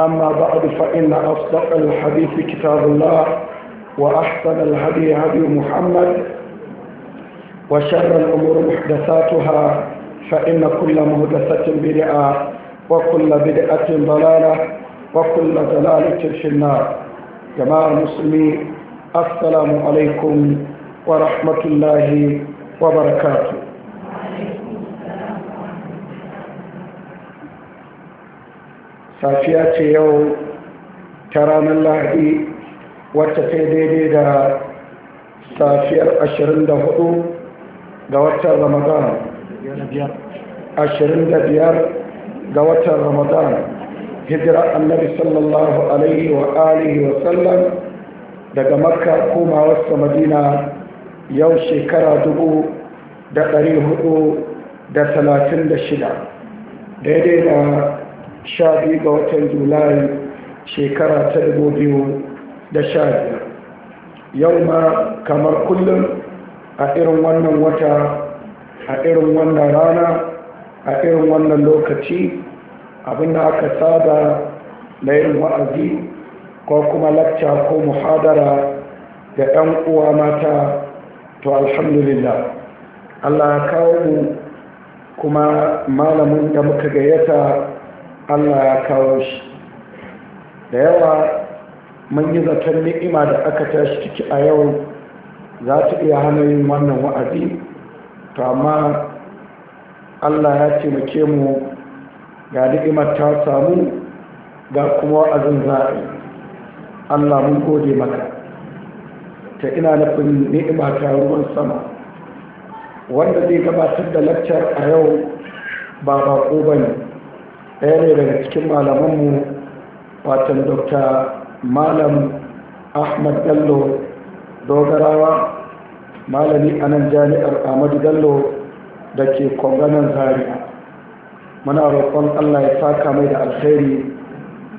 أما بعد فإن أصدق الحديث كتاب الله وأحسن الهدي هدي محمد وشر الأمور محدثاتها فإن كل مهدثة بدعة وكل بدعة ضلالة وكل ضلالة في النار جماعة المسلمين السلام عليكم ورحمة الله وبركاته safiya ce yau ta ranar lahadi wacce ta daidai da safiyar 24 ga watan ramadan 25 ga watan ramadan hijira annabi sallallahu alaihi wa alihi wa sallam daga makka koma wasu madina yau shekara dubu da ɗari hudu da talatin da shida daidai da sha biyu ga watan julai shekara ta dubu biyu da sha yau ma kamar kullum a irin wannan wata a irin wannan rana a irin wannan lokaci abinda aka saba na yin wa'azi ko kuma lacca ko muhadara da 'yan uwa mata to alhamdulillah allah ya kawo mu kuma malamin da muka gayyata allah ya kawo shi da yawa mun yi zaton ni'ima da aka tashi ciki a yau za ta iya hana yin wannan wa'azi to amma allah ya taimake mu ga ni'imar ta samu ga kuma wa'azin zaɓi allah mun gode maka ta ina nufin ni'ima ta ruwan sama wanda zai gabatar da lakcar a yau ba bako ba ne ɗaya ne daga cikin malamanmu watan dr malam ahmad dallo dogarawa malami a nan jami'ar ahmadu dallo da ke kwanganan zaria muna roƙon allah ya saka mai da alkhairi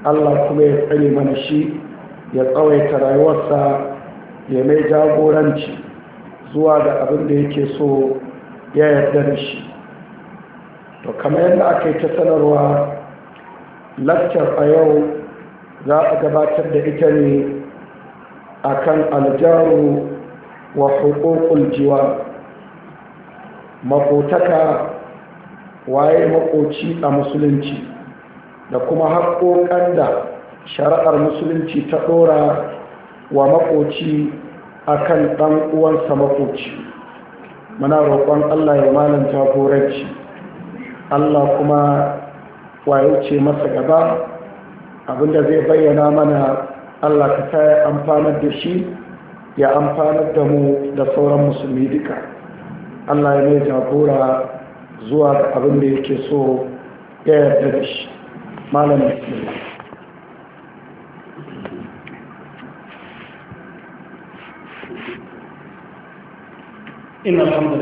allah kuma ya tsare mana shi ya tsawaita rayuwarsa ya mai jagoranci zuwa ga abin da yake so ya yarda da shi to kamar yadda aka yi ta sanarwa lakcar a yau za a gabatar da ita ne a kan aljaru wa hukukul jiwa makotaka waye makoci a musulunci da kuma haƙoƙan da shari'ar musulunci ta ɗora wa makoci a kan ɗan uwansa makoci muna roƙon allah ya malam jagoranci Allah kuma waye ce masa gaba abinda zai bayyana mana Allah ka sa da shi ya amfanar da mu da sauran musulmi duka Allah ya mai jagora zuwa ga abin da yake so ya yarda da shi malam bismillah إن الحمد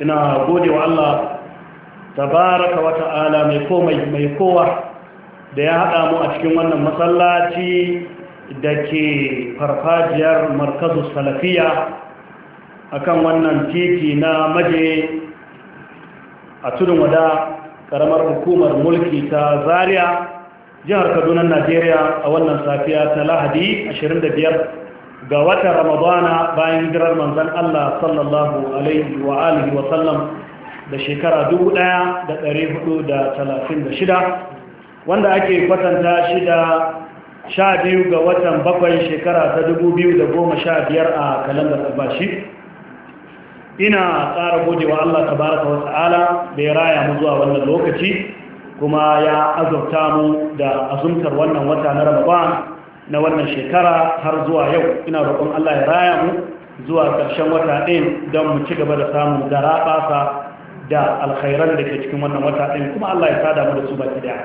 ina gode wa Allah tabaraka wa ta'ala mai komai mai kowa da ya haɗa mu a cikin wannan masallaci da ke farfajiyar markazu salafiya akan wannan titi na maje a tudun wada ƙaramar hukumar mulki ta Zariya, jihar kaduna najeriya a wannan safiya ta lahadi 25 ga watan ramadana bayan hijirar manzan Allah sallallahu alaihi wa alihi wa sallam da shekara 1436 wanda ake kwatanta shida sha biyu ga watan bakwai shekara ta 2015 a kalandar albashi ina tsara gojewa Allah tabaraka wa ta'ala da ya raya mu zuwa wannan lokaci kuma ya azurta mu da azumtar wannan wata na ramadana na wannan shekara har zuwa yau ina roƙon Allah ya raya mu zuwa ƙarshen wata ɗin don mu ci gaba da samun garaɓasa da alkhairan da ke cikin wannan wata ɗin kuma Allah ya sada mu da su ba ki daya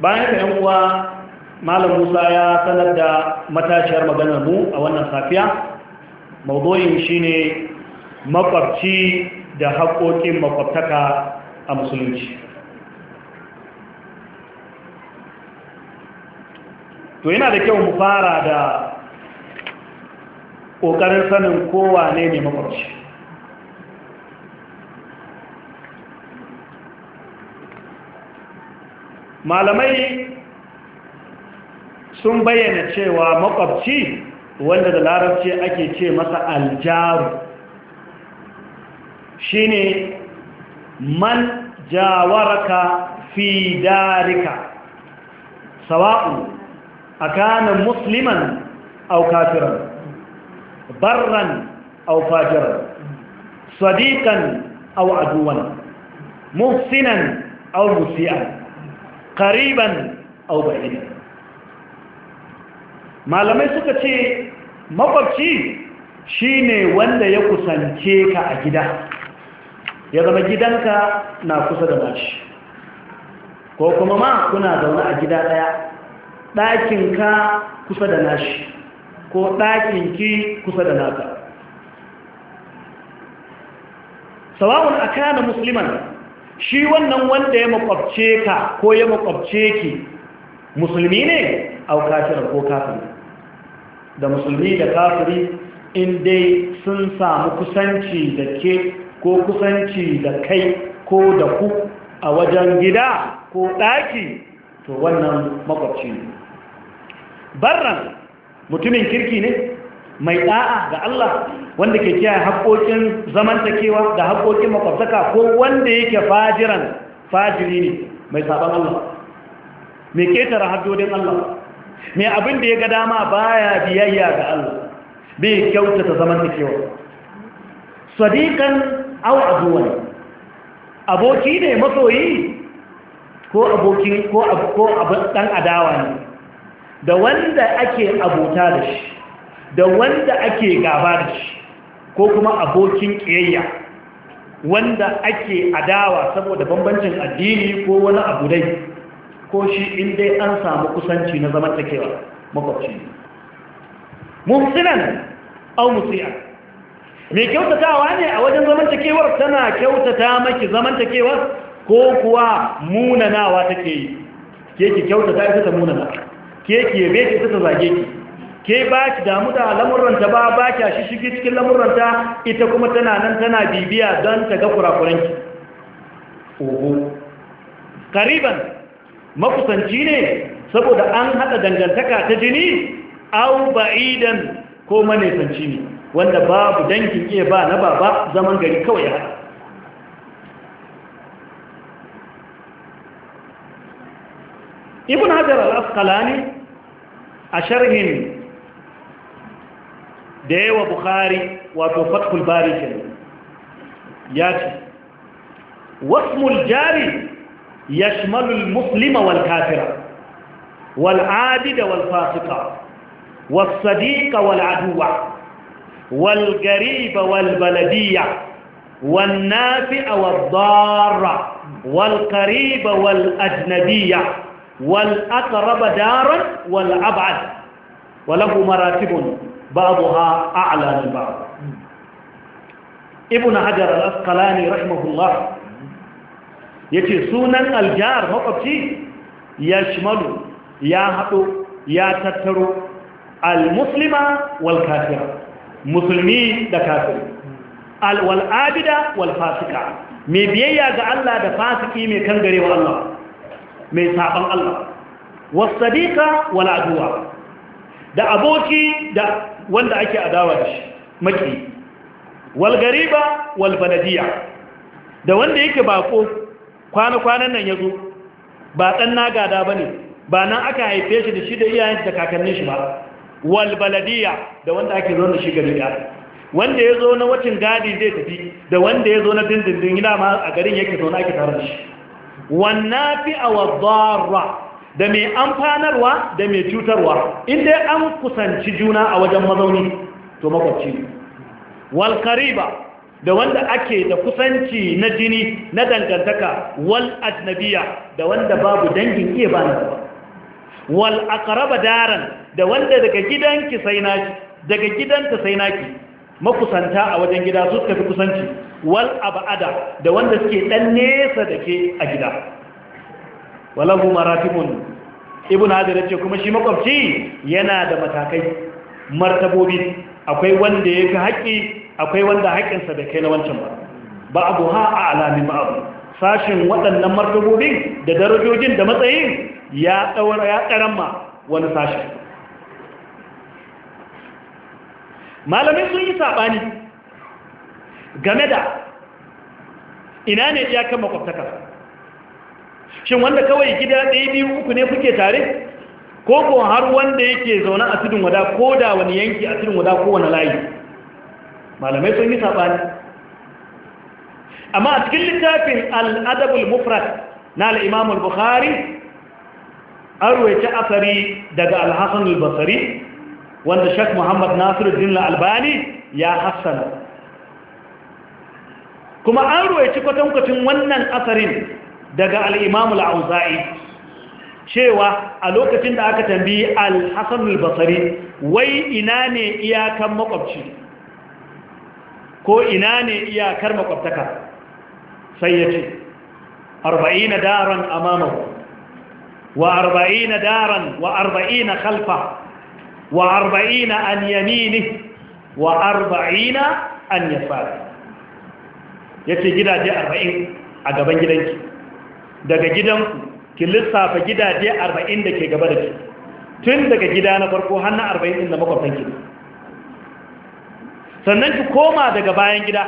bayan ka yan uwa malam Musa ya sanar da matashiyar maganar mu a wannan safiya maudu'in shine makwabci da haƙoƙin makwabtaka a musulunci to yana da kyau mu fara da ƙoƙarin sanin kowa ne ne makwabci malamai sun bayyana cewa makwabci wanda da larabci ake ce masa aljaru shine man jawaraka fi darika sawa'u a kanan musliman aukatiran barran aukatiran sadiƙan aukatuwan musinan aukatuwan ƙariban aukatuwan malamai suka ce makwabci shi ne wanda ya kusance ka a gida ya zama gidanka na kusa da mashi ko kuma ma kuna zaune a gida ɗaya? ɗakinka kusa da nashi ko ɗakinki kusa da naka sawa'un a kana musulman shi wannan wanda ya makwabce ka ko ya makwabce ki musulmi ne au ko kafin da musulmi da kafiri in dai sun samu kusanci da ke ko kusanci da kai ko da ku a wajen gida ko ɗaki to wannan makwabci ne barran mutumin kirki ne mai da'a ga Allah wanda ke kiyaye haƙoƙin zamantakewa da haƙoƙin makwabtaka ko wanda yake fajiran fajiri ne mai saban Allah mai ketara haddodin Allah mai abin da ya ga dama baya biyayya ga Allah bai kyautata zamantakewa sadiqan aw azuwan aboki ne masoyi ko abokin ko abko abdan adawa ne da wanda ake abota da shi da wanda ake gaba da shi ko kuma abokin ƙiyayya wanda ake adawa saboda bambancin addini ko wani abu dai ko shi inda an samu kusanci na zaman takewa makwabci muhsinan au musi'an mai kyautatawa ne a wajen zaman takewar tana kyautata maki zaman takewar ko kuwa munanawa take yi ke ki kyautata ita ta munanawa ke ke be ke ta zage ki ke ba ki damu da lamuranta ba ba ki shi shige cikin lamuranta ita kuma tana nan tana bibiya don ta ga kurakuranki oho kariban makusanci ne saboda an haɗa dangantaka ta jini au ba'idan ko manesanci ne wanda babu dangin iya ba na baba zaman gari kawai ya haɗa ibn hajar al-asqalani a sharhin da yawa Bukhari wato fathul bari ke ya ce wasmul jari ya shimalul muslima wal kafira wal adida wal fasika wal sadiqa wal aduwa wal gariba wal baladiya wal nafi'a wal dara wal kariba wal ajnabiya wal aqraba daran wal ab'ad wa lahu maratibun ba'daha a'la min ba'd ibn hajar al-asqalani rahimahullah yace sunan al-jar makwabci ya shimalu ya hado ya tattaro al-muslima wal kafira musulmi da kafiri al-wal abida wal fasika mai biyayya ga Allah da fasiki mai kangarewa Allah mai saban Allah wasu wasadika wala aduwa da aboki da wanda ake adawa da shi maki wal gariba wal baladiya da wanda yake bako kwana-kwanan nan ya zo, ba ɗan nagada gada ba nan aka haife shi da shi da iyayen da kakannin shi ba wal baladiya da wanda ake zo da shi gari ya. wanda ya zo na wacin gadi zai tafi da wanda ya zo na dindindin yana ma a garin yake zo na ake tare da shi wannafi a wazzarra da mai amfanarwa da mai cutarwa inda an kusanci juna a wajen mazauni to makwabci wal kariba da wanda ake da kusanci na jini na dangantaka wal ajnabiya da wanda babu dangin iya ba na wal akaraba daran da wanda daga gidanki sai daga gidanta sai naki makusanta a wajen gida su tafi kusanci wal abada da wanda suke dan nesa da ke a gida walahu maratibun ibnu hadir yace kuma shi makwabci yana da matakai martabobi akwai wanda yake haƙi akwai wanda haƙinsa da kai na wancan ba ba abu ha a alamin ba abu sashin waɗannan martabobin da darajojin da matsayin ya ɗaura ya ƙaramma wani sashin malamai sun yi saɓani game da ina ne iyakan makwabtaka shin wanda kawai gida ɗaya biyu uku ne kuke tare ko ko har wanda yake zaune a tudun wada ko da wani yanki a tudun wada ko wani layi malamai sun yi saɓani amma a cikin littafin al'adabul mufrad na al'imamul bukhari an ta asari daga alhassan al-basari wanda shek muhammad nasiruddin albani ya hassana kuma an ruwaici kwatankwacin wannan asarin daga al'imamu la'auza'i cewa a lokacin da aka tambayi al-hassan basari wai ina ne iyakan makwabci ko ina ne iyakar makwabtaka sai ya ce arba'ina daren amamahu wa arba'ina daran, wa arba'ina khalfa wa arba'ina an yamini wa arba'ina an yasari yace gidaje arba'in a gaban gidanki daga gidanku ki lissafa gidaje arba'in da ke gaba da ke tun daga gida na farko har na arba'in ɗin da makwabtanki sannan ki koma daga bayan gida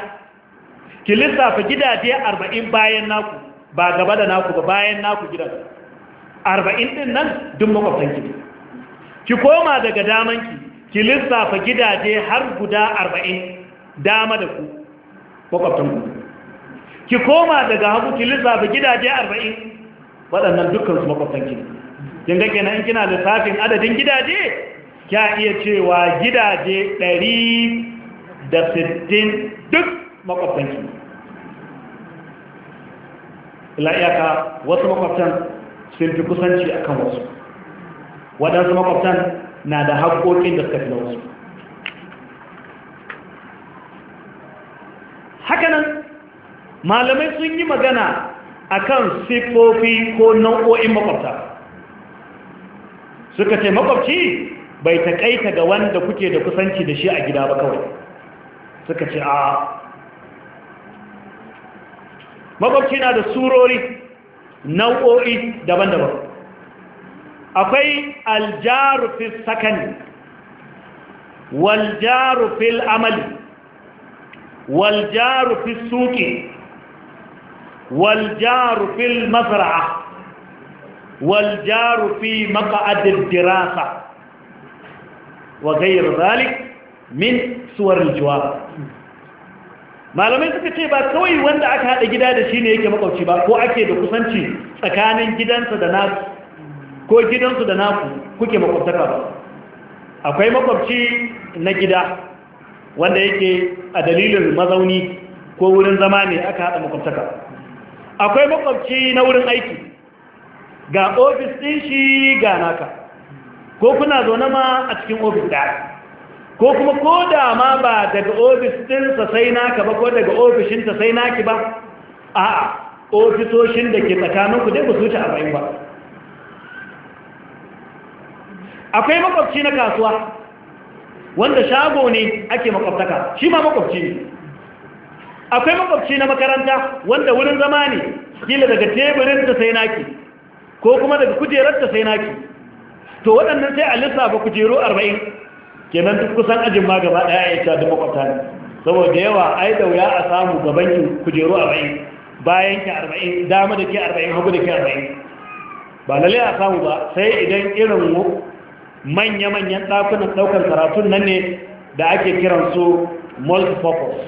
ki lissafa gidaje arba'in bayan naku ba gaba da naku ba bayan naku gidan arba'in ɗin nan duk makwabtanki ne ki koma daga damanki ki lissafa gidaje har guda arba'in dama da ku makwabtanku ki koma daga hagu ki lissafa gidaje arba'in waɗannan dukkansu makwabtanki ne yin gake na in kina lissafin adadin gidaje kya iya cewa gidaje ɗari da sittin duk makwabtanki la'iyaka wasu makwabtan sun fi kusanci akan wasu waɗansu makwabtan na da haƙoƙin da suka fi wasu hakanan malamai sun yi magana a kan siffofi ko nau'o'in makwabta suka ce makwabci bai taƙaita ga wanda kuke da kusanci da shi a gida ba kawai suka ce a makwabci na da surori nau'o'i daban-daban akwai aljarufin fi sakani waljaru amali waljarufin fi suki waljaru fil mazra'a waljaru dirasa wa ghayr dhalik min suwar juwa malamai suka ce ba kawai wanda aka haɗa gida da shi ne yake makwabci ba ko ake da kusanci tsakanin gidansa da nasu ko gidansu da naku kuke makwabtaka ba akwai makwabci na gida wanda yake a dalilin mazauni ko wurin zama ne aka haɗa makwabtaka akwai makwabci na wurin aiki ga ofis ɗin shi ga naka ko kuna zaune ma a cikin ofis ɗaya ko kuma ko da ma ba daga ofis ɗin sa sai naka ba ko daga ofishin ta sai naki ba a ofisoshin da ke tsakaninku dai ba su a bayan ba akwai makwabci na kasuwa wanda shago ne ake makwabtaka shi ma makwabci ne akwai makwabci na makaranta wanda wurin zama ne kila daga teburin ta sai naki ko kuma daga kujerar ta sai naki to waɗannan sai a lissafa kujeru arba'in kenan duk kusan ajin ma gaba ɗaya ya ce da makwabta ne saboda yawa ai da wuya a samu gaban ki kujeru arba'in bayan ki arba'in dama da ke arba'in hagu da ke arba'in ba lalle a samu ba sai idan irin manya-manyan ɗakunan ɗaukar karatun nan ne da ake kiransu multipurpose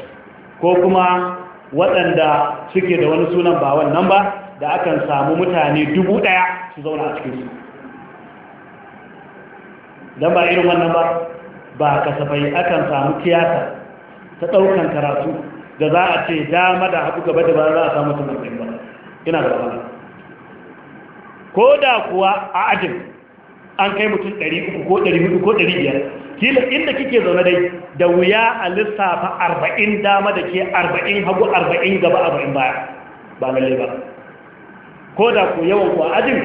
ko kuma waɗanda suke da wani sunan ba wannan ba da akan samu mutane dubu ɗaya su zauna a cikinsu don ba irin wannan ba ba kasafai akan samu tiyata ta ɗaukan karatu da za a ce dama da haku gaba da ba za a samu tunan ba ina da wani ko da kuwa a ajin an kai mutum 300 ko 400 ko 500 kila inda kike zaune dai da wuya a lissafa 40 dama da ke 40 hagu 40 gaba 40 baya ba lalle ba ko da ku yawan ku ajin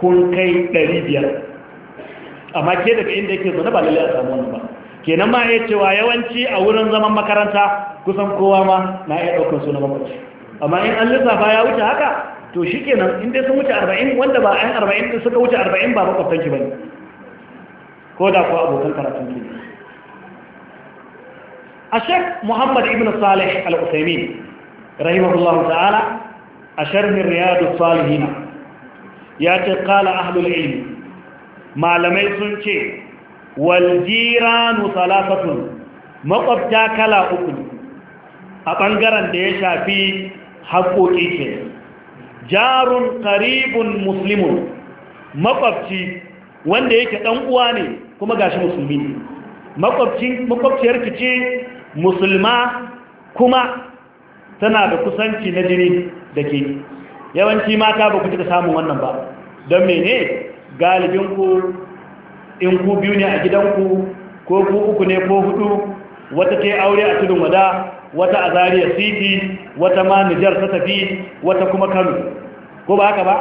kun kai 500 amma ke daga inda yake zaune ba lalle a samu wannan ba kenan ma ya cewa yawanci a wurin zaman makaranta kusan kowa ma na iya ɗaukar suna makwabci amma in an lissafa ya wuce haka to shi kenan inda sun wuce arba'in wanda ba a ayan arba'in din suka wuce arba'in ba makwabtanki ba ne ko da kuwa abokan karatun ki a shek muhammad ibn salih al-usaimi rahimahullahu ta'ala a sharhin riyadu salihina ya ce kala ahlul ilmi malamai sun ce wal jiranu salafatun maƙwabta kala uku a ɓangaren da ya shafi haƙoƙi ke jarun karibun muslimun makwabci wanda yake dan uwa ne kuma gashi musulmi ne makwabciyar musulma kuma tana da kusanci na jini da ke yawanci mata ba ku cika samun wannan ba don mene galibin ku in ku biyu ne a gidanku ko ku uku ne ko hudu wata ke aure a tudun wada wata a zariya city wata ma nijar ta tafi wata kuma kano ko ba haka ba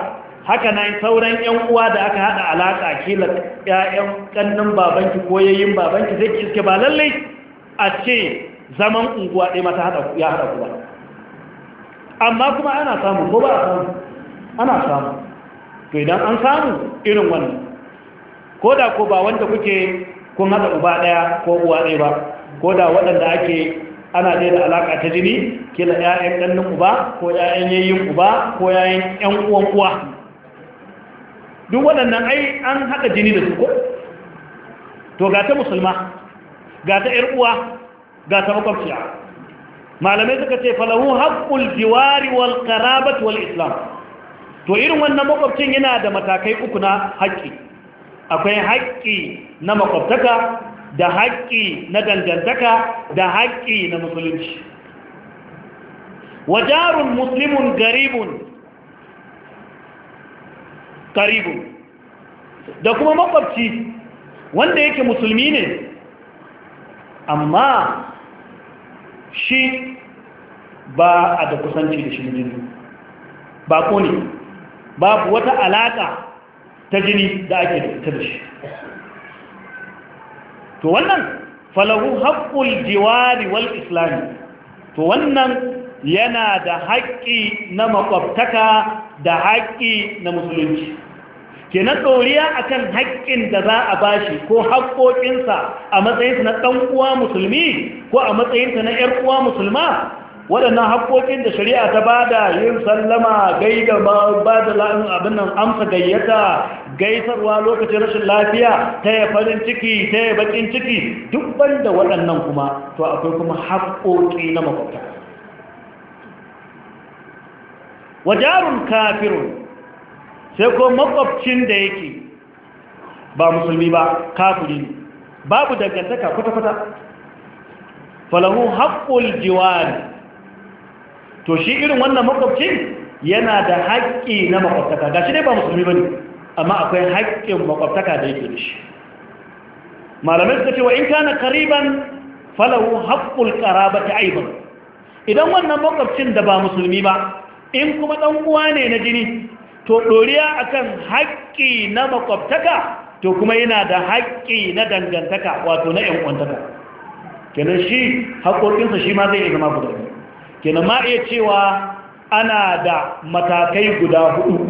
haka na sauran yan uwa da aka hada alaka kila ƴaƴan kannin babanki ko yayin babanki zai iske ba lalle a ce zaman unguwa ɗaya mata hada ya hada ku ba amma kuma ana samu ko ba a samu ana samu to idan an samu irin wannan ko da ko ba wanda kuke kun hada uba ɗaya ko uwa ɗaya ba ko da waɗanda ake ana dai da alaka ta jini kila ƴaƴan ɗannin uba ko ƴaƴan yayin uba ko ƴaƴan ƴan uwan uwa duk waɗannan ai an haɗa jini da su ko to ga ta musulma ga ta ƴar uwa ga ta makwabciya malamai suka ce falahu haqqul jiwari wal qarabat wal islam to irin wannan makwabcin yana da matakai uku na haƙƙi akwai haƙƙi na makwabtaka da haƙƙi na dangantaka da haƙƙi na musulunci wajarun musulmin garibun karibun da kuma makwabci wanda yake musulmi ne amma shi ba a da kusanci da shi jini ba ko ne babu wata alaƙa ta jini da ake da shi to wannan falahu haƙƙul jiwari wal islami to wannan yana da haƙƙi na makwabtaka da haƙƙi na musulunci kenan ɗoriya akan haƙƙin da za a bashi ko haƙƙoƙinsa a matsayinsa na ɗan uwa musulmi ko a matsayinsa na ‘yar uwa musulma waɗannan haƙƙoƙin da shari'a ta bada yin sallama gaida ba da abin nan amsa gayyata gaisarwa lokacin rashin lafiya ta yi farin ciki ta yi bakin ciki duk banda waɗannan kuma to akwai kuma haƙoƙi na Wa wajarun kafirun sai ko makwabcin da yake ba musulmi ba kafiri ne babu dangantaka kwata-kwata falahu haƙƙul jiwari to shi irin wannan makwabcin yana da haƙƙi na makwabtaka ga shi dai ba musulmi ba ne amma akwai haƙƙin makwabtaka da yake da shi malamai suka ce wa in kana kariban falahu haƙƙul ta aiban idan wannan makwabcin da ba musulmi ba in kuma ɗan uwa ne na jini to ɗoriya akan haƙƙi na makwabtaka to kuma yana da haƙƙi na dangantaka wato na ‘yan'uwantaka kenan shi haƙoƙinsa shi ma zai iya zama guda biyu kenan ma iya cewa ana da matakai guda hudu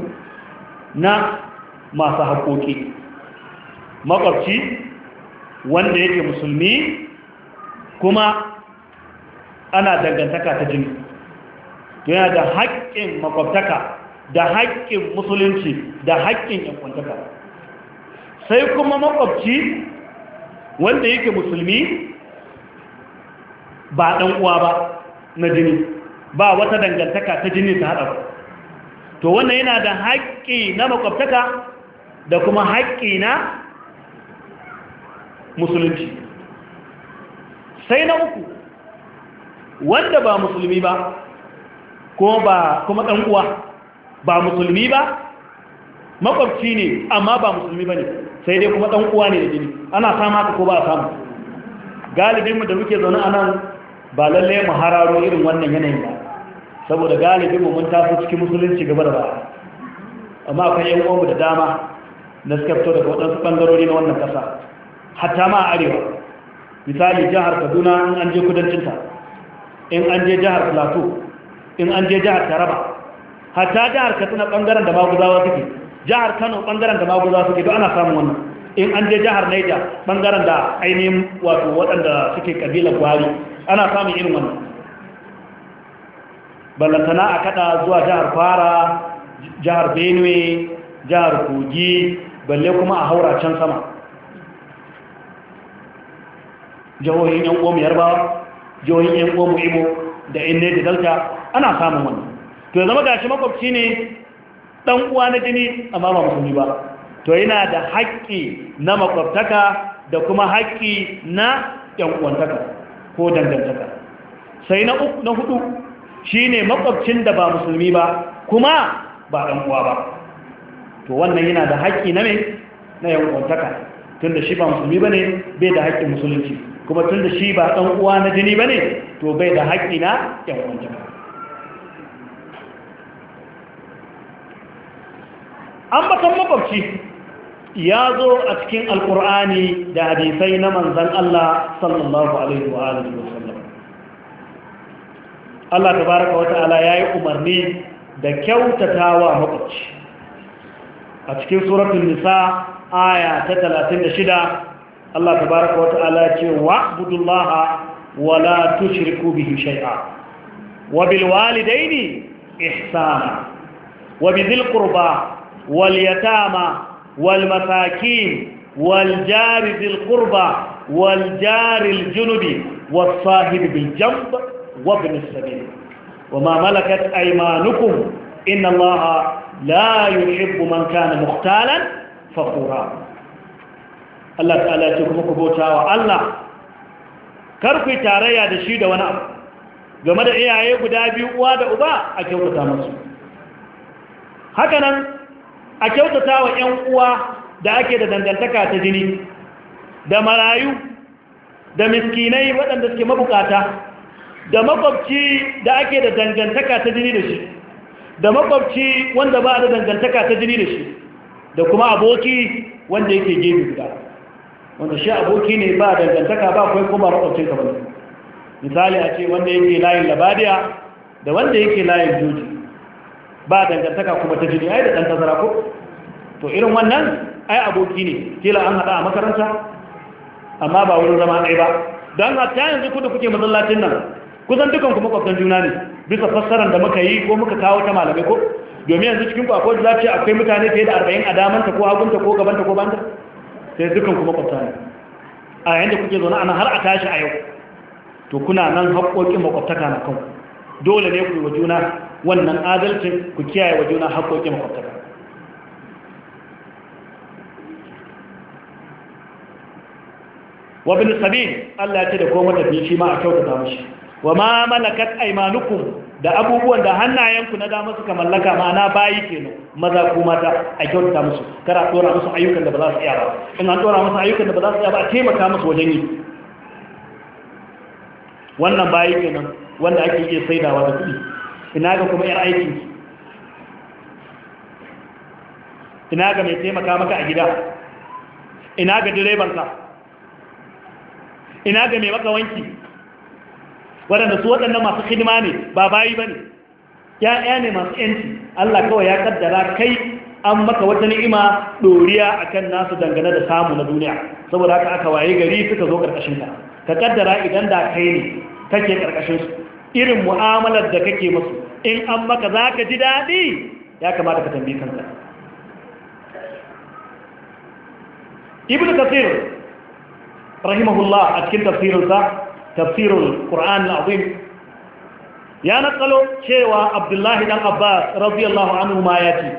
na masu haƙoƙi makwabci wanda yake musulmi kuma ana dangantaka ta jini yana da haƙƙin makwabtaka da haƙƙin musulunci da haƙƙin yankwantaka sai kuma makwabci wanda yake musulmi ba ɗan uwa ba na jini ba wata dangantaka ta jini ta haɗa to wannan yana da haƙƙi na makwabtaka da kuma haƙƙi na musulunci sai na uku wanda ba musulmi ba ko ba kuma ɗan uwa ba musulmi ba makwabci ne amma ba musulmi ba ne sai dai kuma ɗan uwa ne da jini ana sama ka ko ba a samu galibinmu da muke zaune a ba lalle mu hararo irin wannan yanayin ba saboda galibinmu mun taso cikin musulunci gaba da ba amma akwai yi uwanmu da dama da suka fito daga waɗansu ɓangarori na wannan ƙasa hatta ma a arewa misali jihar kaduna in an je kudancinta in an je jihar plateau in an je jihar taraba hatta jihar katsina ɓangaren da maguzawa suke jihar kano ɓangaren da maguzawa suke don ana samun wannan in an je jihar naija ɓangaren da ainihin wato waɗanda suke ƙabilar gwari ana samun irin wannan ballantana a kada zuwa jihar fara jihar benue jihar kogi balle kuma a haura can sama jihohin yan ƙomu yarbawa jihohin yan ƙomu imo da inda da dalta ana samun wani. to ya zama gashi makwabci ne ɗan uwa na jini amma ba musulmi ba to yana da haƙƙi na makwabtaka da kuma haƙƙi na yan uwantaka ko dangantaka sai na hudu ne makwabcin da ba musulmi ba kuma ba ɗan uwa ba to wannan yana da haƙƙi na me na yankwantaka tun da shi ba musulmi ba ne bai da haƙƙin musulunci kuma tun da shi ba ɗan uwa na jini ba ne to bai da haƙƙi na yankwantaka an batan makwabci ya zo a cikin Alƙur'ani da hadisai na manzan Allah sallallahu alaihi wa alihi wa sallam Allah wata wa ya yi umarni da kyautatawa makwabci a cikin suratul nisa aya ta 36 Allah tabaraka wa ta'ala ce wa wa la tushriku bihi shay'a wa bil walidaini ihsana wa bidhil qurba wal yatama wal masakin wal jari dhil qurba wal jari al junubi was sahibi bil janb wa ibn as-sabil wa ma malakat aymanukum inna Allaha la yuhibbu man kana muhtalan fakhura Allah ta'ala ya ce kuma ku bauta wa Allah kar ku tarayya da shi da wani abu game da iyaye guda biyu uwa da uba a kyautata musu haka nan a kyautata wa ƴan uwa da ake da dangantaka ta jini da marayu da miskinai waɗanda suke mabukata da makwabci da ake da dangantaka ta jini da shi da makwabci wanda ba da dangantaka ta jini da shi da kuma aboki wanda yake gefe guda wanda shi aboki ne ba dangantaka ba kwai kuma makwabci ka bane misali a ce wanda yake layin labadiya da wanda yake layin juji ba dangantaka kuma ta jini ai da dan tazara ko to irin wannan ai aboki ne kila an hada a makaranta amma ba wurin zama ɗaya ba don hatta yanzu da kuke masallacin nan kusan dukan kuma kwaftan juna ne bisa fassarar da muka yi ko muka kawo ta malamai ko domin yanzu cikin ku akwai zafi akwai mutane fiye da arba'in a damanta ko hagunta ko gabanta ko banta sai dukan kuma kwanta ne a yayin da kuke zaune ana har a tashi a yau to kuna nan haƙoƙin makwabtaka na kanku dole ne ku yi wa juna wannan adalcin ku kiyaye wa juna haƙoƙin makwabtaka wa bin sabi Allah ya ce da ko matafi shi ma a kyautata mashi wa ma malakat aymanukum da abubuwan da hannayenku na dama suka mallaka ma'ana bayi kenan maza ko mata a kyauta musu kara dora musu ayyukan da ba za su iya ba in an dora musu ayyukan da ba za su iya ba a taimaka musu wajen yi wannan bayi kenan wanda ake iya saidawa da kuɗi ina ga kuma yar aikin ina ga mai taimaka maka a gida ina ga direban ka ina ga mai maka wanki waɗanda su waɗannan masu hidima ne ba bayi ba ne ya'ya ne masu yanci Allah kawai ya kaddara kai an maka wata ni'ima ɗoriya a kan nasu dangane da samu na duniya saboda haka aka waye gari suka zo ƙarƙashinka ka kaddara idan da kai ne kake ƙarƙashinsu irin mu'amalar da kake musu in an maka za ka ji daɗi ya kamata ka tambi kanka ibn kasir rahimahullah a cikin tafsirinsa tafsirul Qur'an al-Azim ya nakalo cewa Abdullahi dan Abbas radiyallahu anhu ma ya ce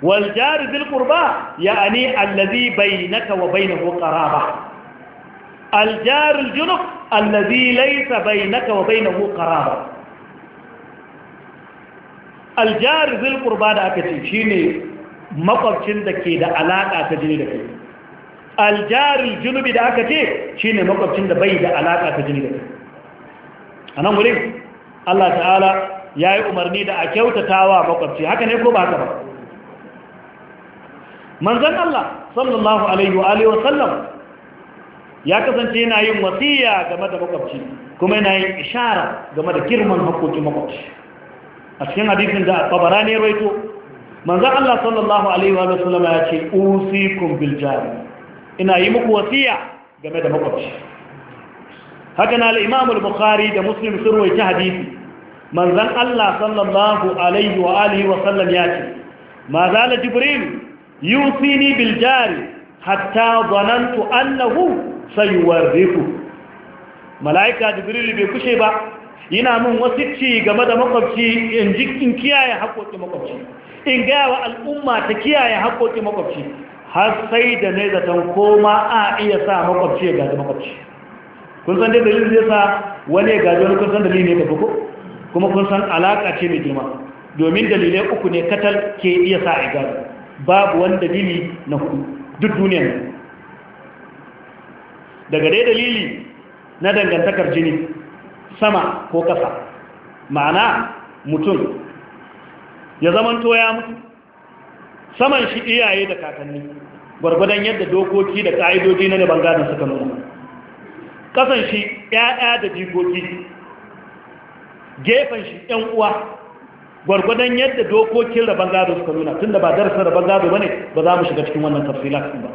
wal jari bil qurba ya'ani allazi bainaka wa bainahu qaraba al jari al junub allazi laysa bainaka wa bainahu qaraba al jari bil qurba da aka ce shine makwabcin da ke da alaka ta jini da kai aljarul junubi da aka ce shine makwabcin da bai da alaka ta jini da a nan wurin Allah ta'ala ya yi umarni da a wa makwabci haka ne ko ba haka ba manzan Allah sallallahu alaihi wa alaihi wa sallam ya kasance yana yin wasiya game da makwabci kuma yana yin ishara game da girman hakokin makwabci a cikin hadisin da tabarani rawaito manzan Allah sallallahu alaihi wa sallam ya ce usikum bil ina yi muku wasiya game da makwabci haka na al-imam bukhari da muslim sun ta hadisi manzon Allah sallallahu alaihi wa alihi wa sallam ya ce ma zala jibril yusini bil jari hatta zanantu annahu riku malaika jibril bai kushe ba yana min ci game da makwabci in ji in kiyaye haƙoƙi makwabci in gaya wa al'umma ta kiyaye haƙoƙi makwabci har sai da ne zaton koma a iya sa makwabci ya gaji makwabci kun san dai dalilin zai sa wani ya gaji wani kun san dalilin ne tafi ko kuma kun san alaƙa ce mai girma domin dalilai uku ne katal ke iya sa a gaji babu wani dalili na hudu duk duniya daga dai dalili na dangantakar jini sama ko ƙasa ma'ana mutum ya zamanto ya mutu saman shi iyaye da kakanni gwargwadon yadda dokoki da ƙa'idoji na daban suka nuna ƙasan shi ‘ya'ya da jikoki gefen shi ƴan uwa gwargwadon yadda dokokin rabon gado suka nuna tun da ba darasin rabon gado ba ne ba za mu shiga cikin wannan tafsilat ba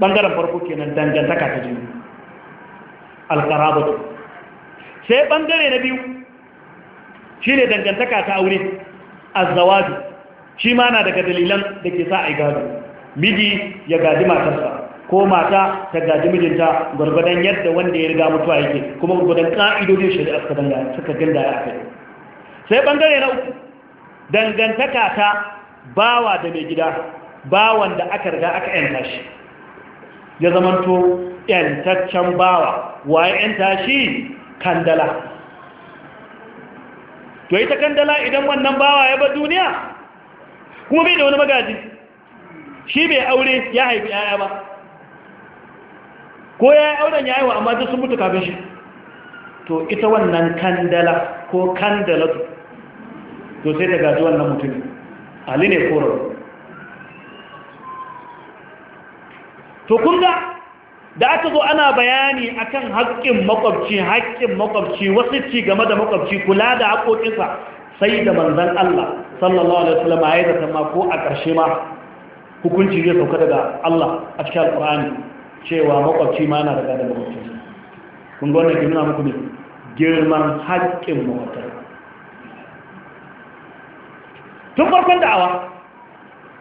ɓangaren farko kenan dangantaka ta jini alkarabatu sai ɓangare na biyu shi ne dangantaka ta aure azawaju shi ma na daga dalilan da ke sa a yi gado miji ya gaji matarsa ko mata ta gaji mijinta gwargwadon yadda wanda ya riga mutuwa yake kuma gwargwadon ƙa'idodin shari'a suka danga suka ganda ya kai sai bangare na uku dangantaka ta bawa da mai gida bawan da aka riga aka yanta shi ya zamanto yantaccen bawa waye yanta shi kandala to ita kandala idan wannan bawa ya ba duniya kuma bai da wani magaji shi mai aure ya haifi yaya ba ko ya yi auren ya yi wa amma duk sun mutu kafin shi to ita wannan kandala ko kandalatu to sai ta gaji wannan mutumin ali ne koron to kunga da aka zo ana bayani akan haƙƙin makwabci haƙƙin makwabci wasu ci game da makwabci kula da haƙoƙinsa sai da manzan Allah sallallahu alaihi wasallam ya zata ma ko a ƙarshe ma hukunci zai sauka daga Allah a cikin alƙur'ani cewa makwabci ma na daga da makwabci kun ga wannan ke nuna muku ne girman haƙƙin makwabta tun farkon da'awa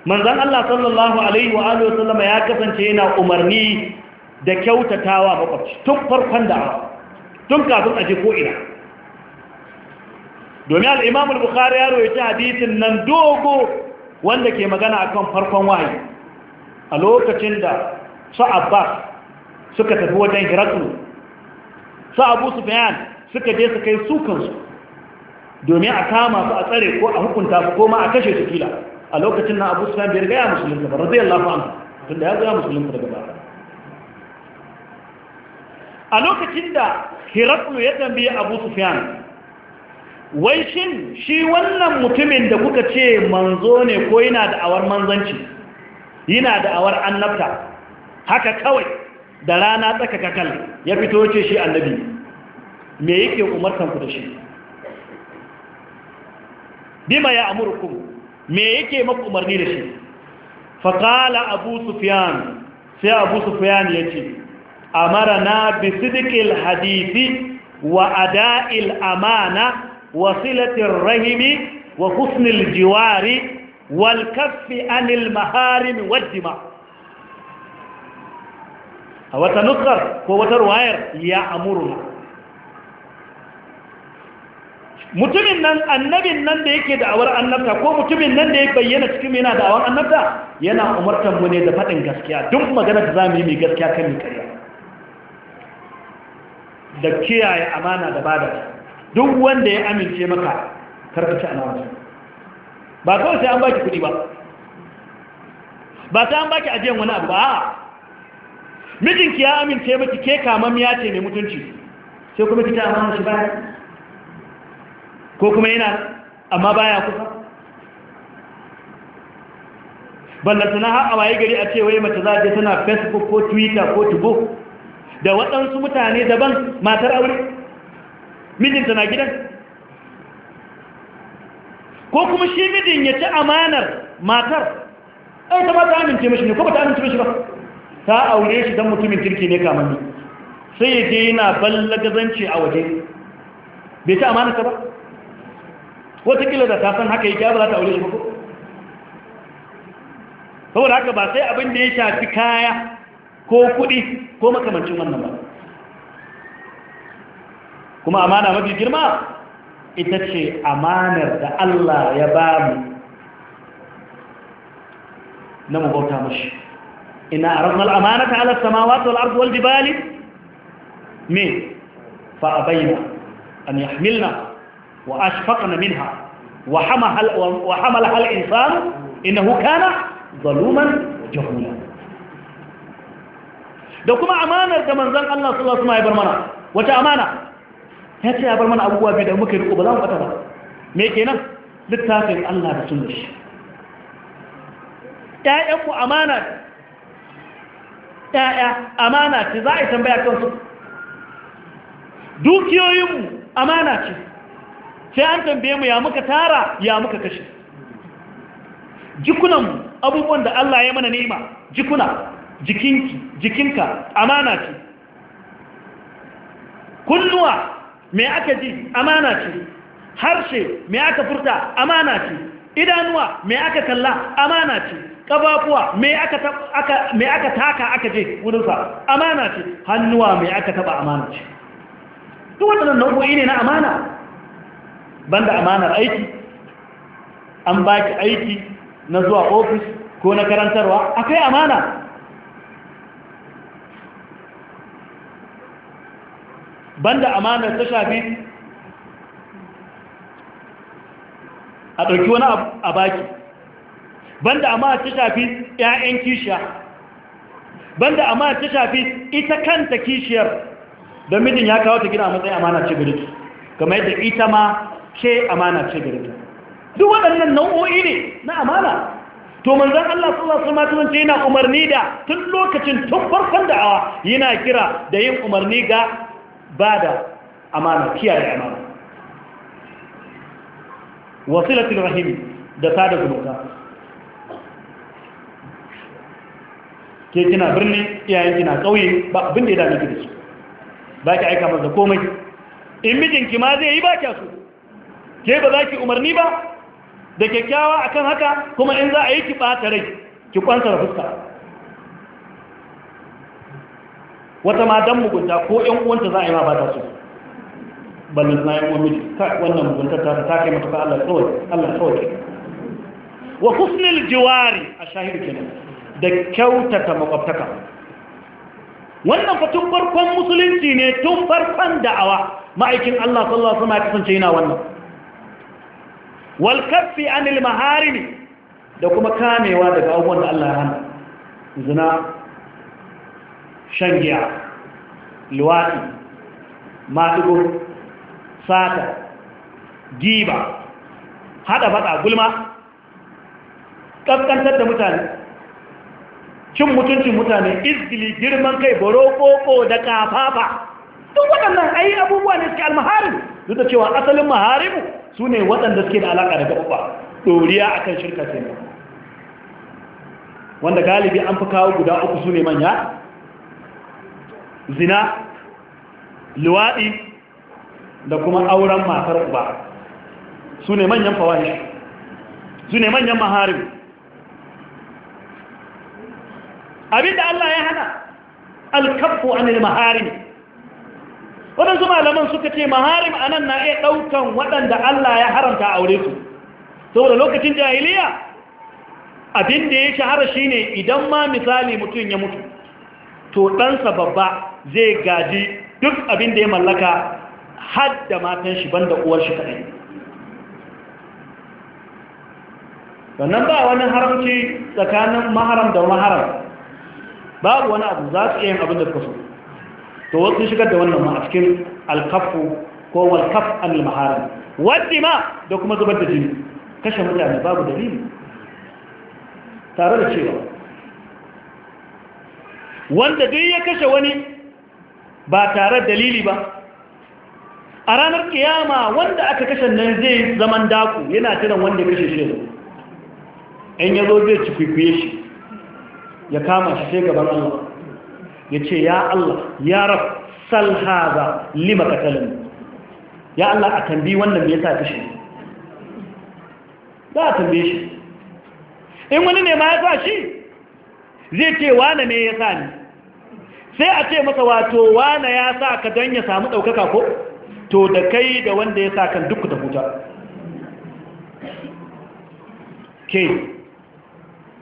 manzan Allah sallallahu alaihi wa alihi wasallam ya kasance yana umarni da kyautatawa makwabci tun farkon da'awa tun kafin aje ko ina domin al'imamul bukari, al-Bukhari ya rawaita hadisin nan dogo wanda ke magana akan farkon wahayi a lokacin da su abbas suka tafi wajen hiraklu su abu su bayan suka je su kai su domin a kama su a tsare ko a hukunta su ko ma a kashe su kila a lokacin na abu su bayan biyar gaya musulunta ba radiyallahu anhu tun da ya zaya musulunta daga baya a lokacin da hiraklu ya tambaye abu su wai shin shi wannan mutumin da kuka ce manzo ne ko yana da awar manzanci yana da awar annabta haka kawai da rana tsaka kakal ya fito ce shi annabi me yake umartan ku da shi bima ya amurku me yake maku umarni da shi qala abu sufyan sai abu sufyan yace na bi sidqil hadisi wa ada'il amana وصلة الرحم وحسن الجوار والكف عن المحارم والدماء وتنقر وتروائر يأمرنا mutumin nan annabin nan da yake da'awar annabta ko mutumin nan da ya bayyana cikin yana da'awar annabta yana umartan mu ne da faɗin gaskiya duk magana da za mu yi mai gaskiya kan mu karya da kiyaye amana da ba da ta. duk wanda ya amince maka karkace a nawa ba kawai sai an baki kuɗi ba ba sai an baki ajiyan wani abu ba mijinki ya amince maki ke kamammiya ce mai mutunci sai kuma kita amma shi baya ko kuma yana amma baya kusa ballanta na haɓa waye gari a cewa mace za ta tana facebook ko twitter ko tubo da waɗansu mutane daban matar aure mijinta na gidan ko kuma shi mijin ya ci amanar matar ai ta ba ta amince mashi ne ko ba ta amince mashi ba ta aure shi don mutumin kirki ne kamanni sai ya je yana ballagazanci a waje bai ci amanarsa ba watakila da ta san haka yake ba za ta aure shi ba ko saboda haka ba sai abin da ya shafi kaya ko kuɗi ko makamancin wannan ba kuma amana mafi girma ita ce amanar da Allah ya ba mu na mu mashi ina a rasnar amana ta halar samawa ta al'arzu wal jibali me fa a bayyana an yi hamilna wa min ha. wa hamala hal insan innahu kana zaluman jahula da kuma amanar da manzan Allah sallallahu alaihi wasallam ya bar mana wata amana ya ce ya bar mana abubuwa biyu da muka riko ba za mu bata ba me kenan littafin Allah da sunna shi ƴaƴan ku amana ƴaƴa amana ce za a tambaya kansu dukiyoyin mu amana ce sai an tambaye mu ya muka tara ya muka kashe jikunan abubuwan da Allah ya mana nema jikuna jikinki jikinka amana ce kunnuwa me aka ji amana ce harshe me aka furta amana ce idanuwa me aka kalla amana ce ƙafafuwa me aka taka aka je wurinsa amana ce hannuwa me aka taba amana ce duk waɗannan nau'o'i ne na amana banda amanar aiki an baki aiki na zuwa ofis ko na karantarwa akai amana banda amanar ta shafi a ɗauki wani a baki banda amanar ta shafi 'ya'yan kishiya banda amanar ta shafi ita kanta kishiyar don mijin ya kawo ta gina a matsayin amana ce gari kamar yadda ita ma ce amana ce gari duk waɗannan nau'o'i ne na amana to manzan Allah sallallahu alaihi wasallam yana umarni da tun lokacin tun farkon da'awa yana kira da yin umarni ga ba da amana da amana wasilatul rahim da sada zumunta ke kina birni iyayen kina kauye ba abin da ya dame ki ba ki aika masa komai in mijinki ma zai yi ba kya su ke ba za ki umarni ba da kyakkyawa akan haka kuma in za a yi ki ɓata rai ki da fuska wata ma dan mugunta ko yan uwanta za a yi ma ba ta so ballin na yan uwan ta wannan mugunta ta ta kai mata Allah kawai Allah kawai wa husnul jiwari a shahidu kenan da kyautata makwabtaka wannan fa tun farkon musulunci ne tun farkon da'awa ma'aikin Allah sallallahu alaihi wasallam kasance yana wannan wal kaffi anil maharimi da kuma kamewa daga abubuwan da Allah ya hana zina shan giya luwaɗi maɗugo sata giba haɗa faɗa gulma ƙasƙantar da mutane cin mutuncin mutane izgili girman kai borokoko da kafafa duk waɗannan ayi abubuwa ne suke almaharin duk da cewa asalin maharimu su ne waɗanda suke da alaƙa da gaɓuɓa ɗoriya akan kan shirka sai wanda galibi an fi kawo guda uku su ne manya zina luwaɗi da kuma auren matar uba su ne manyan fawahish su ne manyan Abin abinda Allah ya hana alkafu anil maharim waɗansu malaman suka ce maharin a nan na iya ɗaukan waɗanda Allah ya haramta aure su saboda lokacin jahiliya abinda ya shahara shine idan ma misali mutum ya mutu to ɗansa babba zai gaji duk abin da ya mallaka har da matan shi banda uwar shi kaɗai sannan ba wani haramci tsakanin maharam da maharam babu wani abu za su iya yin abin da suka so to wasu shigar da wannan ma a cikin alkafu ko walkaf an maharam wadda ma da kuma zubar da jini kashe mutane babu dalili tare da cewa wanda duk ya kashe wani ba tare dalili ba a ranar kiyama wanda aka kashe nan zai zaman daku yana tiran wanda kashe shi in ya zo zai cikwikwiye shi ya kama shi sai gaban Allah ya ce ya Allah ya rab salhaza lima katalin ya Allah a tambi wannan ya sa kashe za a tambaye shi in wani ne ma ya sa shi zai ce wane ne ya sa ni sai a ce masa wato wane ya sa ka don ya samu ɗaukaka ko to da kai da wanda ya sa kan duk da huta ke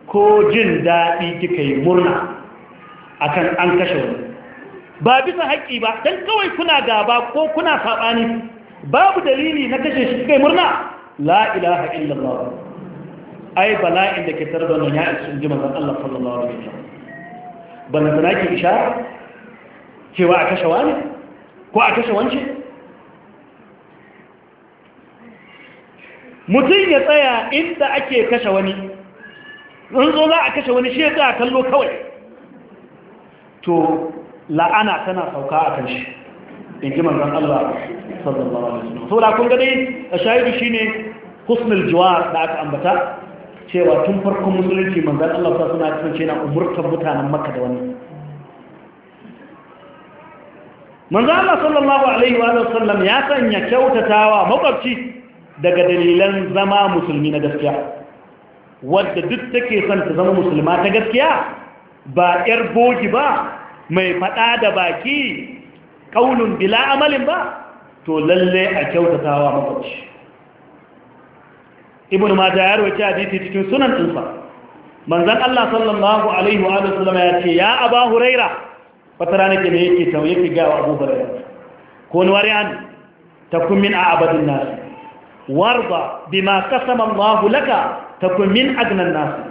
ko jin daɗi kika yi murna akan an kashe wani ba bisa haƙƙi ba don kawai kuna gaba ko kuna saɓani babu dalili na kashe shi kai murna la ilaha illallah ai bala'in da ke tare da wannan ya isu ji mazan Allah sallallahu alaihi wasallam balantana ke ishara cewa a kashe wani ko a kashe wance mutum ya tsaya inda ake kashe wani zo za a kashe wani shi ya tsaya kallo kawai to la'ana tana sauka a kan shi in ji manzan Allah sallallahu alaihi wasallam saboda kun ga dai a shahidu shine husnul jiwa da aka ambata cewa tun farkon musulunci manzan Allah sa suna cikin cewa umurtar mutanen maka da wannan manzan Allah sallallahu alaihi wa sallam ya sanya kyautatawa makwabci daga dalilan zama musulmi na gaskiya wadda duk take son ta zama musulma ta gaskiya ba yar bogi ba mai fada da baki ƙaunin bila amalin ba to lalle a kyautatawa makwabci ibn majah ya rawaita hadisi cikin sunan tsufa. manzon Allah sallallahu alaihi wa sallam ya ce ya aba huraira wata rana ke ne yake tawaye ki ga abu huraira kun wariyan takun min a'badin nas warda bima qasama Allah laka takun min agnan nasu.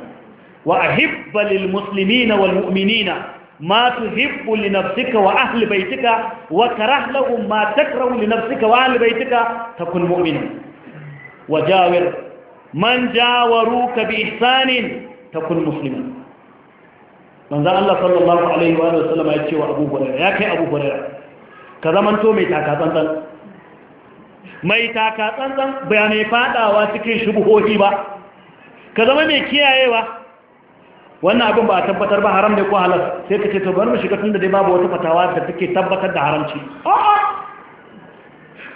wa ahib lil muslimina wal mu'minina ما تحب لنفسك وأهل بيتك وكره لهم wa ahli لنفسك وأهل بيتك تكن مؤمنا وجاور man jawaruka bi ihsanin takun musliman manzan Allah sallallahu Alaihi wa sallam ya ce wa abu hurera ya kai abu hurera ka zamanto mai takatsantsan mai takatsantsan ba mai fadawa cikin shubuhohi ba ka zama mai kiyayewa wannan abin ba a tabbatar ba haram ne ko halar sai ka ce to bari mu shiga tun da dai babu wata fatawa da take tabbatar da haramci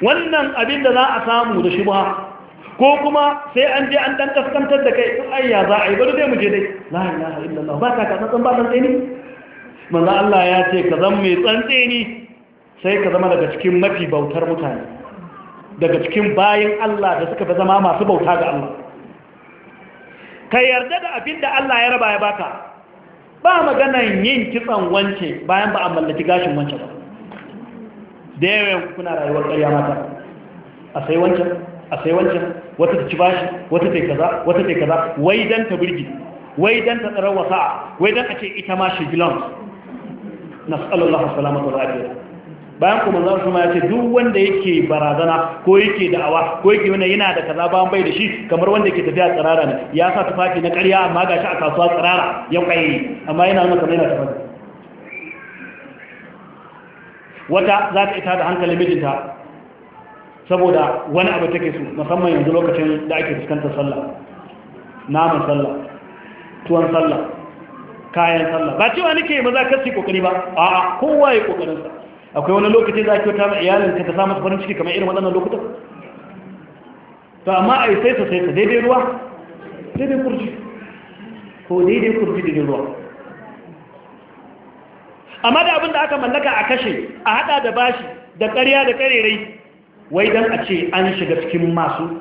wannan abin da za a samu da shubuha ko kuma sai an je an dan kaskantar da kai in ayya za a yi ba zai mu je dai la ilaha illallah ba ka ka san ba dan tsini manzo Allah ya ce ka zama mai tsantseni sai ka zama daga cikin mafi bautar mutane daga cikin bayin Allah da suka fi zama masu bauta ga Allah ka yarda da abin da Allah ya raba ya baka ba maganan yin kitsan wance bayan ba a mallaki gashin wance ba da yawan kuna rayuwar ƙarya mata a sai wancan a sai wancan wata ta ci bashi wata ta yi kaza wata ta yi kaza wai dan ta burge wai dan ta tsara wasa wai dan a ce ita ma shi gilan nas'alullahu salamatu wa afiya bayan kuma za su ya ce duk wanda yake barazana ko yake da'awa ko yake wani yana da kaza bayan bai da shi kamar wanda yake tafiya tsirara ne ya sa tufafi na ƙarya amma ga shi a kasuwa tsirara ya kwaye amma yana nuna kamar yana tafiya wata za ta ita da hankali mijinta saboda wani abu take su musamman yanzu lokacin da ake fuskantar sallah naman sallah tuwon sallah kayan sallah ba cewa nake maza kasi kokari ba a'a kowa ya kokarin sa akwai wani lokaci za a kyauta ma iyalin ka ta samu farin ciki kamar irin waɗannan lokutan to amma a yi sai sai daidai ruwa daidai kurji ko daidai kurji daidai ruwa amma da abin da aka mallaka a kashe a hada da bashi da ƙarya da ƙarerai wai dan a ce an shiga cikin masu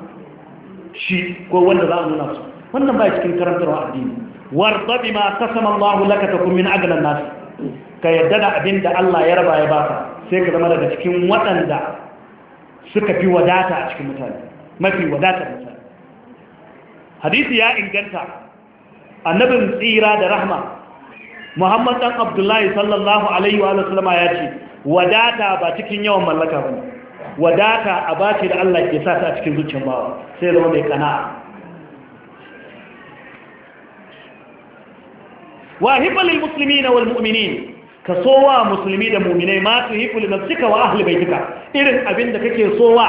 shi ko wanda za a nuna su wannan ba cikin karantarwa addini warda ma kasama Allah laka takun min aglan nas ka yadda da abin da Allah ya raba ya baka sai ka zama daga cikin waɗanda suka fi wadata a cikin mutane mafi wadata mutane hadisi ya inganta annabin tsira da rahma Muhammad dan Abdullahi sallallahu alaihi wa sallama ya ce wadata ba cikin yawan mallaka bane wadata a bace da Allah ke sa a cikin zuciyar bawa sai zama mai kana wa hibbalil Musulmi na mu'minin ka sowa musulmi da mu'minai masu su na li wa ahli baitika irin abin da kake sowa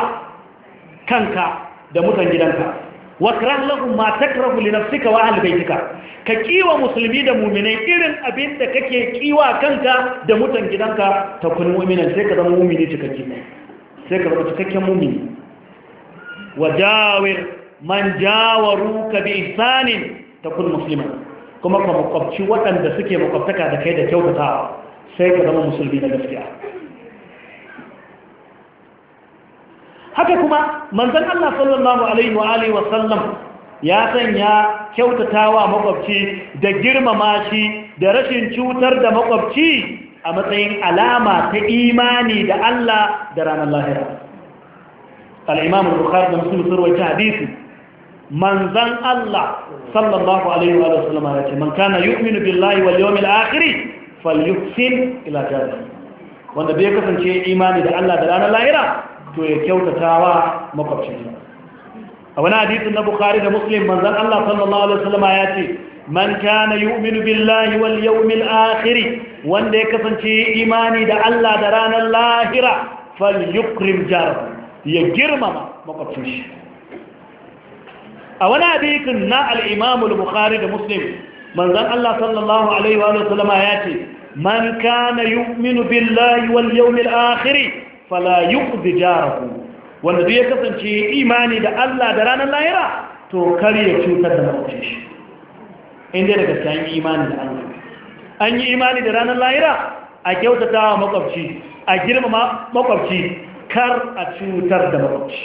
kanka da mutan gidanka wa karah lahum ma takrahu li wa ahli baitika ka kiwa musulmi da mu'minai irin abin da kake kiwa kanka da mutan gidanka ta kun mu'minan sai ka zama mu'mini cikakke sai ka zama cikakken mumini wa jawir man jawaru ka bi ihsanin takun musliman kuma ka makwabci waɗanda suke makwabtaka da kai da kyautatawa sai ka zama musulmi na gaskiya haka kuma manzon Allah sallallahu alaihi wa alihi wa sallam ya sanya kyautatawa makwabci da girmama shi da rashin cutar da makwabci a matsayin alama ta imani da Allah da ranar lahira al bukhari da muslim sun rawaita hadisi manzan Allah sallallahu alaihi wa sallam ya ce man kana yu'minu billahi wal yawmil akhir falyuhsin ila jarihi wanda bai kasance imani da Allah da ranar lahira to ya kyautata wa kyautatawa makwabcinsa a wani hadisin na bukhari da muslim manzan Allah sallallahu alaihi wa sallam ya ce man kana yu'minu billahi wal yawmil akhir wanda ya kasance imani da Allah da ranar lahira falyukrim jar ya girmama makwabcin shi a wani hadisin na al-Imam al-Bukhari da Muslim manzon Allah sallallahu alaihi wa sallama ya ce man kana yu'minu billahi wal yawmil akhir fala yuqdi jarahu wanda ya kasance imani da Allah da ranar lahira to kar ya cutar da makwabcin shi inda daga sayan imani da Allah an yi imani da ranar lahira a kyautata wa makwabci a girmama makwabci kar a cutar da makwabci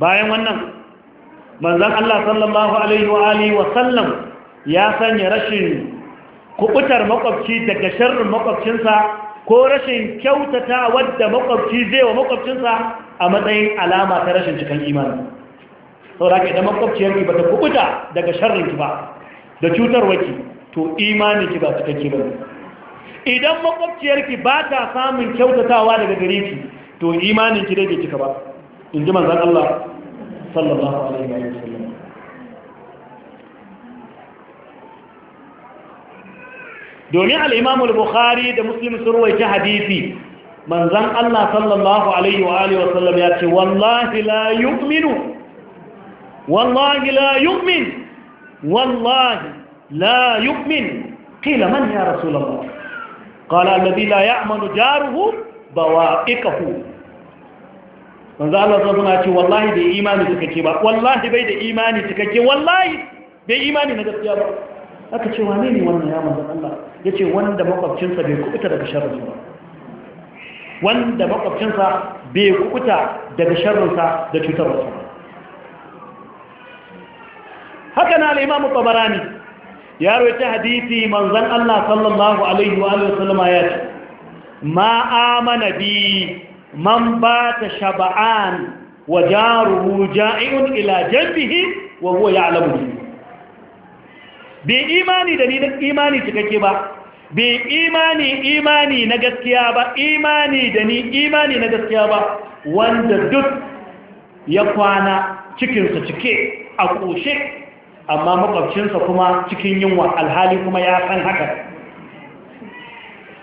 bayan wannan manzan Allah sallallahu alaihi wa alihi wa sallam ya sanya rashin kubutar makwabci daga sharrin makwabcinsa ko rashin kyautata wadda makwabci zai wa makwabcinsa a matsayin alama ta rashin cikin imani sauraki da makwabciyar ki ba ta kubuta daga sharrinki ba da cutarwaki, to imaninki ba cikakke ba idan makwabciyarki ba ta samun kyautatawa daga gare ki to imaninki dai bai cika ba in ji manzan Allah sallallahu alaihi wa sallam domin al-Imam al-Bukhari da Muslim sun ta hadisi manzan Allah sallallahu alaihi wa alihi wa sallam ya ce wallahi la yu'minu والله لا يؤمن والله لا يؤمن قيل من يا رسول الله قال الذي لا يعمل جاره بوائقه من ذا الله سبحانه والله دي إيماني تكتي با والله بي دي إيماني تكتي والله دي إيماني نجتي با أكتي وانيني وانا يا من ذا الله يتي وانا دا موقف جنسا بي كوكتا دا بشر رسول وانا دا موقف جنسا بي كوكتا دا بشر رسول haka na al'imamu tabarani ya roƙi hadithi manzan Allah sallallahu Alaihi wa sallama ya ce ma amana bi man ba ta shaba'an wa jaruhu ja'i'un ila jambihi wa huwa ya alamu bi imani da ni da imani cikakke ba bi imani imani na gaskiya ba imani da ni imani na gaskiya ba wanda duk ya kwana cikinsa cike a ƙoshe amma makwabcinsa kuma cikin yunwa alhali kuma ya san haka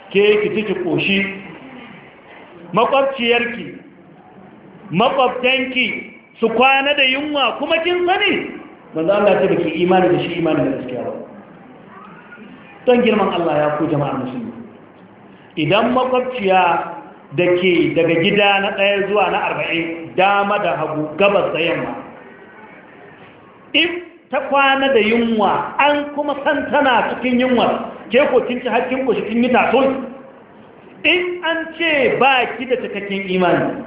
ke ki ciki ki koshi makwabciyarki makwabtanki su kwana da yunwa kuma kin sani manzo Allah ta baki imani da shi imani da gaskiya ba don girman Allah ya ku jama'ar musulmi idan makwabciya da ke daga gida na ɗaya zuwa na arba'in dama da hagu gabas da yamma in ta kwana da yunwa an kuma san tana cikin yunwa ke ko kin ci hakkin ku shi kin yi taso in an ce ba ki da cikakken imani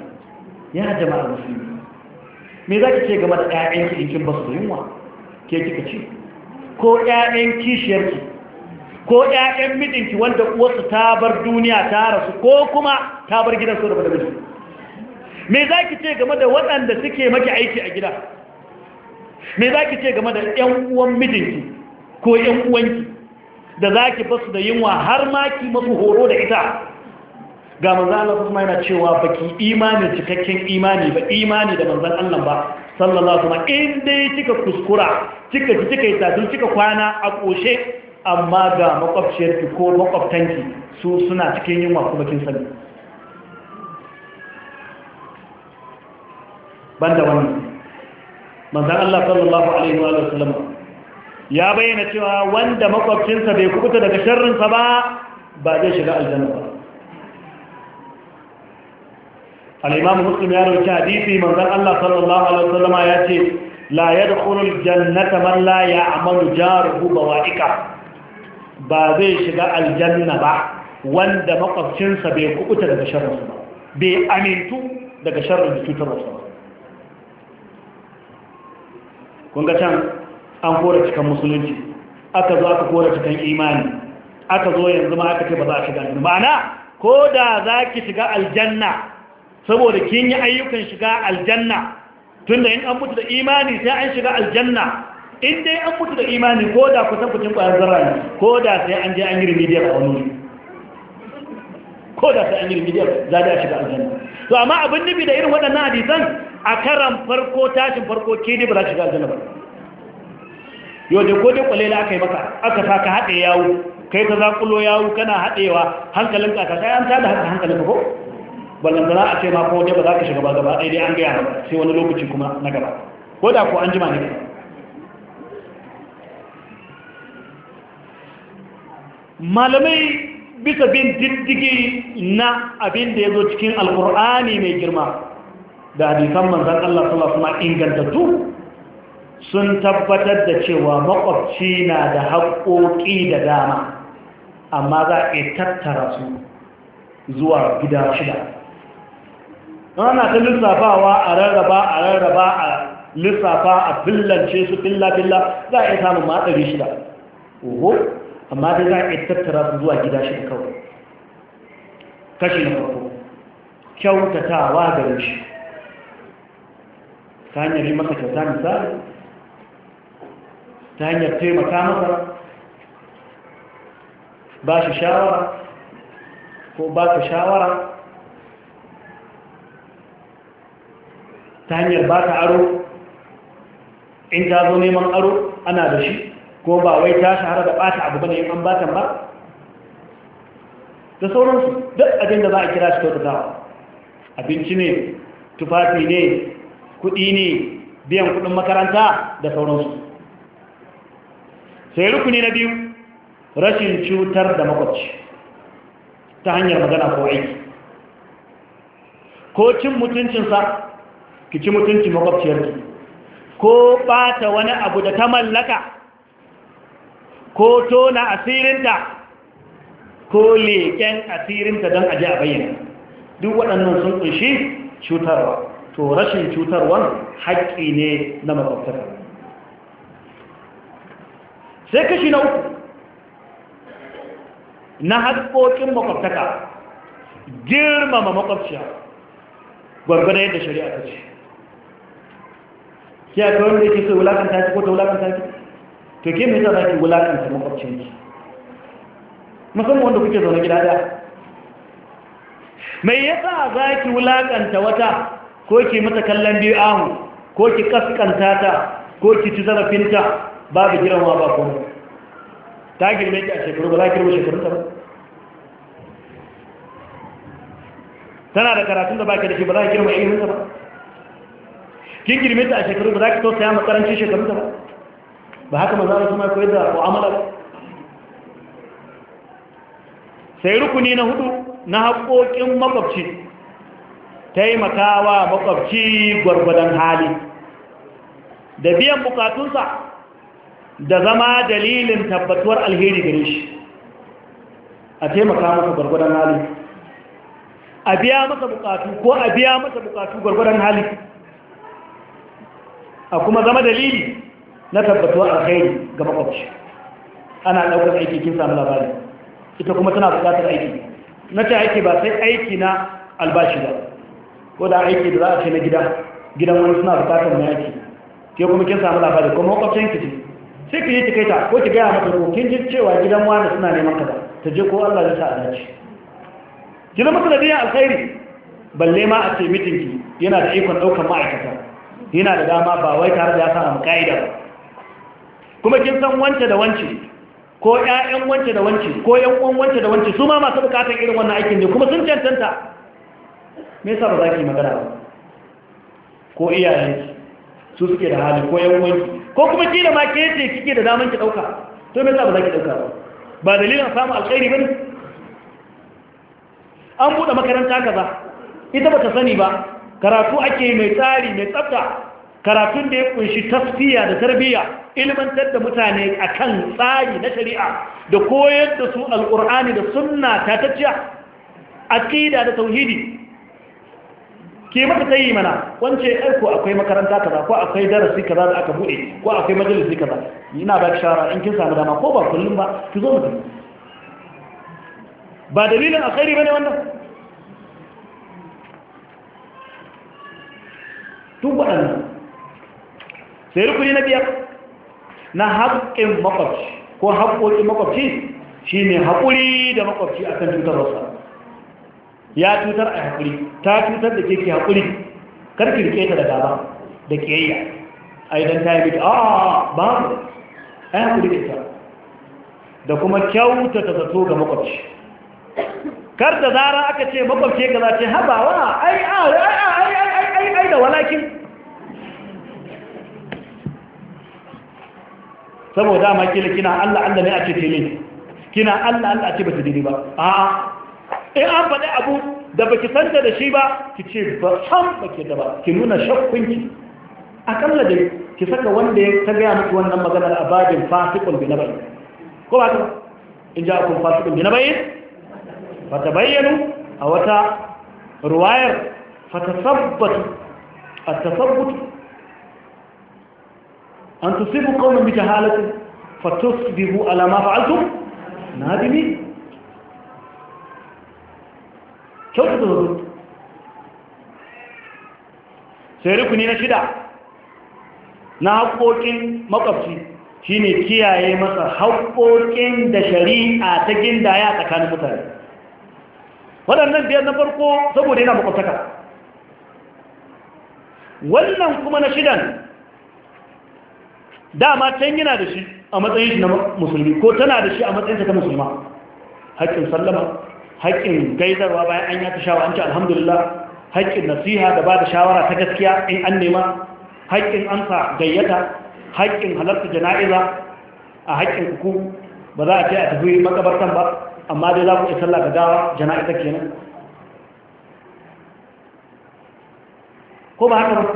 ya jama'a musulmi me za ki ce game da ƴaƴanki ki in kin ba su da yunwa ke kika ce? ko ƴaƴan kishiyarki? ko ƴaƴan mijinki wanda uwarsu ta bar duniya ta rasu ko kuma ta bar gidansu da bada miji me za ki ce game da waɗanda suke maki aiki a gida me za ki ce game da 'yan uwan mijinki ko 'yan uwanki da za ki basu da yunwa har ma ki masu horo da ita ga manzan Allah kuma yana cewa ba ki imani cikakken imani ba imani da manzan Allah ba sallallahu alaihi in dai kika kuskura kika ci cika yi tafi cika kwana a ƙoshe amma ga makwabciyarki ko makwabtanki su suna cikin yunwa kuma kin sani banda wannan manzan Allah sallallahu alaihi wa sallam ya bayyana cewa wanda makwabcinsa bai kubuta daga sharrinsa ba ba zai shiga aljanna ba al-imam muslim ya rawaita hadisi manzan Allah sallallahu alaihi wa sallam ya ce la yadkhulu al-jannata man la ya'malu jaruhu bawa'iqa ba zai shiga aljanna ba wanda makwabcinsa bai kubuta daga sharrinsa ba bai amintu daga sharrin cutar da cutarwarsa ba Kunga can an kora cikin musulunci aka zo aka kora cikin imani aka zo yanzu ma aka ce ba za a shiga aljanna ma'ana ko da za ki shiga aljanna saboda kin yi ayyukan shiga aljanna tunda in an mutu da imani sai an shiga aljanna in dai an mutu da imani ko da kusan kucin kwayar zarra ne ko da sai an je an yi remedial a wani ko da sai an yi remedial za a shiga aljanna to amma abin nufi da irin waɗannan hadisan a karan farko tashin farko ke ne ba za shiga aljanna ba yau da kodin kwalela aka yi maka aka sa ka haɗe yawo kai ka zakulo yawo kana haɗewa hankalin ka sai an tada haka hankalin ka ko za a ce ma ko ne ba za ka shiga ba gaba ɗaya dai an gaya ba sai wani lokaci kuma na gaba ko da ko an jima ne malamai bisa bin diddigi na abin da ya zo cikin alkur'ani mai girma da hadisan manzan Allah sallallahu alaihi ingantattu sun tabbatar da cewa makwabci na da haƙoƙi da dama amma za a tattara su zuwa gida shida ana ta lissafawa a rarraba a rarraba a lissafa a billance su billa-billa za a yi samun matsari shida oho amma dai za a tattara su zuwa gida shida kawai kashi na farko kyautatawa da shi ta hanyar yi maka kyauta misali ta hanyar taimaka masa ba shi shawara ko ba ka shawara ta hanyar ba ka aro in ta zo neman aro ana da shi ko ba wai ta shahara da ɓata abu bane an batan ba da sauransu duk abin da za a kira shi kyautatawa abinci ne tufafi ne kuɗi ne biyan kuɗin makaranta da sauransu sai rukuni na biyu rashin cutar da makwabci ta hanyar magana ko aiki ko cin mutuncinsa ki ci mutuncin makwabciyarki ko ɓata wani abu da ta mallaka ko tona asirinta ko leƙen asirinta don aji a bayyana duk waɗannan sun ƙunshi cutarwa to rashin cutarwan haƙƙi ne na makwabtaka sai kashi na uku na haƙƙoƙin makwabtaka girmama makwabciya gwargwada yadda shari'a ta ce ki a kawai da ke sai wulaƙanta ki ko ta wulaƙanta ki to ke mai zama ki wulakanta makwabcinki musamman wanda kuke zaune gida daya mai yasa za ki wulaƙanta wata ko ki mata kallon biyu amu ko ki kaskanta ta ko ki ci zarafinta babu girma ba kuma ta girme ki a shekaru ba za ki rubu shekarunta ba tana da karatun da ba ka da shi ba za ki girma iliminta ba Ki girme ta a shekaru ba za ki tausaya ma shekaru ta ba ba haka maza da kuma koyar da amala ba sai rukuni na hudu na haƙoƙin makwabci taimakawa makwabci gwargwadon hali da biyan bukatunsa da zama dalilin tabbatuwar alheri gare shi a taimaka masa gwargwadon hali a biya masa bukatu ko a biya masa bukatu gwargwadon hali a kuma zama dalili na tabbatuwar alheri ga makwabci ana ɗaukar aiki kin samu labari ita kuma tana bukatar aiki na ce aiki ba sai aiki na albashi ba ko da aiki da za a ce na gida gidan wani suna bukatar na aiki ke kuma kin samu labari kuma makwabcin ki ce sai ki yi kai ta, ko ki gaya mata ko kin ji cewa gidan wani suna neman kaza ta je ko Allah ya sa a dace ki zama biyan alkhairi balle ma a ce mitinki yana da ikon ɗaukar ma'aikata yana da dama ba wai tare da ya mu ka'ida ba kuma kin san wance da wance ko ƴaƴan wance da wance ko ƴan uwan wance da wance su ma masu bukatar irin wannan aikin ne kuma sun cancanta me yasa ba za ki magana ba ko iyaye su suke da hali ko yawon ko kuma da ma ke ce kike da daman ki dauka to me yasa ba za ki dauka ba ba dalilin samu alkhairi bane an bude makaranta kaza ita ba ta sani ba karatu ake mai tsari mai tsafta karatun da ya kunshi tafsiya da tarbiyya ilmantar da mutane akan tsari na shari'a da koyar da su alkur'ani da sunna ta tatacciya aqida da tauhidi ke mata yi mana wance ai ko akwai makaranta kaza ko akwai darasi kaza da aka bude ko akwai majalisi kaza ina ba ki shawara in kin samu dama ko ba kullum ba ki zo mutum ba dalilin alkhairi bane wannan Tun duk waɗannan sai rukuni na biyar na haƙƙin makwabci ko haƙƙoƙin makwabci shine haƙuri da makwabci akan cutar wasa ya cutar a haƙuri ta cutar da keke ki haƙuri karki keta ta da gaba da kiyayya a idan ta yi miki a ba mu a haƙuri da ta da kuma kyauta ta zato ga makwabci kar da zara aka ce makwabci ga za ce habawa ai ai ai da walakin saboda ma kila kina Allah Allah ne a ce tele kina Allah Allah a ce ba su dini ba a in an faɗi abu da baki san da shi ba ki ce ba san baki da ba ki nuna shakkunki akalla da ki saka wanda ya ta gaya miki wannan maganar a babin fasikun bi na bayin ko ba ta in ja kun fasikun bi na bayin Ba ta bayyanu a wata ruwayar fa ta sabbatu a tasabbutu an tusibu qawmin bi jahalatin fa tusbihu ala ma na nadimin kyautu da zuwa sai rukuni na shida na haƙoƙin makwabci shine kiyaye masa haƙoƙin da shari'a ta ya tsakanin mutane waɗannan biyar na farko saboda yana makwabtaka wannan kuma na shidan dama can yana da shi a matsayin shi na musulmi ko tana da shi a matsayin ta musulma haƙƙin sallama haƙƙin gaizarwa bayan an yata shawa an ce alhamdulillah haƙƙin nasiha da ba da shawara ta gaskiya in an nema haƙƙin amsa gayyata haƙƙin halarta jana'iza a haƙƙin ku ba za a ce a tafi makabartan ba amma dai za ku iya sallah ga dawa jana'iza kenan ko ba haka ba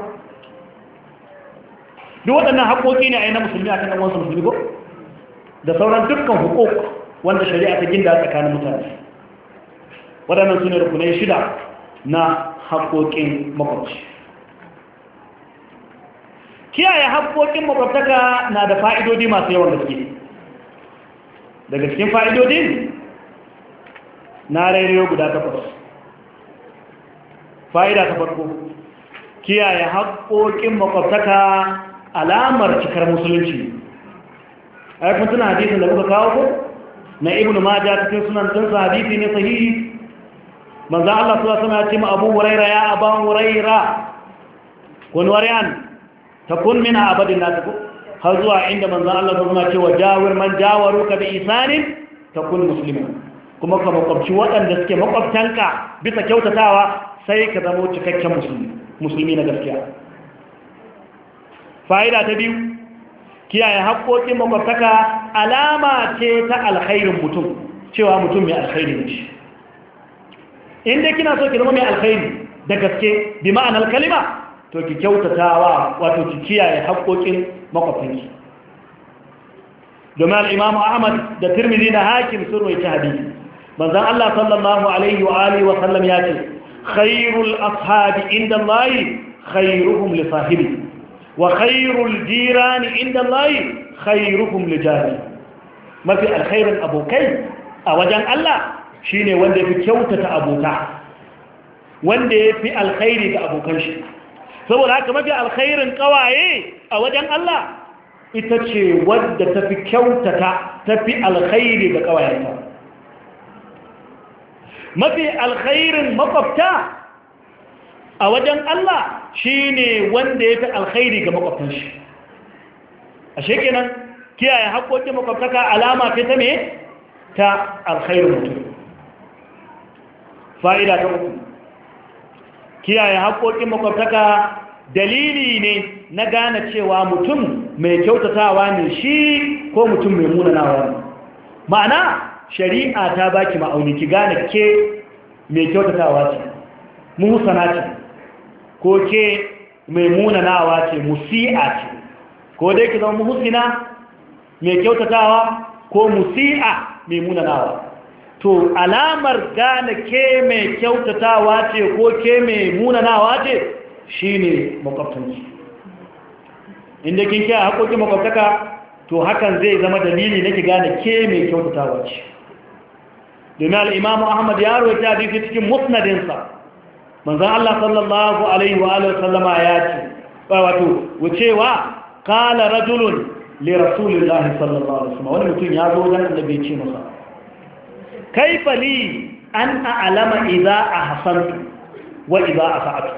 duk waɗannan haƙoƙi ne a yi na musulmi a kan wasu musulmi ko da sauran dukkan hukuk wanda shari'a ta ginda tsakanin mutane waɗannan su ne rukunai shida na haƙoƙin makwabci kiyaye haƙoƙin makwabtaka na da fa'idodi masu yawan gaske daga cikin fa'idodin na rairiyo guda takwas fa'ida ta farko kiyaye haƙoƙin makwabtaka alamar cikar musulunci aikun suna hadisun da kuka kawo ku na ibn majah cikin sunan tunsa hadisi ne sahihi manzo Allah sallallahu alaihi ya ce ma Abu Hurairah ya Abu Hurairah kun wariyan takun min abadin har zuwa inda manzo Allah sallallahu alaihi wasallam ya jawar wajawir bi isanin kun muslimin kuma ka makwabci waɗanda suke makwabtanka bisa kyautatawa sai ka zama cikakken musulmi na gaskiya fa'ida ta biyu kiyaye haƙoƙin makwabtaka alama ce ta alkhairin mutum cewa mutum mai alkhairi shi in dai kina so ki zama mai alkhairi da gaske bi ma'anar kalima to ki kyautatawa wato ki kiyaye haƙoƙin makwafinki domin al'imamu ahmad da turmizi na hakim sun roƙi hadisi manzan allah sallallahu alaihi wa alihi wa sallam ya ce khairul ashabi inda allahi khairuhum li sahibi wa khairul jirani inda allahi khairuhum li jari mafi alkhairin abokai a wajen allah ne wanda yafi kyautata abota wanda fi alkhairi ga abokan shi saboda haka mafi alkhairin kawaye a wajen Allah ita ce wadda tafi kyautata tafi alkhairi ga kawayenta mafi alkhairin makwabta a wajen Allah shine wanda yafi alkhairi ga makwabtan shi ashe kenan kiyaye haƙoƙin makwabtaka alama ce ta me ta alkhairin mutum fa'ida ta uku kiyaye haƙoƙin makwabtaka dalili ne na gane cewa mutum mai kyautatawa ne shi ko mutum mai munanawa ne ma'ana shari'a ta baki ma'auni ki gane ke mai kyautatawa ce muhusana ce ko ke mai munanawa ce musi'a ce ko dai ki zama muhusina mai kyautatawa ko musi'a mai munanawa to alamar gane ke mai kyautatawa ce ko ke mai munanawa ce shi ne makwabtanci inda kin kiya haƙoƙin makwabtaka to hakan zai zama dalili na ki gane ke mai kyautatawa ce domin al'imamu ahmad ya roƙi a jiki cikin musnadinsa manzan allah sallallahu alaihi wa sallama ya ce wato wucewa kala rajulun li rasulillahi sallallahu alaihi wa wani mutum ya zo wajen annabi ce masa kaifa li an a'lama idza ahsantu wa idza afa'tu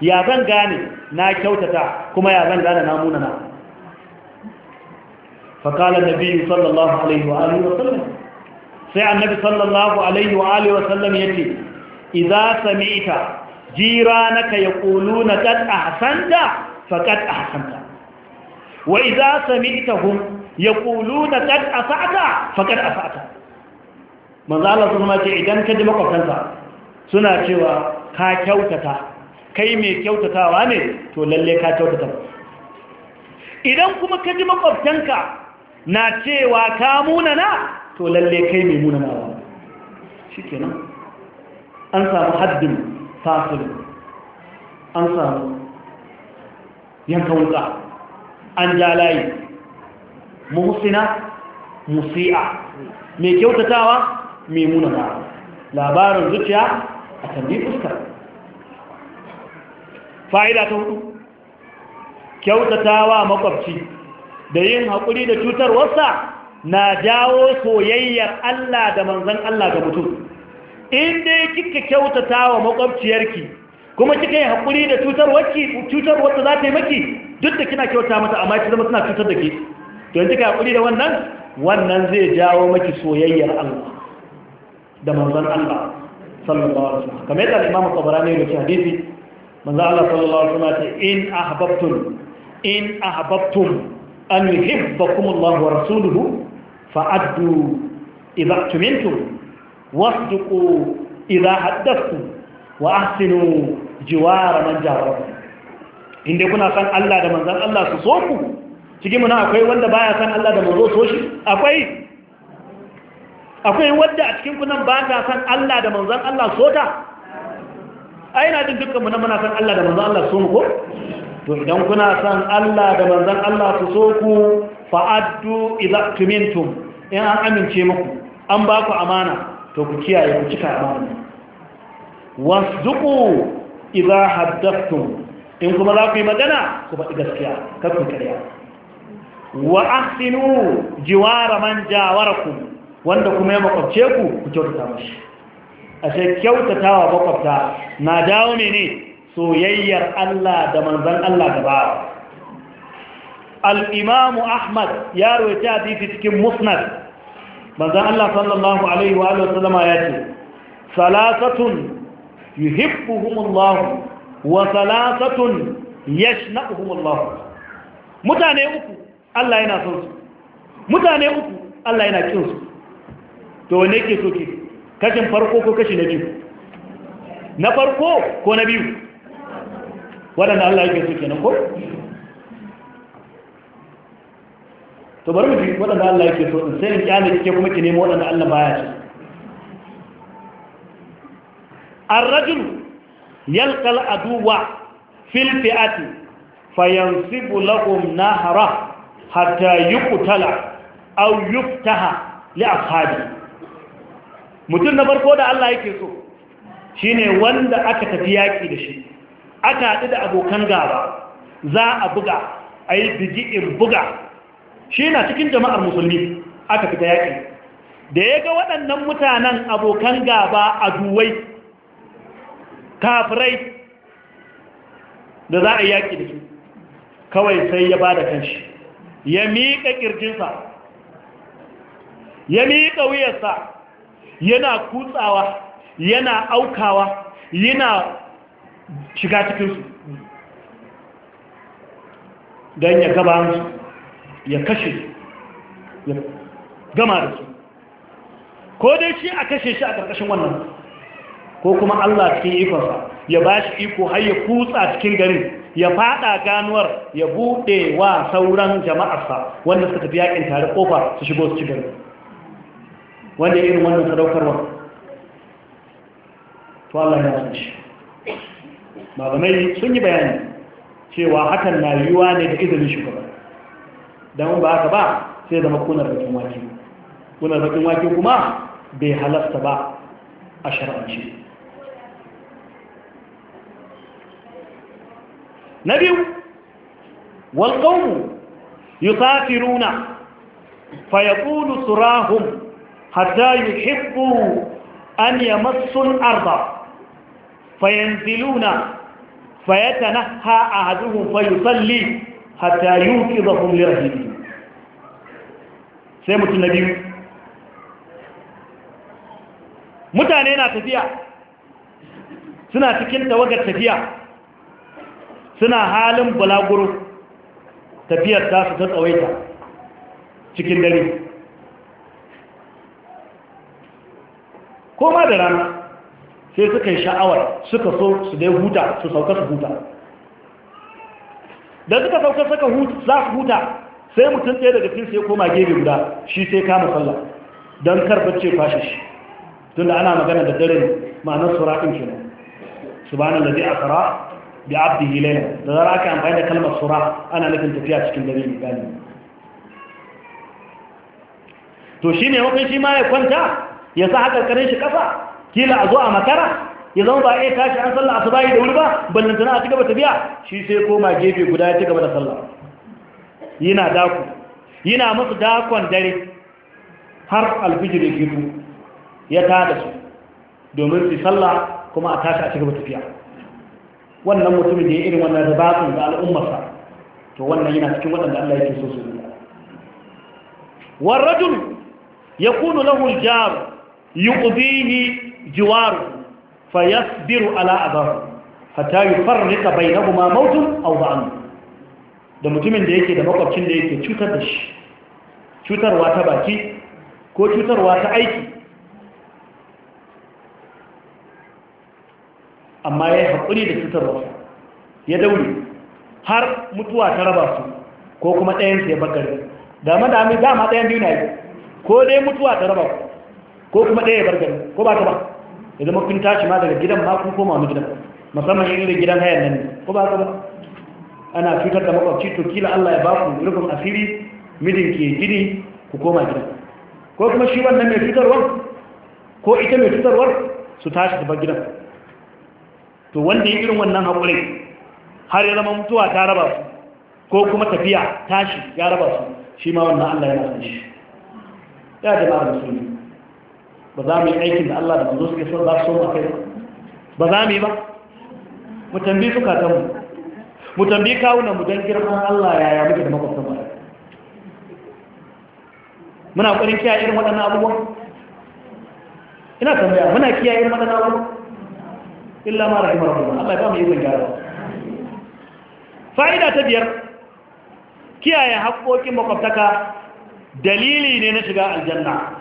ya zan gane na kyautata kuma ya zan gane na munana fa qala nabiyyu sallallahu alaihi wa alihi wa sallam sai annabi sallallahu alaihi wa alihi wa sallam yace idza sami'ta jiranaka yaquluna qad ahsanta faqad ahsanta wa idza sami'tahum yaquluna qad asa'ta faqad asa'ta manzo Allah sun ce idan ka ji makwabtansa suna cewa ka kyautata kai mai kyautatawa ne to lalle ka kyautata idan kuma ka ji makwabtanka na cewa ka munana to lalle kai mai munana wa shikenan an samu haddin fasil an samu yanka wuka an jalayi muhsina musi'a mai kyautatawa Mimuna ba labarin zuciya a tambi fuskar fa'ida ta hudu kyautatawa makwabci da yin haƙuri da cutarwarsa na jawo soyayyar Allah da manzan Allah da mutum in dai kika kyautatawa makwabciyarki kuma kika yi haƙuri da cutarwarki cutarwarta za ta yi maki duk da kina kyauta mata amma ki zama suna cutar da ke to yanzu ka haƙuri da wannan wannan zai jawo maki soyayyar Allah da manzan Allah sallallahu alaihi wasallam kamar yadda Imam Tabarani ya ce hadisi manzo Allah sallallahu alaihi wasallam ce in ahbabtum in ahbabtum an yuhibbakum Allah wa rasuluhu fa'addu idha tumintum wasduqu idha haddathtum wa ahsinu jiwara man jawarakum inda kuna san Allah da manzan Allah su so ku cikin muna akwai wanda baya san Allah da manzo so shi akwai akwai wadda a cikin kunan ba ta san Allah da manzan Allah so ta ai na jin dukkan mu na muna san Allah da manzan Allah so mu ko to idan kuna san Allah da manzan Allah su so ku fa'addu idza tumintum in an amince muku an ba ku amana to ku kiyaye ku cika amana wasduqu idza haddathtum in kuma za ku yi magana ku faɗi gaskiya kar ku karya wa ahsinu jiwara man jawarakum wanda kuma ya makwabce ku ku kyautata mashi a sai kyautata wa makwabta na dawo ne soyayyar Allah da manzan Allah da gaba al'imamu ahmad ya roci hadisi cikin musnad manzan Allah sallallahu alaihi wa sallama ya ce salasatun yuhibbuhumullahu wa salasatun yashna'uhumullahu mutane uku Allah yana son su mutane uku Allah yana kin to wanne ke so ke kashin farko ko kashi na biyu na farko ko na biyu waɗanda Allah yake so nan ko to bari mu ji waɗanda Allah yake so sai in kyale kike kuma ki nemo waɗanda Allah baya so ar-rajul yalqa al-aduwa fil fi'ati fayansibu lahum nahra hatta yuqtala aw yuftaha li ashabihi mutum na farko da Allah yake so ne wanda aka tafi yaƙi da shi aka haɗu da abokan gaba za a buga a yi biji'in buga shi na cikin jama'ar musulmi aka fita yaƙi da ya ga waɗannan mutanen abokan gaba a duwai kafirai da za a yi yaƙi da su kawai sai ya ba da kanshi ya miƙa ƙirjinsa ya miƙa wuyarsa yana kutsawa yana aukawa yana shiga cikinsu don ya gaba su ya kashe ya gama da su ko dai shi a kashe shi a ƙarƙashin wannan ko kuma Allah cikin ikonsa ya ba shi iko har ya kutsa cikin garin ya fada ganuwar ya buɗe wa sauran jama'arsa wanda suka tafi yakin tare kofa su shigo su cikin garin wanda irin wannan sadaukarwa to Allah ya san shi malamai sun yi bayani cewa hakan na yiwuwa ne da izinin shugaba don ba haka ba sai zama kunar bakin wake kunar bakin wake kuma bai halasta ba a shar'anci na biyu walƙaunu yusafiruna fayaqulu surahun. hatta yuhibbu an na al-arda fayanziluna fayatanahha ahaduhum fayusalli hatta yuqidhahum li rahibihi sai mutum na biyu mutane na tafiya suna cikin tawagar tafiya suna halin bulaguro tafiyar tasu ta tsawaita cikin dare ko ma da rana sai suka yi sha'awar suka so su dai huta su sauka su huta da suka sauka suka za su huta sai mutum ɗaya daga cikin sai koma gefe guda shi sai kama sallah don karfacce fashe shi tunda ana magana da dare ma'anar sura'in su bani da zai asara bi abdihi laila da zara aka amfani da kalmar sura ana nufin tafiya cikin dare mai gani to ne wakan shi ma ya kwanta ya sa haka karin shi kafa kila a zo a makara ya zama ba a tashi an sallah a su bayi da wuri ba ballantana a cigaba tafiya shi sai koma gefe guda ya ci gaba da sallah yana daku yana musu dakon dare har alfijir ya fito ya tada su domin su sallah kuma a tashi a cigaba tafiya wannan mutumin da ya irin wannan ribatun ga al'ummarsa to wannan yana cikin waɗanda Allah yake so su warrajul yakunu lahu al-jar yuqdihi jiwaru yasbiru ala adar hatta yufarrika bainahuma mautun aw da'an da mutumin da yake da makwabcin da yake cutar da shi cutarwa ta baki ko cutarwa ta aiki amma ya haƙuri da cutarwa ya daure har mutuwa ta raba su ko kuma ɗayansu ya bakare dama dami dama ɗayan biyu na yi ko dai mutuwa ta raba ku ko kuma ɗaya bar gari ko ba ta ba ya zama kun tashi ma daga gidan ma kun koma wani gidan musamman yin irin gidan hayan nan ne ko ba ta ba ana cutar da makwabci to kila Allah ya baku rufin asiri midin ke gini ku koma gidan ko kuma shi wannan mai cutarwar ko ita mai cutarwar su tashi ta bar gidan to wanda ya irin wannan haƙuri har ya zama mutuwa ta raba su ko kuma tafiya tashi ya raba su shi ma wannan Allah ya san shi ya jama'a musulmi ba za mu yi aikin da Allah da manzo suke so ba su so mu kai ba za mu yi ba mu tambayi zukatan mu mu tambayi kawunan mu don girman Allah yaya muke da makwabtan mu muna ƙoƙarin kiyaye irin waɗannan abubuwa ina tambaya muna kiyaye irin waɗannan abubuwa illa ma rahimar rabbuna Allah ya ba mu izin gyara fa'ida ta biyar kiyaye haƙƙoƙin makwabtaka dalili ne na shiga aljanna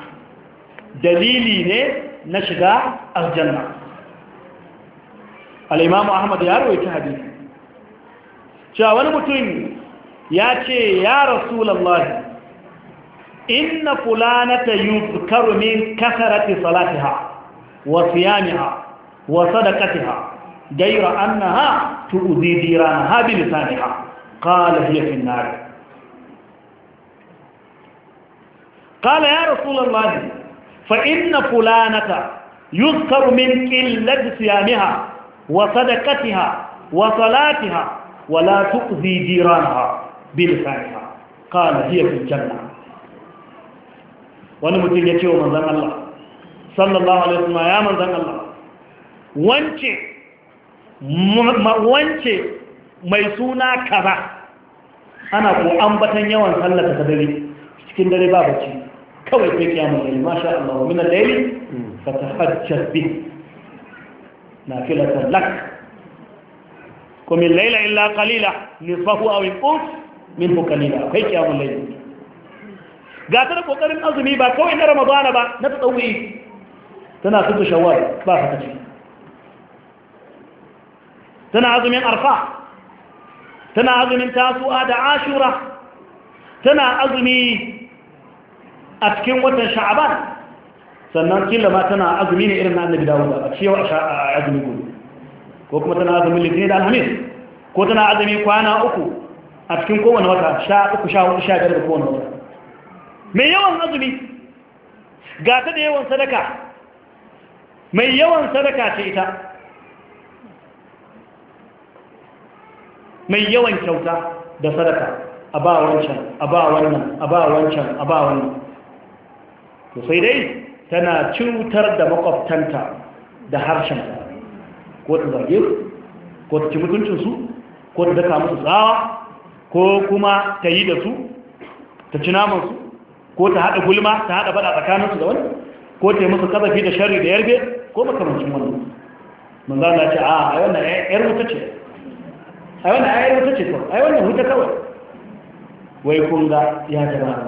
dalili ne na shiga aljanna al'imamu ahmad ya rawaita hadisi cewa wani mutum ya ce ya rasulallahi inna fulanata yuzkaru min kasarati salatiha wa siyamiha wa sadaqatiha ghayra annaha tu'zi diranaha bi lisaniha qala hiya fi an-nar Kala ya rasulallahi فإن فلانة يذكر من قلة صيامها وصدقتها وصلاتها ولا تؤذي جيرانها بلسانها قال هي في الجنة wani mutum ya ce manzan Allah sallallahu alaihi wasallam ya manzan Allah wance mai suna kara ana ko ambatan yawan sallata ta cikin dare ba bacci كوي في قيام الليل ما شاء الله ومن الليل فتهجد به نافلة لك قم الليل إلا قليلا نصفه أو انقص منه قليلا في قيام الليل قاتل kokarin azumi ba kawai na ramadana ba na tsawuri tana fito shawwal ba ta tafi tana azumin arfa tana azumin tasu'a da ashura tana azumi a cikin watan sha'aban sannan kila ma tana azumi ne irin na annabi dawud a cewa a azumi gobe ko kuma tana azumin litini da alhamis ko tana azumi kwana uku a cikin kowane wata sha uku sha hudu sha biyar da kowane wata mai yawan azumi ga ta da yawan sadaka mai yawan sadaka ce ita mai yawan kyauta da sadaka a ba wancan a ba wannan a ba wancan a ba wannan to sai dai tana cutar da makwabtanta da harshen ko ta zarge su ko ta ci mutuncinsu ko ta daka musu tsawa ko kuma ta yi da su ta ci namansu ko ta haɗa gulma ta haɗa baɗa tsakaninsu da wani ko ta yi musu kazafi da shari da yarbe ko makamancin wani mun a ce a wannan yar wuta ce a wannan yar wuta ce to a wannan wuta kawai wai kun ga ya jama'a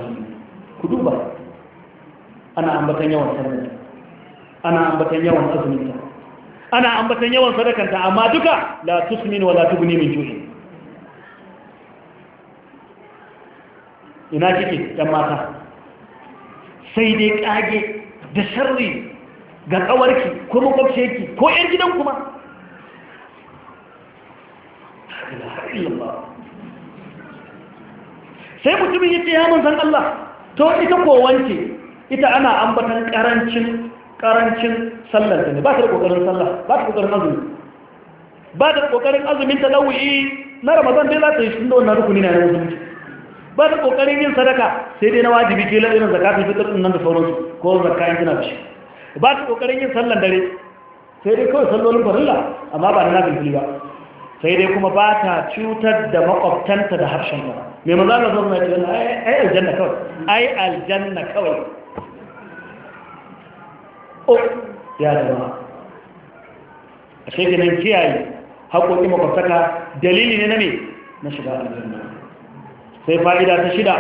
ku duba ana ambatan yawan sallarta ana ambatan yawan azuminta ana ambatan yawan sadakanta amma duka la tusmin wa la tugni min juhi ina kike dan mata sai dai kage da sharri ga kawarki ko ki ko yan gidan kuma sai mutumin ya ce ya manzan Allah to ita ko wance ita ana ambatan karancin karancin sallar ta ne ba ta da kokarin sallah ba ta kokarin azumi ba ta kokarin azumin ta dawi na ramadan dai za ta yi shi da wannan rukuni na musulunci ba ta kokarin yin sadaka sai dai na wajibi ke la irin zakatun fitar din nan da sauransu ko zakka in kina bishi ba ta kokarin yin sallar dare sai dai kawai sallolin farilla amma ba na nafil ba sai dai kuma ba ta cutar da makwabtanta da harshen ba mai maza na ya mai ce ai aljanna kawai ai aljanna kawai ya jama'a a shekinan kiyaye haƙoƙi makwabtaka dalili ne na ne na shiga aljanna sai fa'ida ta shida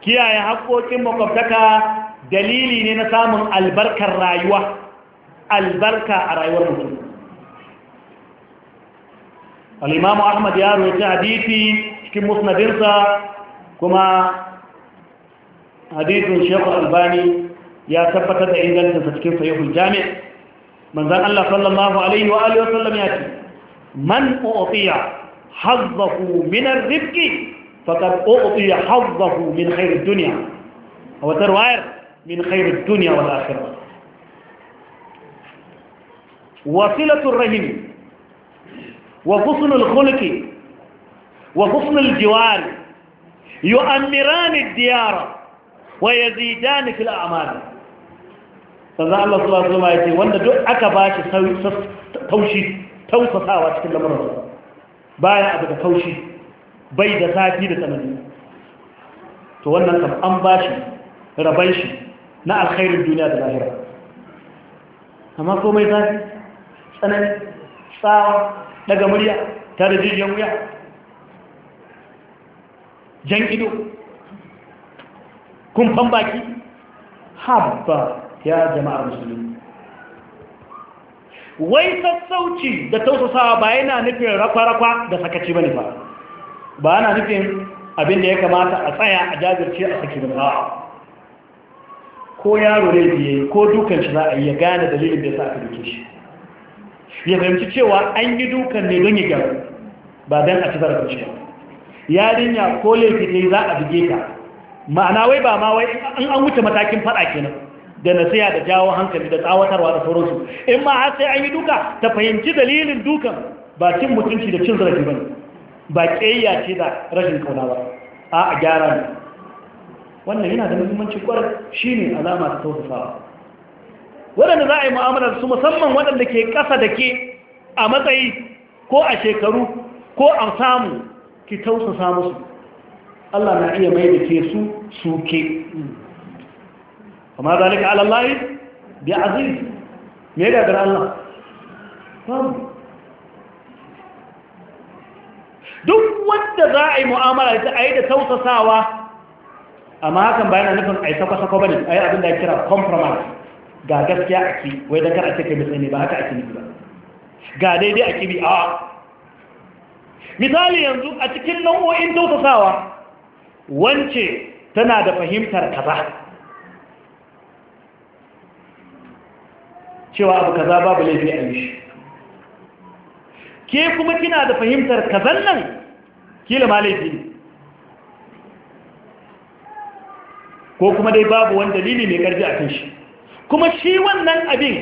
kiyaye haƙoƙin makwabtaka dalili ne na samun albarkar rayuwa albarka a rayuwar mutum al'imamu ahmad ya roci hadithi cikin musnadinsa kuma hadithin shekul albani ya tabbatar da ingancin sa cikin sahihul jami' manzon Allah sallallahu alaihi wa alihi wasallam ya ce man u'tiya hazzahu min ar-rizqi faqad u'tiya hazzahu min khair ad-dunya aw tarwayar min khair ad-dunya wal akhirah وصلة الرحم وحسن الخلق وحسن الجوار يؤمران الديار ويزيدان في الأعمال sannan Allah sallallahu alaihi wasallam ya ce wanda duk aka ba shi taushi tausasawa cikin lamarin baya abu da taushi bai da zafi da tsanani to wannan kam an ba shi raban shi na alkhairin duniya da lahira amma komai zafi tsanani tsawa daga murya da jijiyar wuya jan ido kumfan baki habba ya jama'ar musulmi wai sassauci da tausasawa ba yana nufin rakwa-rakwa da sakaci bane ba ba yana nufin abin da ya kamata a tsaya a jajirce a saki ba ko yaro ne biye ko dukan shi za a yi ya gane dalilin da ya sa aka duke shi ya fahimci cewa an yi dukan ne don yi gyaru ba don a ci zarafin shi yarinya ko laifi ne za a buge ta ma'ana wai ba ma wai an an wuce matakin fada kenan da nasiya da jawo hankali da tsawatarwa da sauransu in ma har sai an yi duka ta fahimci dalilin dukan ba cin mutunci da cin zarafi ba ba ƙeya ce da rashin kauna ba a a gyara ne wannan yana da muhimmanci kwarar shi ne alama ta tausafawa. waɗanda za a yi mu'amalar su musamman waɗanda ke ƙasa da ke a matsayi ko a shekaru ko a samu ki tausasa musu Allah na iya mai da ke su suke kuma zalika ala Allah bi aziz me da ga Allah duk wanda za a yi mu'amala ta a yi da tausasawa amma hakan bayan nufin a yi sako-sako bane a yi abin da kira compromise ga gaskiya a ki wai da kar a ce kai misali ba haka a ake nufi ba ga daidai a bi a misali yanzu a cikin nau'o'in tausasawa wance tana da fahimtar kaza cewa abu kaza babu laifi a yi shi ke kuma kina da fahimtar kazan nan kila ma laifi ne ko kuma dai babu wani dalili mai karfi a kan shi kuma shi wannan abin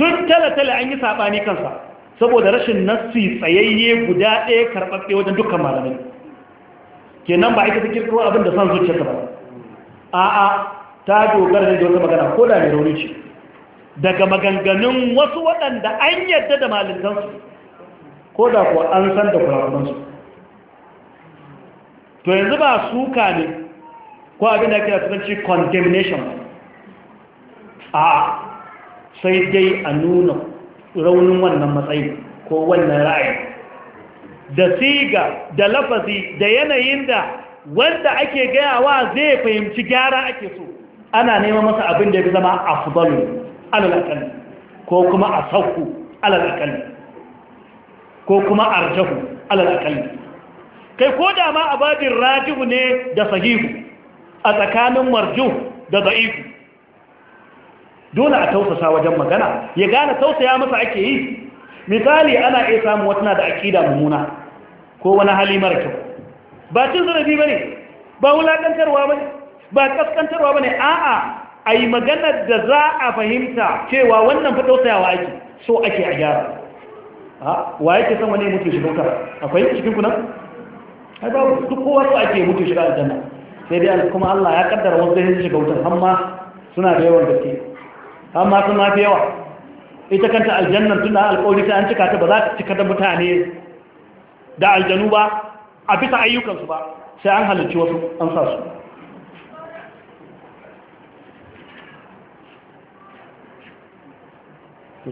tun talatala an yi saɓani kansa saboda rashin nassi tsayayye guda ɗaya karɓaɓɓe wajen dukkan malamai Ke nan ba ita ta kirkiro abin da son zuciya ta ba a'a ta dogara da wata magana ko da mai rauni ce daga maganganun wasu waɗanda an yadda da malintansu ko da kuwa an san da kurakunansu to yanzu ba suka ne ko abin da ke da turanci condemnation a sai dai a nuna raunin wannan matsayi ko wannan ra'ayi da siga da lafazi da yanayin da wanda ake wa zai fahimci gyara ake so ana neman masa abin da ya zama afdalu alal akalli ko kuma asahu alal akalli ko kuma arjahu alal akalli kai ko dama ma abadin rajihu ne da sahihu a tsakanin marju da da'ifu dole a tausasa wajen magana ya gane tausaya masa ake yi misali ana iya samun watana da aƙida mummuna ko wani hali mara kyau ba cin zarafi ba ne ba wulaƙantarwa ba ne ba ƙasƙantarwa ba ne a'a a yi maganar da za a fahimta cewa wannan fa tausayawa ake so ake a gyara wa yake san wani mutu shiga wuta akwai cikin kuna ai babu duk kowa su ake mutu shiga aljanna sai dai kuma Allah ya kaddara wasu zai shiga wutar amma suna da yawan gaske Hamma suna ma fi yawa ita kanta aljannan tunda alƙawari ta an cika ta ba za ta cika da mutane da aljanu ba a bisa ayyukansu ba sai an halarci wasu an sa su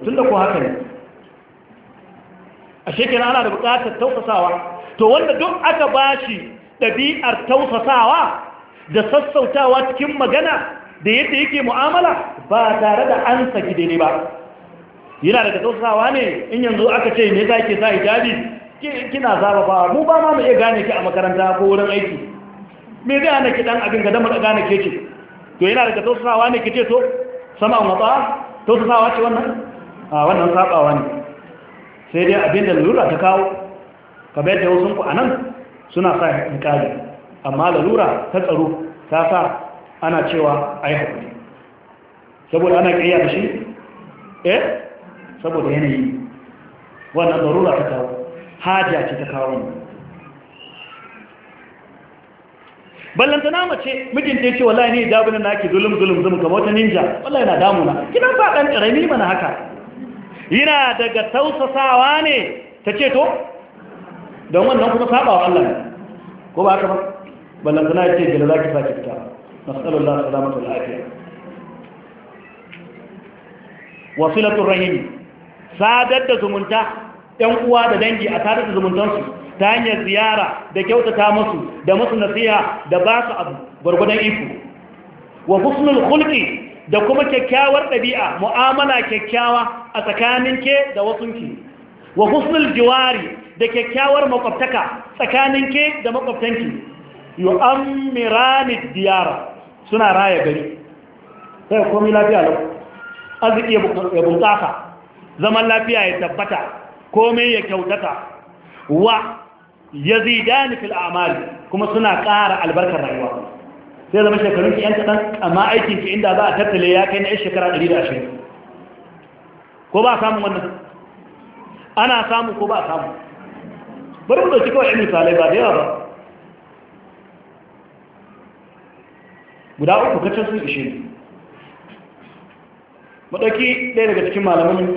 tun da ko haka ne a shekara ana da bukatar tausasawa to wanda duk aka ba shi ɗabi'ar tausasawa da sassautawa cikin magana da yadda yake mu'amala ba tare da an saki daidai ba yana daga tausasawa ne in yanzu aka ce ne za ke sa hijabi kina zaba ba mu ba ma mu iya gane ki a makaranta ko wurin aiki me zai hana ki dan abin ga damar gane ke ce to yana daga tausasawa ne ki ce to sama mata tausasawa ce wannan a wannan sabawa ne sai dai abin da ta kawo kamar yadda wasu a nan suna sa inkari amma lura ta tsaro ta sa ana cewa a yi haƙuri. saboda ana ƙiyya da shi eh saboda yanayi wannan lura ta kawo haja ce ta kawo ne ballanta na mace mijinta ya ce wallahi ne na naki zulum zulum zulum kamar wata ninja wallahi na damuna kina ba ɗan ƙarami mana haka yana daga tausasawa ne ta ce to? don wannan kuma sabawa Allah ne ko ba ka ba ballan ya ce gina za ki sake fita masalullah salamatu lafiya wasilatun rahimi sadar da zumunta ‘yan uwa da dangi a sadar da zumuntansu ta hanyar ziyara da kyautata musu da musu nasiha da ba su abu gwargwadon iko wa husnul hulki da kuma kyakkyawar ɗabi'a mu'amala kyakkyawa a tsakaninke da wasunki wa husnul jiwari da kyakkyawar makwabtaka tsakaninke da makwabtanki yu'ammirani diyara suna raya gari sai komai lafiya lau arziki ya bunƙasa zaman lafiya ya tabbata komai ya kyautata wa yazidani fil a'mali kuma suna ƙara albarkar rayuwa sai zama shekarun ki 'yan kaɗan amma aikin ki inda za a tattale ya kai na 'yan shekara 120 ko ba samun wannan ana samu ko ba samu bari mu ɗauki kawai misalai ba da yawa ba guda uku kacin sun ishe maɗauki ɗaya daga cikin malamin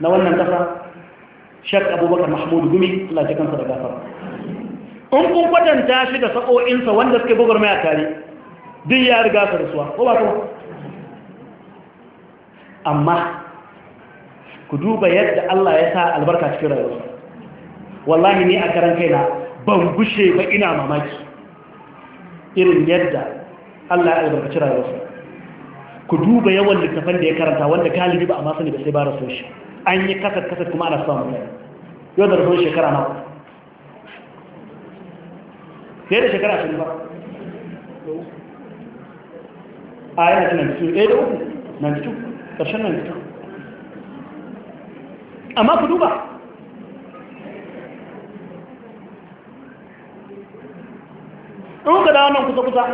na wannan ƙasa shek abubakar mahmud gumi allah cikinsa da gafara kun kun kwatanta shi da sako'insa wanda suke a tare din ya riga su rasuwa ko ba kuma amma ku duba yadda Allah ya sa albarka cikin rayuwa wallahi ni a karan kaina ban gushe ba ina mamaki irin yadda Allah ya albarkaci rayuwarsa ku duba yawan littafan da ya karanta wanda kalibi ba a masu ne ba sai ba rasuwa shi an yi kasar kasar kuma ana samun yau da rasuwa shekara na sai da shekara shi ba a yana ci 92 ɗaya da uku 92 ƙarshen 92 amma ku duba in ka dawo nan kusa-kusa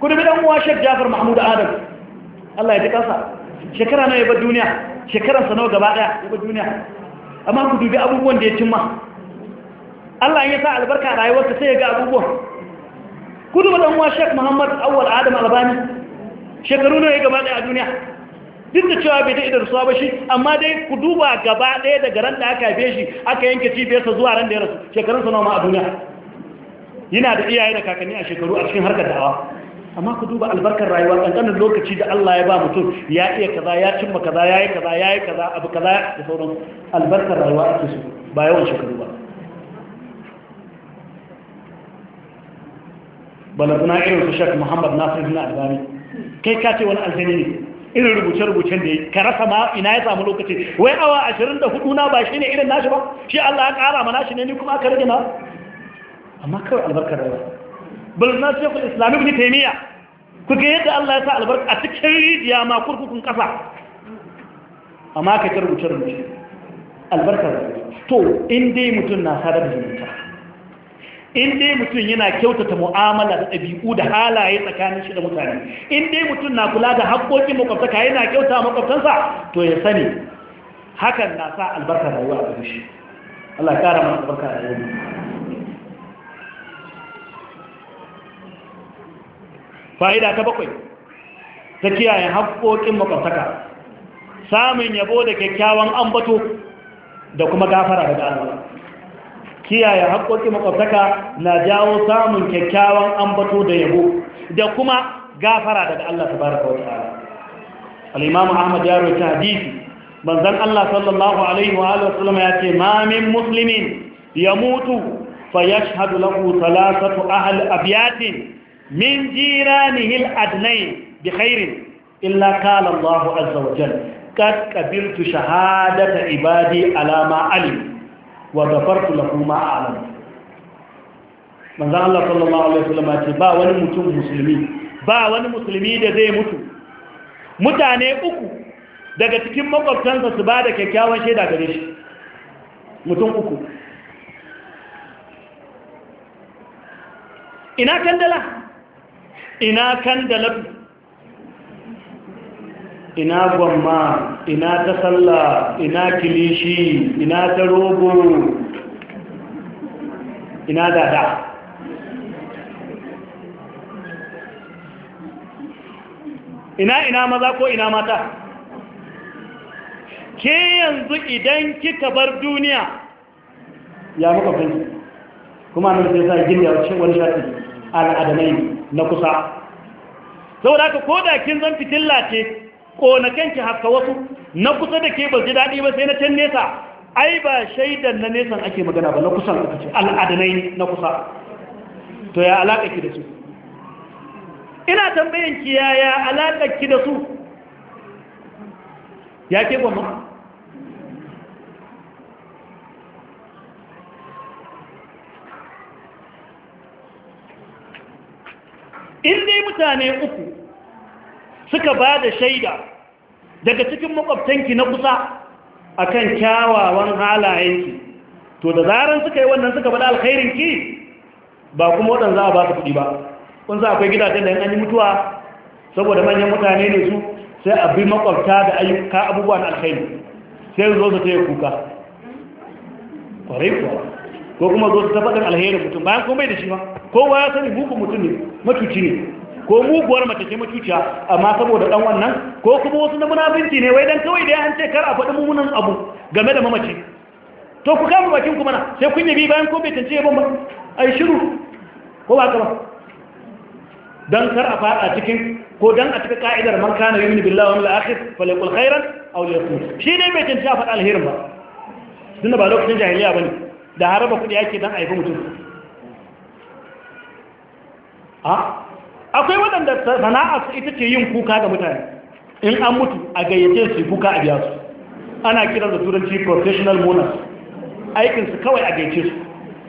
ku dubi ɗan uwa shek jafar mahmud adam allah ya ji ƙasa shekara na yaba duniya shekaransa nawa gaba ɗaya yaba duniya amma ku dubi abubuwan da ya cimma Allah ya sa albarka rayuwarsa sai ya ga abubuwan kudu ba uwa shek muhammad awal adam albani shekaru ne ya gaba ɗaya a duniya duk da cewa bai da rasuwa suwa ba shi amma dai ku duba gaba ɗaya daga ran da aka haife shi aka yanke cibiyarsa zuwa ran da ya rasu shekarunsa noma a duniya yana da iyaye da kakanni a shekaru a cikin harkar dawa amma ku duba albarkar rayuwa ƙanƙanin lokaci da Allah ya ba mutum ya iya kaza ya cimma kaza ya yi kaza ya yi kaza abu kaza da sauran albarkar rayuwa ake ba yawan shekaru ba balazana irin su shek muhammad nasir bin albani kai ka ce wani aljani ne irin rubuce-rubucen da ka rasa ma ina ya samu lokaci wai awa ashirin da hudu na ba shi ne irin nashi ba shi allah ya kara ma nashi ne ni kuma aka rage na amma kawai albarkar rawa balazana shekul islamic ni taimiyya ku ga yadda allah ya sa albarka a cikin rijiya ma kurkukun kasa amma ka ta rubuce-rubuce albarkar rawa to in dai mutum na sadar zumunta in dai mutum yana kyautata mu'amala da ɗabi'u da halaye tsakanin shi da mutane in dai mutum na kula da haƙƙoƙin makwabtaka yana kyauta makwabtansa to ya sani hakan na sa albarka rayuwa a gare shi Allah ya kara mana albarka rayuwa fa'ida ta bakwai ta kiyaye haƙƙoƙin makwabtaka samun yabo da kyakkyawan ambato da kuma gafara daga Allah kiyaye haƙoƙi makwabtaka na jawo samun kyakkyawan ambato da yabo da kuma gafara daga Allah baraka wata'ala al-imamu Ahmad ya rawaita hadisi manzon Allah sallallahu alaihi wa alihi ya ce ya mutu fa ya shahadu lahu thalathatu ahli abiyatin min jiranihi al-adnain bi khairin illa kala Allah azza wa jalla qad shahadata ibadi ala ma alim wa gafartu lahu ma a'lam manzo Allah sallallahu alaihi wasallam ce ba wani mutum musulmi ba wani musulmi da zai mutu mutane uku daga cikin makwabtansa su ba da kyakkyawan shaida gare shi mutum uku ina kandala ina kandala ina gwamma ina ta salla ina kilishi ina ta rogo ina dada ina ina maza ko ina mata ke yanzu idan kika bar duniya ya muka fi kuma nan sai sa gini a wani shafi al'adamai na kusa saboda haka ko da kin zan fitilla ce kona kanki haska wasu na kusa da ke ba zai daɗi ba sai na can nesa ai ba shaidan na nesan ake magana ba na kusan da ce al'adanai na kusa to ya alaƙa ki da su ina tambayan ki ya alaƙa ki da su ya ke gwamma in dai mutane uku suka ba da shaida daga cikin makwabtanki na kusa a kan kyawawan halayenki to da zaren suka yi wannan suka bada alkhairinki ba kuma waɗanda za a ba su kuɗi ba kun za akwai gidajen da an yi mutuwa saboda manyan mutane ne su sai a bi makwabta da ayyuka abubuwan alkhairi sai zo su taya kuka kwarai ko kuma zo su tafaɗin alherin mutum bayan kuma bai da shi ma kowa ya sani buku mutum ne matuci ne ko muguwar mace ce mutuciya amma saboda dan wannan ko kuma wasu na munafinci ne wai dan kawai da an ce kar a faɗi mummunan abu game da mamaci to ku kama bakin ku mana sai kun yabi bayan ko bai tance ban ba ai shiru ko ba ka ba dan kar a fada cikin ko dan a cika ka'idar man kana yumin billahi wal akhir falakul khairan aw liyakun shi ne bai tance a faɗa alherin ba tunda ba lokacin jahiliya bane da haraba kudi yake dan aibi mutum a ah? akwai waɗanda sana'arsu ita ce yin kuka da mutane in an mutu a gayyace su kuka a biya su ana kiran da turanci professional mourners aikinsu kawai a gayyace su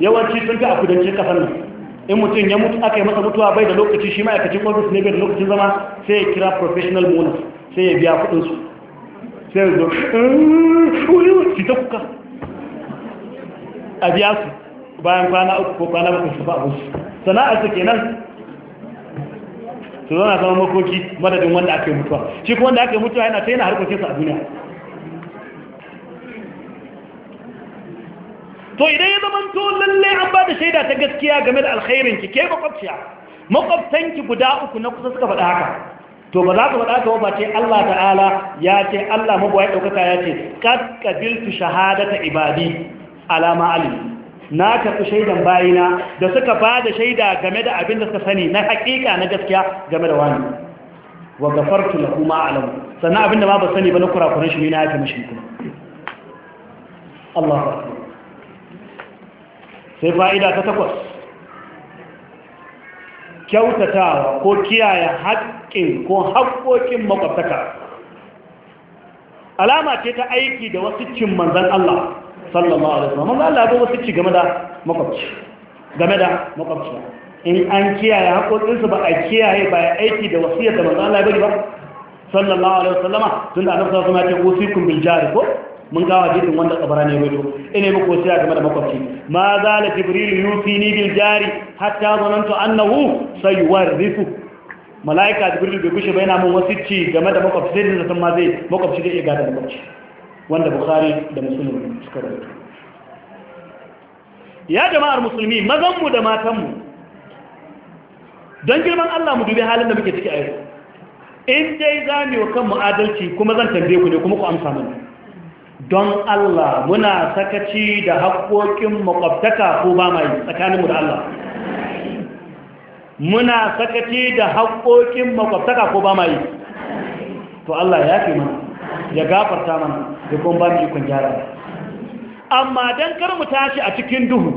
yawanci sun fi a kudancin kasar nan in mutum ya mutu aka yi masa mutuwa bai da lokaci shi ma'aikacin ofis ne bai da lokacin zama sai ya kira professional mourners sai ya biya kuɗinsu sai ya zo shi eh, ta kuka a biya su bayan kwana uku ko kwana bakwai su ba a wasu su kenan su zama zama makoki madadin wanda aka yi mutuwa shi kuma wanda aka yi mutuwa yana ta yana harkokinsa a duniya to idan ya zama to lallai an ba da shaida ta gaskiya game da alkhairin ki ke makwabciya makwabtanki guda uku na kusa suka faɗa haka to ba za ka faɗa haka ba ce Allah ta'ala ya ce Allah mabuwa ya ɗaukaka ya ce kad kabiltu shahadata ibadi alama alim na karɓi shaidan bayina da suka ba da shaida game da abin da suka sani na haƙiƙa na gaskiya game da wani wa gafartu lahu kuma alamu, sannan abin da ma ba sani ba na kurakuran shi ne na yafe mashi kuma Allah sai fa'ida ta takwas kyautatawa ko kiyaye haƙƙin ko haƙƙoƙin makwabtaka alama ce ta aiki da wasu cin manzan Allah sallallahu alaihi wasallam manzo Allah ya wasu ci game da makwabci game da makwabci in an kiyaye hakokin ba a kiyaye ba a aiki da wasiyar da manzo Allah ya bari ba sallallahu alaihi wasallama tunda annabi sallallahu alaihi wasallam ya ce usikum ikun biljari ko mun ga hadisin wanda kabara ne wato ina muku wasiya game da makwabci ma da jibril yusini bil jari hatta zanantu annahu sayuwarithu malaika jibril bai kushe ba yana mun wasu ci game da makwabci zai san ma zai makwabci zai iya gada makwabci wanda bukhari da musulun suka rubuta ya jama'ar musulmi mazanmu da matanmu don girman allah mu dubi halin da muke ciki a yau in dai za mu yi kanmu adalci kuma zan tambaye ku ne kuma ku amsa mana don allah muna sakaci da haƙoƙin makwabtaka ko ba ma yi tsakaninmu da allah muna sakaci da haƙoƙin makwabtaka ko ba ma yi to allah ya fi mana ya gafarta mana ya kuma ba mu ikon gyara amma dan kar mu tashi a cikin duhu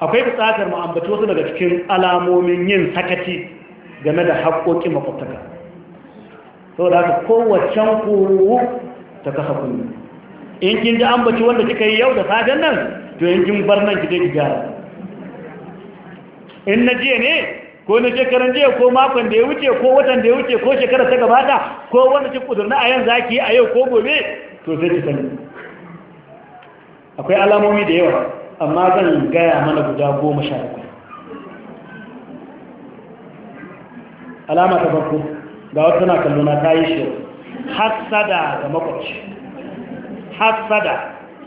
akwai buƙatar mu ambaci wasu daga cikin alamomin yin sakaci game da haƙoƙin makwabtaka saboda haka kowace ku ta kasa kunni in kin ji ambaci wanda kika yi yau da safen nan to in kin bar nan gida gyara in na jiya ne ko na shekaran jiya ko makon da ya wuce ko watan da ya wuce ko shekarar ta gabata ko wanda ki kudurna a yanzu zaki a yau ko gobe to sai ki sani akwai alamomi da yawa amma zan gaya mana guda goma sha uku alama ta farko ga wata na kallo na ta yi shi hasada ga makwabci hasada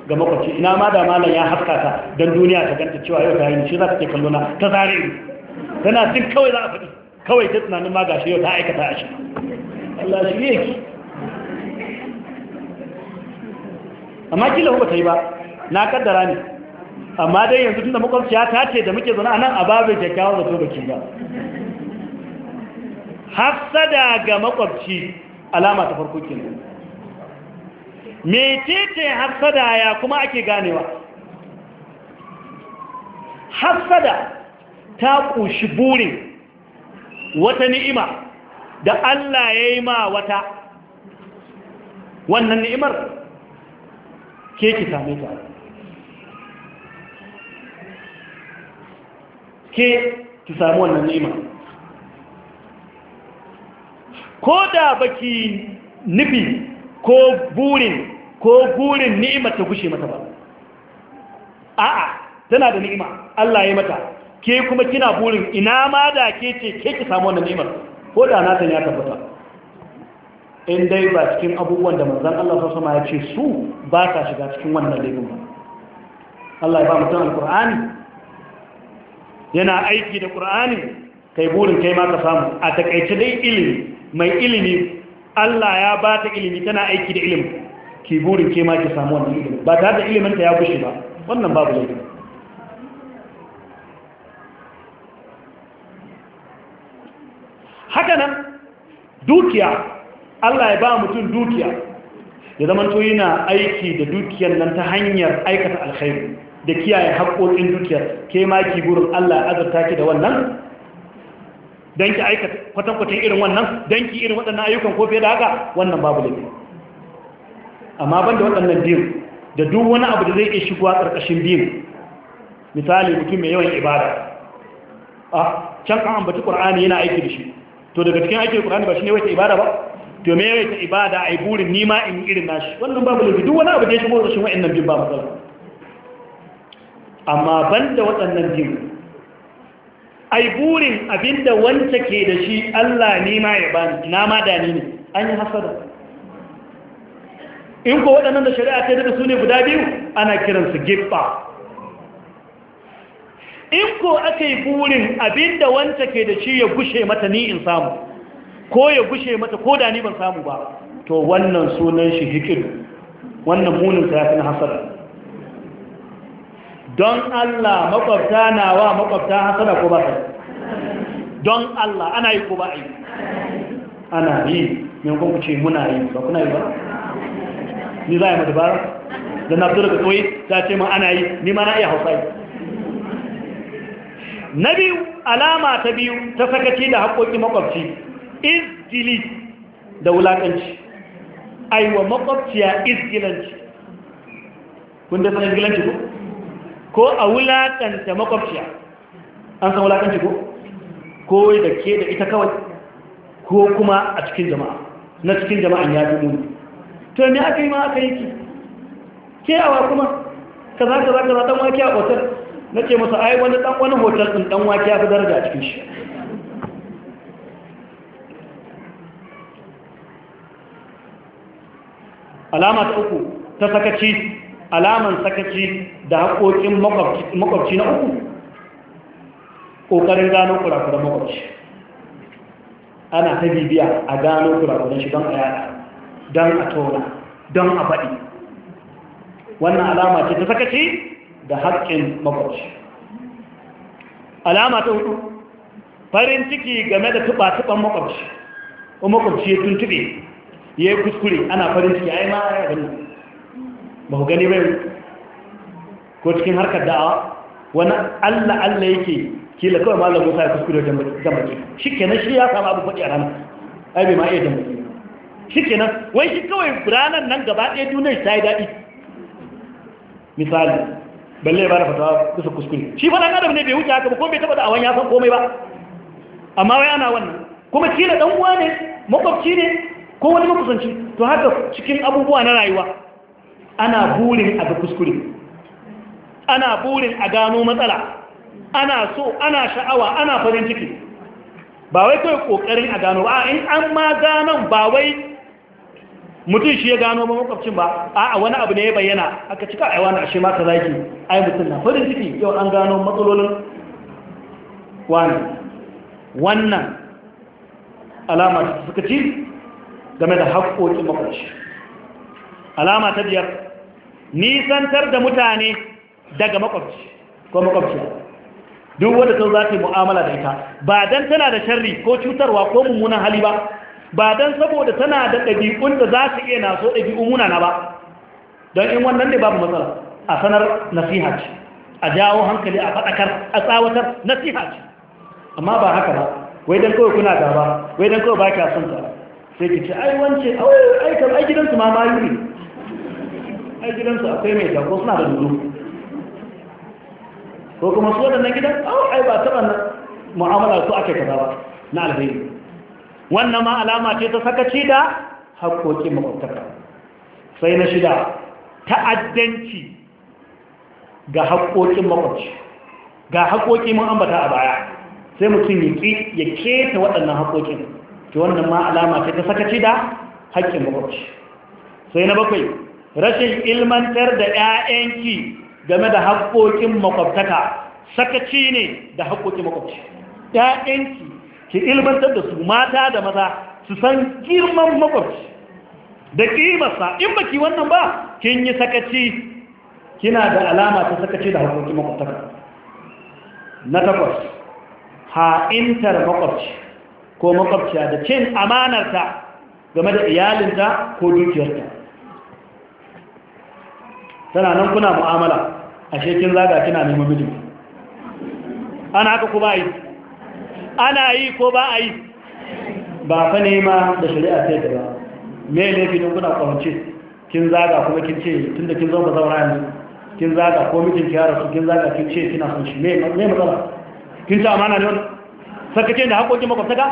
ga makwabci ina ma da malam ya haskata don duniya ta ganta cewa yau ta yi shi za ta ke kallo na ta zare tana cin kawai za a faɗi kawai ta tunanin ma gashi yau ta aikata a shi Allah shi ne ki amma kila ba ta yi ba na kaddara ne amma dai yanzu tunda makwabciya ta ce da muke zaune a nan a babin kyakkyawan zato ba ke ba hafsada ga makwabci alama ta farko kenan mecece hafsada ya kuma ake ganewa hafsada ta ƙushi burin wata ni'ima da Allah ya yi ma wata wannan ni'imar ke ki same ta ke ki sami wannan ni'ima ko da baki nufi ko burin ko burin ni'imar ta gushe mata ba a'a tana da ni'ima Allah ya yi mata ke kuma kina burin ina ma da ke ce ke ki samu wannan ni'imar ko da na san ya tabbata in dai ba cikin abubuwan da manzon Allah sallallahu alaihi wasallam ya ce su ba ta shiga cikin wannan laifin ba Allah ya ba mutum alqur'ani yana aiki da qur'ani kai burin kai ma ka samu a takaice dai ilimi mai ilimi Allah ya ba ta ilimi tana aiki da ilimi ki burin ke ma ki samu wannan ilimi ba tare da ilimin ta ya gushe ba wannan babu laifi haka nan dukiya Allah ya ba mutum dukiya ya zama to yana aiki da dukiyar nan ta hanyar aikata alkhairi da kiyaye haƙoƙin dukiyar ke maki burin Allah ya azurta ki da wannan don ki aikata kwatankwatan irin wannan don ki irin waɗannan ayyukan ko fiye da haka wannan babu laifi amma ban da waɗannan biyu da duk wani abu da zai iya shigowa ƙarƙashin biyu misali mutum mai yawan ibada a ah, can an ambaci ƙur'ani yana aiki da shi to daga cikin aikin qur'ani ba shi ne wata ibada ba to me wata ibada ai burin nima in irin nashi wannan babu laifi duk wani abu da ya shigo shi wa'annan bin ba matsala amma ban da waɗannan bin ai burin abinda wanta ke da shi Allah nima ya bani na ma da ni ne an yi hasada in ko waɗannan da shari'a ta da su ne guda biyu ana kiransu gibba in ko aka yi burin abinda wanta ke da shi ya gushe mata ni in samu ko ya gushe mata ko da ni ban samu ba to wannan sunan shi hikir wannan muninsa ya fi na hasara don Allah makwabta na wa makwabta hasara ko ba ta don Allah ana yi ko ba a yi ana yi yankon ku ce muna yi ba kuna yi ba ni za a yi madabara da na fito daga tsoyi ta ce ma ana yi ni ma na iya hausa yi na biyu alama ta biyu ta sakaci da haƙoƙi makwabci izgili da wulaƙanci aiwa makwabciya izgilanci kun da sanar izgilanci ko ko a wulaƙanta makwabciya an san wulaƙanci ko ko da ke da ita kawai ko kuma a cikin jama'a na cikin jama'an ya fi muni to ne aka yi ma aka yi ki kewa kuma za ka za ta wake a otar na ce masa ai wani dan wani hotel ɗin dan wake ya fi daraja a cikin shi alama ta uku ta sakaci alaman sakaci da haƙoƙin makwabci na uku ƙoƙarin gano kurakuran makwabci ana ta bibiya a gano kurakuran shi don a yada don a tona don a faɗi wannan alama ce ta sakaci da haƙƙin makwabci alama ta hudu farin ciki game da tuba-tuban makwabci ko makwabci ya tuntube ya yi kuskure ana farin ciki yi ma ya gani ba ku gani bai ko cikin harkar da'awa wani allah allah yake kila kawai ma lagosa ya kuskure jambaki, shi kenan shi ya samu abu faɗi a ranar ai bai ma iya jambaki. shi kenan wai shi kawai ranar nan gaba ɗaya duniya ta yi daɗi misali balle ba da fatawa kusa kuskure shi fa dan adam ne bai wuce haka ba ko bai taba da awan ya san komai ba amma wai ana wannan kuma kila dan uwa ne makwabci ne ko wani makusanci to haka cikin abubuwa na rayuwa ana burin a ga kuskure ana burin a gano matsala ana so ana sha'awa ana farin ciki ba wai kai kokarin a gano ba in an ma ganon ba wai mutum shi ya gano ba makwabcin ba a wani abu ne ya bayyana aka cika aiwa na ashe maka zaki ai mutum na farin ciki yau an gano matsalolin wani wannan alama suka ci game da haƙoƙin makwabci alama ta biyar nisantar da mutane daga makwabci ko makwabci duk wadda ta za ta yi mu'amala da ita ba don tana da sharri ko cutarwa ko mummunan hali ba ba don saboda tana da ɗabi'un da za su iya na so ɗabi'un munana ba don in wannan ne babu matsala a sanar nasiha ce a jawo hankali a faɗakar a tsawatar nasiha ce amma ba haka ba wai don kawai kuna gaba wai don kawai ba kya son ta sai ki ce ai wance aikar ai gidansu ma mayu ne ai gidansu akwai mai jago suna da dudu ko kuma su waɗannan gidan ai ba taɓa mu'amala su ake kaza ba na alheri wannan ma alama ce ta sakaci da haƙoƙin makwabtaka sai na shida ta'addanci ga haƙoƙin makwabci ga haƙoƙi mun ambata a baya sai mutum ya ƙi ya keta waɗannan haƙoƙin ki wannan ma alama ce ta sakaci da haƙƙin makwabci sai na bakwai rashin ilmantar da 'ya'yanki game da haƙoƙin makwabtaka sakaci ne da haƙoƙin makwabci ‘ya'yanki ki ilmantar da su mata da maza su san girman makwabci da ƙimarsa in baki wannan ba kin yi sakaci kina da alama ta sakaci da hakokin makwabtaka na takwas ha'intar makwabci ko makwabciya da cin amanarta game da iyalinta ko dukiyarta tana nan kuna mu'amala ashe kin zaga kina neman mijin ana haka ku ba yi ana yi ko ba a yi ba fa nema da shari'a sai da ba me ne fi kuna kwance kin zaga kuma kin ce tunda kin zo ba zaura ne? kin zaga ko mijin ki yaro kin zaga kin ce kina son shi me me matsala kin ta amana ne sakace da hakokin makwabtaka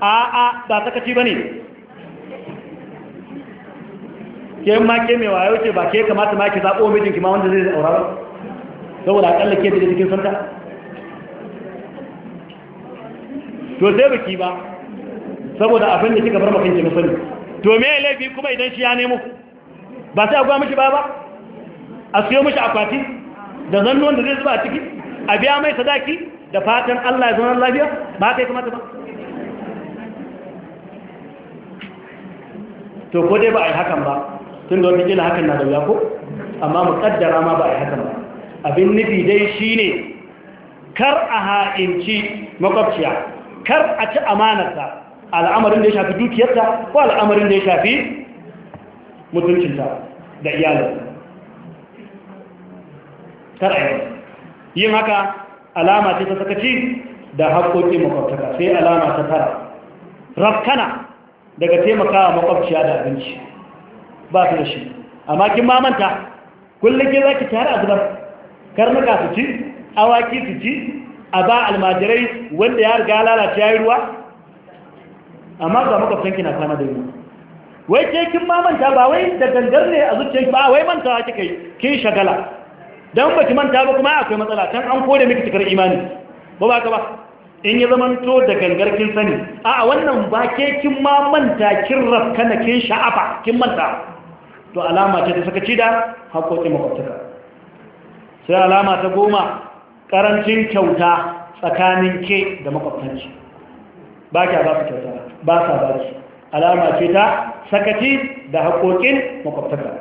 a a ba sakaci bane ke ma ke mai wayo ce ba ke kamata ma ki zabo mijinki ma wanda zai aura ba saboda akalla ke da cikin santa to sai baki ba saboda abin da kika bar makan ki musali to me laifi kuma idan shi ya nemo ba sai gwa miki ba ba a siyo miki akwati da zannon da zai zuba a ciki a biya mai sadaki da fatan Allah ya zama lafiya ba kai kuma ta ba to ko dai ba a yi hakan ba tun da wata hakan na da wuya ko amma mu kaddara ma ba a yi hakan ba abin nufi dai shine kar a ha'inci makwabciya kar a ci amanarsa al'amarin da ya shafi dukiyarta ko al'amarin da ya shafi mutuncinta da iyalinsa kar a yi yin haka alama ce ta sakaci da haƙoƙin makwabtaka sai alama ta tara rafkana daga taimakawa makwabciya da abinci ba su da shi amma kin mamanta kullum za zaki tare a zubar karnuka su ci awaki su ci a ba almajirai wanda ya riga lalata ya yi ruwa amma ga makwabtanki na sama da yi wai ke kin ma manta ba wai da gangar ne a zuciyarki ba wai mantawa kika yi kin shagala dan baki manta ba kuma akwai matsala Tan an kore miki cikar imani ba ba ka ba in ya zaman to da gangar kin sani a wannan ba ke kin ma manta kin rafkana kin sha'afa kin manta to alama ce ta saka da haƙoƙin makwabtaka sai alama ta goma karancin kyauta tsakanin ke da makwabtanci ba kya ba su kyauta ba sa ba su alama ce ta sakaci da haƙoƙin makwabtaka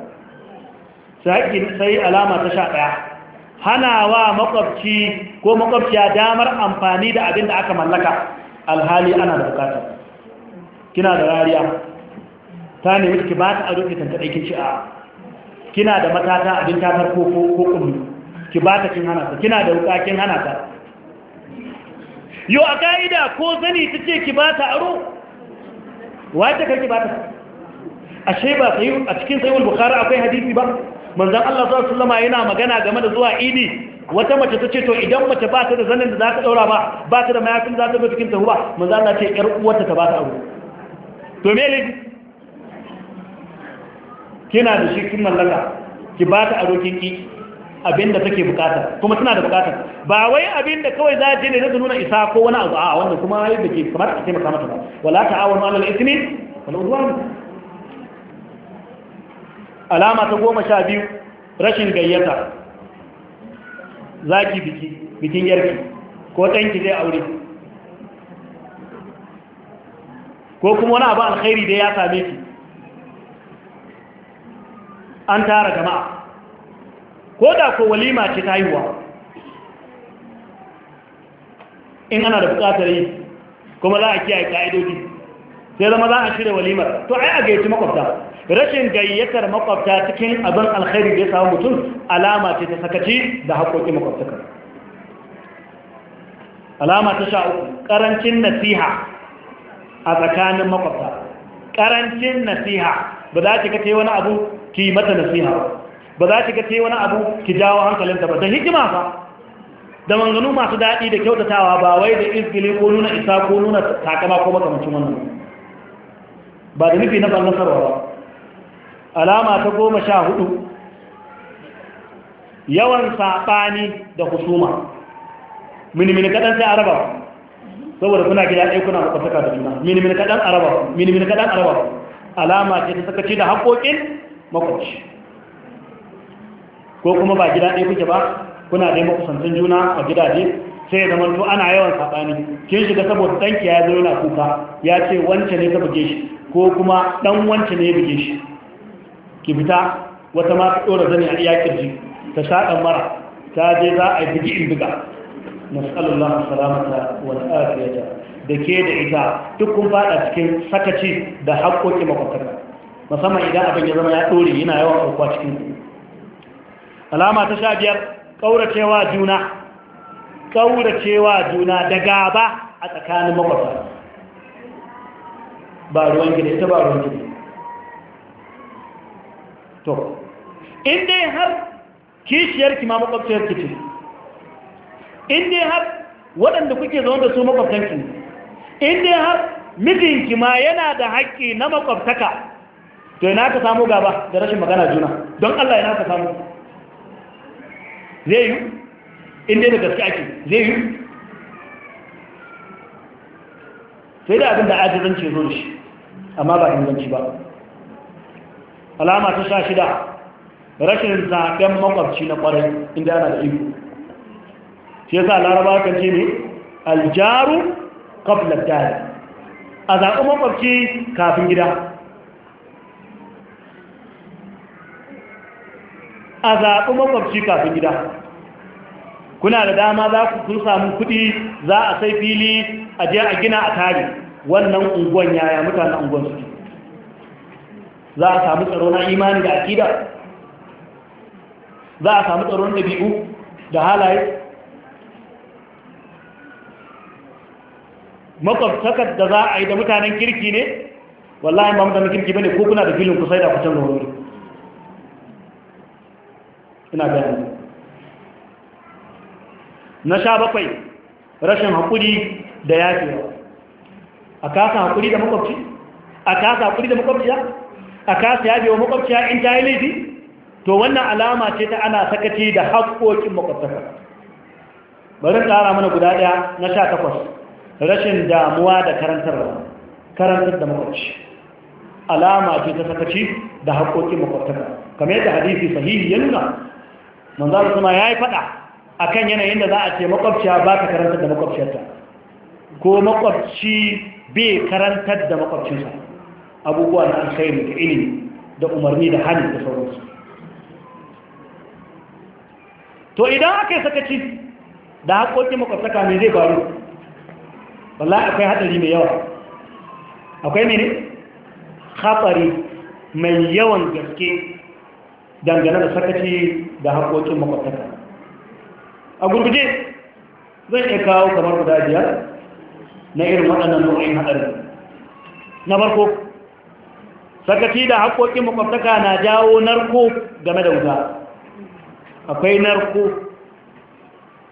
sai alama ta sha ɗaya hana wa makwabci ko makwabciya damar amfani da abin da aka mallaka alhali ana da bukata kina da rariya ta nemi ki ba ta a rufe tanta ɗaikin ci a kina da matata abin tatar ko ko ƙummi ki ba ta kin hana ta kina da wuka kin hana ta yo a ka'ida ko zani ta ce ki ba ta aro wa ta ki ba ta ashe ba sai a cikin sayyid bukhari akwai hadisi ba manzon Allah sallallahu alaihi wasallam yana magana game da zuwa idi wata mace ta ce to idan mace ba ta da zanen da za ta ɗaura ba ba ta da mayafin za ta zo cikin ta ba manzon Allah ce ƴar uwarta ta ba ta aro? to me ne kina da shi kin mallaka ki ba ta aro kin ki abin da take bukata kuma suna da bukata ba wai abin da kawai za je ne zai nuna isa ko wani abu a wannan kuma da ke kamar a taimaka mata ba wala ta'awun alal ismi wal udwan alama ta goma sha biyu rashin gayyata zaki biki bikin yarki ko danki zai aure ko kuma wani abu alkhairi da ya same ki an tara jama'a ko da ko walima ce ta haihuwa in ana da bukatar yi kuma za a kiyaye ka'idoji sai zama za a shirya walimar to ai a gaici makwabta rashin gayyatar makwabta cikin abin alkhairi da ya samu mutum alama ce ta sakaci da haƙoƙi makwabtakar alama ta sha uku ƙarancin nasiha a tsakanin makwabta ƙarancin nasiha ba za ki kace wani abu ki mata nasiha ba za ki ga sai wani abu ki jawo hankalinta ba da hikima fa da manganu masu daɗi da kyautatawa ba wai da izgili ko nuna isa ko nuna takama ko makamancin wannan ba da nufi na ballasarwa ba alama ta goma sha hudu yawan saɓani da husuma minimin kaɗan sai araba saboda kuna gida ɗaya kuna makwataka da juna minimin kaɗan araba minimin kaɗan araba alama ce ta sakaci da haƙoƙin makwaci ko kuma ba gida ɗaya kuke ba kuna dai makusantan juna a gidaje sai ya zama to ana yawan saɓani kin shiga saboda ɗanki ya zauna yana kuka ya ce wancan ne ta buge shi ko kuma ɗan wance ne ya buge shi ki fita wata ma ta ɗora zane a iya kirji ta ɗan mara ta je za a yi buge in buga nasallallahu salamata wal afiyata da ke da ita duk kun fada cikin sakaci da haƙoƙi makwataka musamman idan abin ya zama ya ɗore yana yawan aukuwa cikin alama ta sha biyar ƙauracewa juna ƙauracewa juna da gaba a tsakanin makwasa ba ruwan gida ita ba ruwan gida to inda har kishiyarki ma makwabciyarki ce inda har waɗanda kuke zaune da su makwabtanki inda har mijinki ma yana da haƙƙi na makwabtaka to yana ka samu gaba da rashin magana juna don Allah yana ka samu zai yi inda da gaske ake zai yi sai da abin da ajizanci zo da shi amma ba inganci ba alama ta sha shida rashin zaɓen makwabci na ƙwarai inda yana da iko shi yasa laraba kan ce ne aljaru kafin da a zaɓi makwabci kafin gida a zaɓi makwabci kafin gida kuna da dama za ku kun samu kuɗi za a sai fili a je a gina a tare wannan unguwan yaya mutanen unguwan su za a samu tsaro na imani da akida za a samu tsaron ɗabi'u da halaye makwabtakar da za a yi da mutanen kirki ne wallahi ba mutanen kirki ba ne ko kuna da filin kusa da kusan da wuri ina gani na sha bakwai rashin haƙuri da yafewa a kasa haƙuri da makwabci a kasa haƙuri da makwabciya a kasa yabe wa makwabciya in ta yi laifi to wannan alama ce ta ana sakaci da haƙoƙin makwabtaka bari tsara mana guda ɗaya na sha takwas rashin damuwa da karantar karantar da makwabci alama ce ta sakaci da haƙoƙin makwabtaka kamar yadda hadisi sahihi ya nuna manzara kuma ya yi faɗa a kan yanayin da za a ce makwabciya ba ta karantar da makwabciyarta ko makwabci bai karantar da makwabcinsa abubuwa na alkhairu da ilimi da umarni da hali da sauransu to idan aka yi sakaci da haƙoƙin makwabtaka mai zai faru wallah akwai haɗari mai yawa akwai mene hatsari mai yawan gaske dangane da sakaci da haƙoƙin makwabtaka a gurguje zai iya kawo kamar guda biyar na irin waɗannan nau'in haɗari na farko sakaci da haƙoƙin makwabtaka na jawo narko game da wuta akwai narko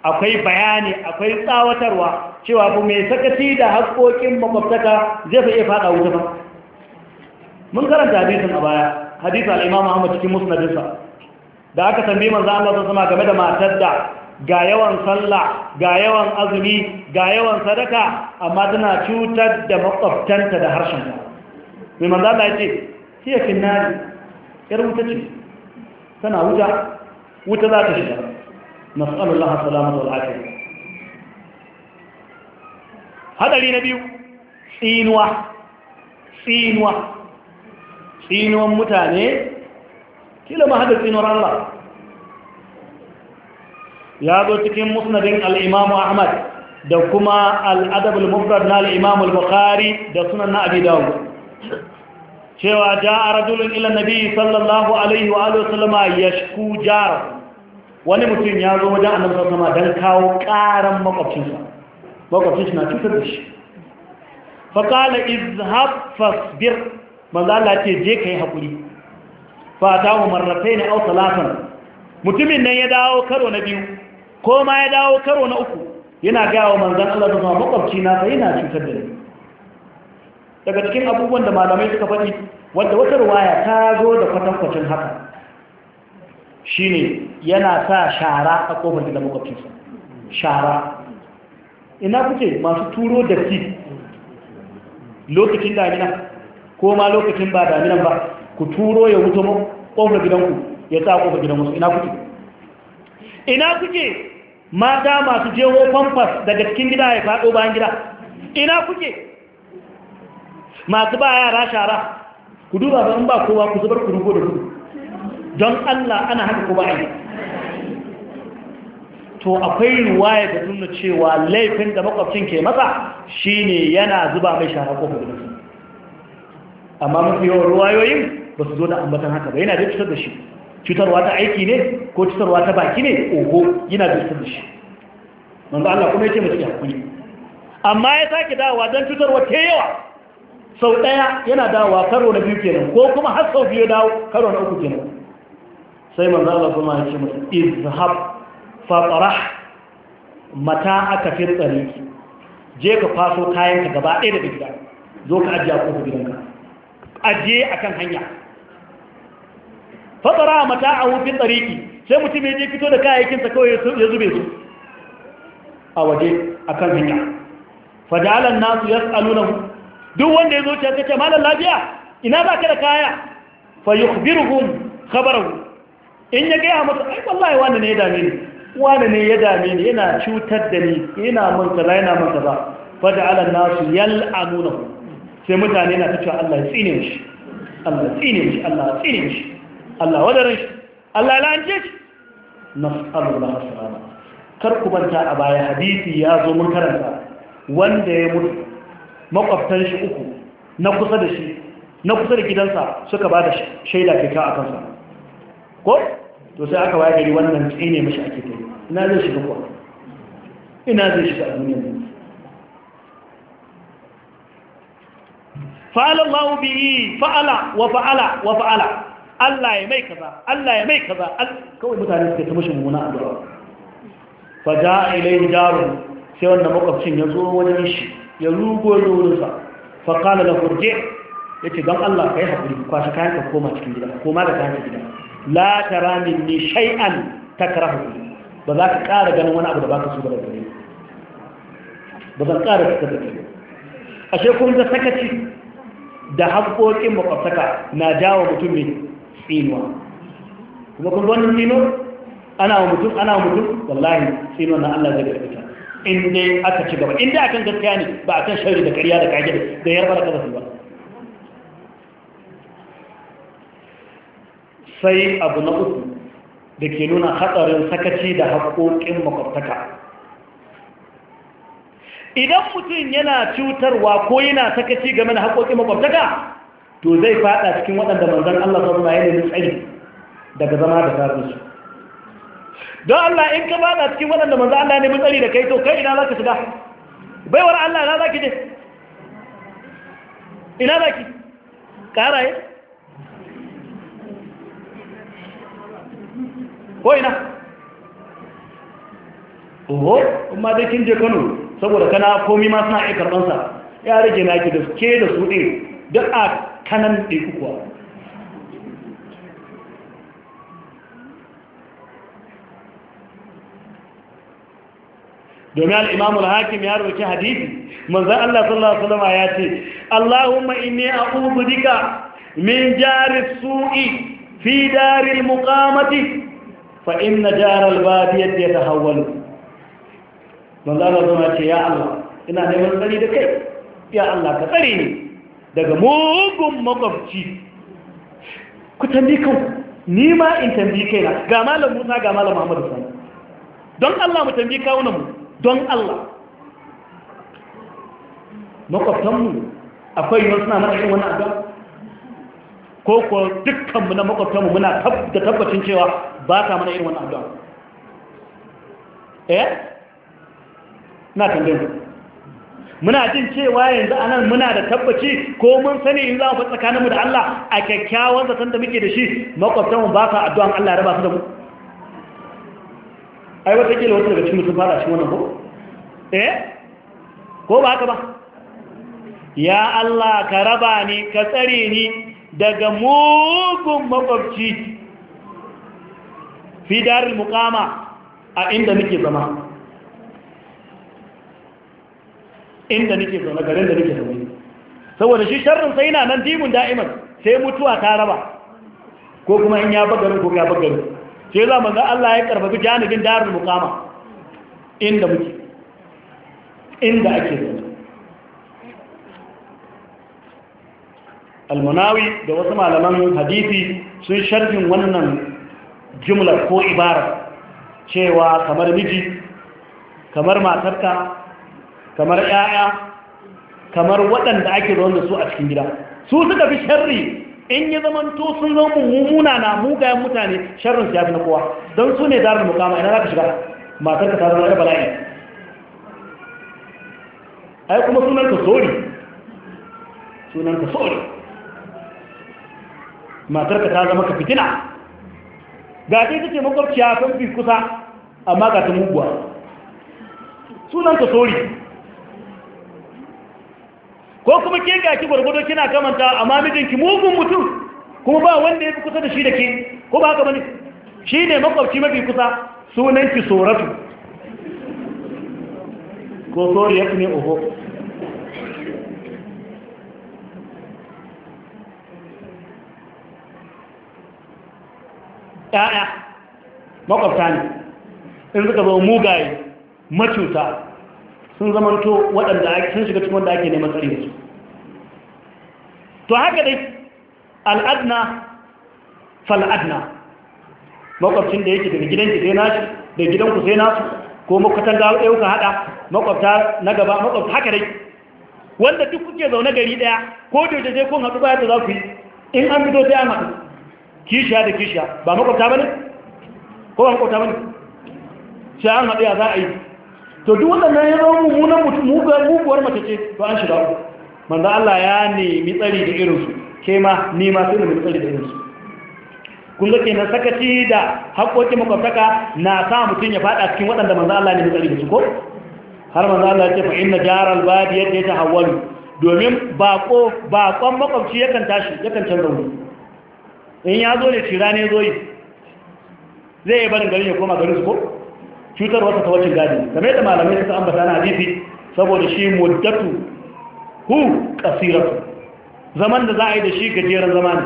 akwai bayani akwai tsawatarwa cewa ku mai sakaci da haƙoƙin makwabtaka zai fi iya faɗa wuta ba mun karanta abisun a baya hadisi al muhammad cikin musnadinsa da aka tambaye manzo Allah sallallahu alaihi game da matar da ga yawan sallah ga yawan azumi ga yawan sadaka amma tana cutar da makwabtanta da harshen ta mai manzo Allah yace hiya fi nari yar wuta ce tana wuta wuta za ta shiga nas'alullahi salamata wal afiya hadari na biyu tsinuwa tsinuwa tsinuwan mutane kila ma hada tsinuwar Allah ya zo cikin musnadin al'imamu ahmad da kuma al'adabul mufrad na al'imamu al-bukhari da sunan na abi dawo cewa ja a rajulun ilan nabi sallallahu alaihi wa sallama ya shku jara wani mutum ya zo wajen annabta sama don kawo ƙaran makwabcinsa makwabcinsa na cutar da shi faƙala izhab fasbir manzo Allah ce je kai hakuri fa dawo marratain aw salatan mutumin nan ya dawo karo na biyu ko ma ya dawo karo na uku yana gawa manzo Allah da makwabci na sai yana cutar da ni daga cikin abubuwan da malamai suka faɗi wanda wata ruwaya ta zo da kwatankwacin haka shine yana sa shara a kofar gidan makwabcinsa shara ina kuke masu turo da fi lokacin damina ko ma lokacin ba daminan ba ku turo ya wuto ƙofar gidanku ya sa ƙofar gidanku, ina kuke ina kuke mata masu jewo famfas daga cikin gida ya faɗo bayan gida ina kuke masu ba yara shara ku duba ba in ba kowa ku zubar ku rugo da kudu don allah ana haka ko ba a yi to akwai ruwaya da nuna cewa laifin da makwabcin ke masa shine yana zuba mai shara ƙofar gidansu amma mafi yawan ruwayoyin ba su zo da ambatan haka ba yana da cutar da shi cutarwa ta aiki ne ko cutarwa ta baki ne oho yana da cutar da shi manzo Allah kuma yake mutum hakuri amma ya sake dawowa don cutarwa ta yawa sau daya yana dawowa karo na biyu kenan ko kuma har sau biyu dawo karo na uku kenan sai manzo Allah kuma ya ce masa izhab fatarah mata aka fitsari je ka faso kayan ka gaba ɗaya da gida zo ka ajiya ko gidanka ajiye a kan hanya fatara mata a wufin tsariki sai mutum ya je fito da kayayyakinsa kawai ya zube su a waje a kan hanya fajalan nasu ya tsalunan duk wanda ya zo ce ce malar lafiya ina za ka da kaya fa yi birhun in ya gaya musu ai wallahi wani ne ya dame ni wani ne ya dame ni yana cutar da ni yana manta, yana manta ba. fajalan nasu yal'anunahu sai mutane na fito, Allah ya tsine shi. Allah ya tsine shi, Allah ya tsine shi. Allah wadaran shi Allah ya la'ance shi nas'alullah salama kar ku banta a baya hadisi ya zo mun karanta wanda ya mutu makwabtan shi uku na kusa da shi na kusa da gidansa suka ba da shaida kyakka a kansa ko to sai aka waye gari wannan tsine mishi ake kai ina zai shiga kuwa ina zai shiga a duniyar fa'ala Allahu bihi fa'ala wa fa'ala wa fa'ala Allah ya mai kaza Allah ya mai kaza kawai mutane suke ta mushin muna addu'a fa ja'a ilayhi jarun sai wannan makwabcin ya zo wajen shi ya rugo ya wurin sa fa qala lahu je yace dan Allah kai hakuri kwashi kayan ka koma cikin gida koma da kayan gida la tara minni shay'an takrahu ba za ka ƙara ganin wani abu da baka so ba da gare ba zan ƙara ka da gare ashe kun ga sakaci da haƙoƙin makwabtaka na jawo mutum mai tsinuwa kuma kun wannan tsino ana wa mutum ana wa mutum wallahi tsino na Allah zai garfita in dai aka ci gaba in dai akan gaskiya ne ba a kan shari da ƙarya da kage da yarbar da kaza ba sai abu na uku da ke nuna hatsarin sakaci da haƙoƙin makwabtaka idan mutum yana cutarwa ko yana sakaci game da haƙoƙi makwabtaka to zai fada cikin waɗanda manzan Allah sallallahu alaihi wasallam tsari daga zama da kafirci don Allah in ka fada cikin waɗanda manzan Allah ne tsari da kai to kai ina za ka shiga baiwar Allah ina zaki je ina za zaki karaye ko ina oho kuma dai kin je Kano saboda kana komi ma suna iya karɓansa ya rage na ki da ke da su ɗin duk a kanan ɗin domin al'imamu al-hakim ya roƙi hadisi manzan Allah sallallahu Alaihi wasallama ya ce Allahumma inni a ubudika min jari su'i fi daril fa’in na jarar jaral badiyar da ya ta hawalu manzana zama ce ya Allah ina neman tsari da kai ya Allah ka tsare ni daga mugun makwabci ku tambi kan ni ma in tambi kaina ga malam Musa ga malam Muhammad Sani don Allah mu tambi kawunan mu don Allah makwabtan mu akwai yawan suna na irin wani adam ko ko dukkan mu na makwabtan mu muna da tabbacin cewa ba ta mana irin wani adam eh na tambayar muna jin cewa yanzu anan muna da tabbaci ko mun sani in za mu tsakaninmu da Allah a kyakkyawan zaton da muke da shi makwabtanmu ba ka addu'an Allah ya raba su da mu ai wata kila wata daga cikin mutum fara shi wannan ko eh ko ba haka ba ya Allah ka raba ni ka tsare ni daga mugun makwabci fi darul muqama a inda muke zama inda nake zaune garin da nake zaune saboda shi sharrin sai yana nan dimun da'iman sai mutuwa ta raba ko kuma in ya bagarin ko ya bagarin sai za mu ga Allah ya karfafi janibin darul muqama inda muke inda ake zaune al-munawi da wasu malaman hadisi sun sharhin wannan jumlar ko ibara cewa kamar miji kamar matarka kamar ƴaƴa kamar waɗanda ake zaune su a cikin gida su suka fi sharri in yi to sun zama mumuna na mugayen mutane sharrin su ya fi na kowa don su ne zarar mukama ina za ka shiga matar ka tare da bala'i ai kuma sunan ka sori sunan ka sori matar ka ta zama ka fitina ga ta take makwabciya sun fi kusa amma ga ta muguwa sunan ka sori ko kuma ke ki gwargwado kina kamanta amma mijinki mugun mutum kuma ba wanda ya fi kusa da shi da ke ko ba haka bane shi ne makwabci mafi kusa sunanki soratu ko soriyatu ne oho ‘ya'ya makwabta ne in suka zo mugaye macuta sun zamanto waɗanda sun shiga cikin wanda ake neman tsari da su to haka dai al'adna fal'adna makwabcin da yake daga gidanki sai nashi da gidanku sai nasu ko makwatan da ya ka haɗa makwabta na gaba makwabta haka dai wanda duk kuke zaune gari ɗaya ko da zai kun haɗu baya da za ku yi in an fito sai an haɗu kishiya da kishiya ba makwabta ba ne ko ba makwabta ba ne sai an haɗu ya za a yi to duk waɗannan ya zama mummunan muguwar mace ce to an shiga uku manzo Allah ya nemi tsari da irinsu ke ma ni ma sai nemi tsari da irinsu kun ga kenan sakaci da haƙoƙin makwabtaka na sa mutum ya faɗa cikin waɗanda manzo Allah nemi tsari da su ko har manzo Allah ya ce fa inna jaral badi yadda ya tahawwalu domin bako bakon makwabci yakan tashi yakan canza wuri in ya zo ne cira ne zo yi zai yi barin garin ya koma garin su ko cutarwarsa ta wacin gadi game da malamai suka ambata na hadisi saboda shi muddatu hu kasiratu zaman da za a yi da shi gajeren zama ne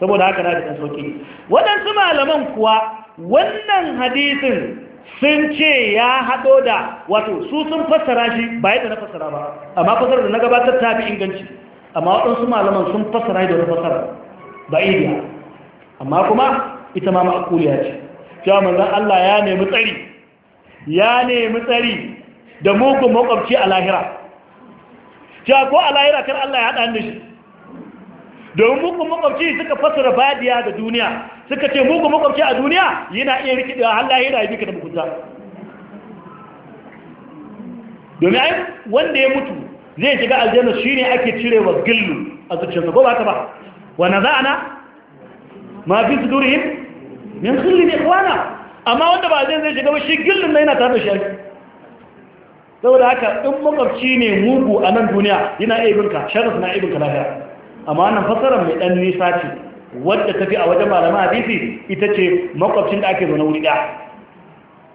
saboda haka na da sauki waɗansu malaman kuwa wannan hadisin sun ce ya haɗo da wato su sun fassara shi ba yadda na fassara ba amma fassara da na gabatar ta fi inganci amma waɗansu malaman sun fassara da wani fassara ba iya amma kuma ita ma ma'akuliya ce cewa manzan Allah ya nemi tsari ya nemi tsari da mugun makwabci a lahira ja ko a lahira kar Allah ya haɗa shi domin mugun makwabci suka fasara badiya da duniya suka ce mugun makwabci a duniya yana iya rikidewa har lahira ya bika da mukunta domin ai wanda ya mutu zai shiga aljanna shine ake cirewa gillu a zuciyarsa ko ba ta ba wana za'ana ma fi sudurihim min ne kwana amma wanda ba zai zai shiga ba shi gillin na yana tafi shi saboda haka in makwabci ne mugu a nan duniya yana ibinka sharif na na lafiya amma wannan fasarar mai dan nisa ce wadda ta fi a wajen malama hadisi ita ce makwabcin da ake zo na wuri ɗaya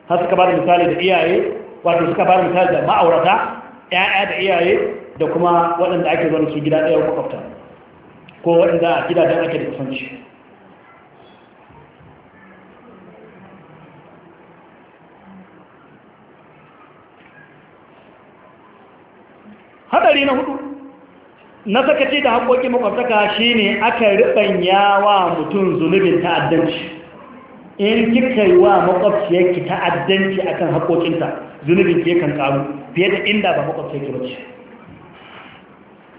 har suka ba da misali da iyaye wato suka ba da misali da ma'aurata 'ya'ya da iyaye da kuma waɗanda ake zo da su gida ɗaya makwabta ko waɗanda a gidajen ake da kusanci hadari na hudu na sakaci da haƙoƙi makwabtaka shine aka riɓanya wa mutum zunubin ta'addanci in kika yi wa makwabciyarki ta'addanci akan haƙoƙinta zunubin ke kan ƙaru fiye da inda ba makwabciyarki bace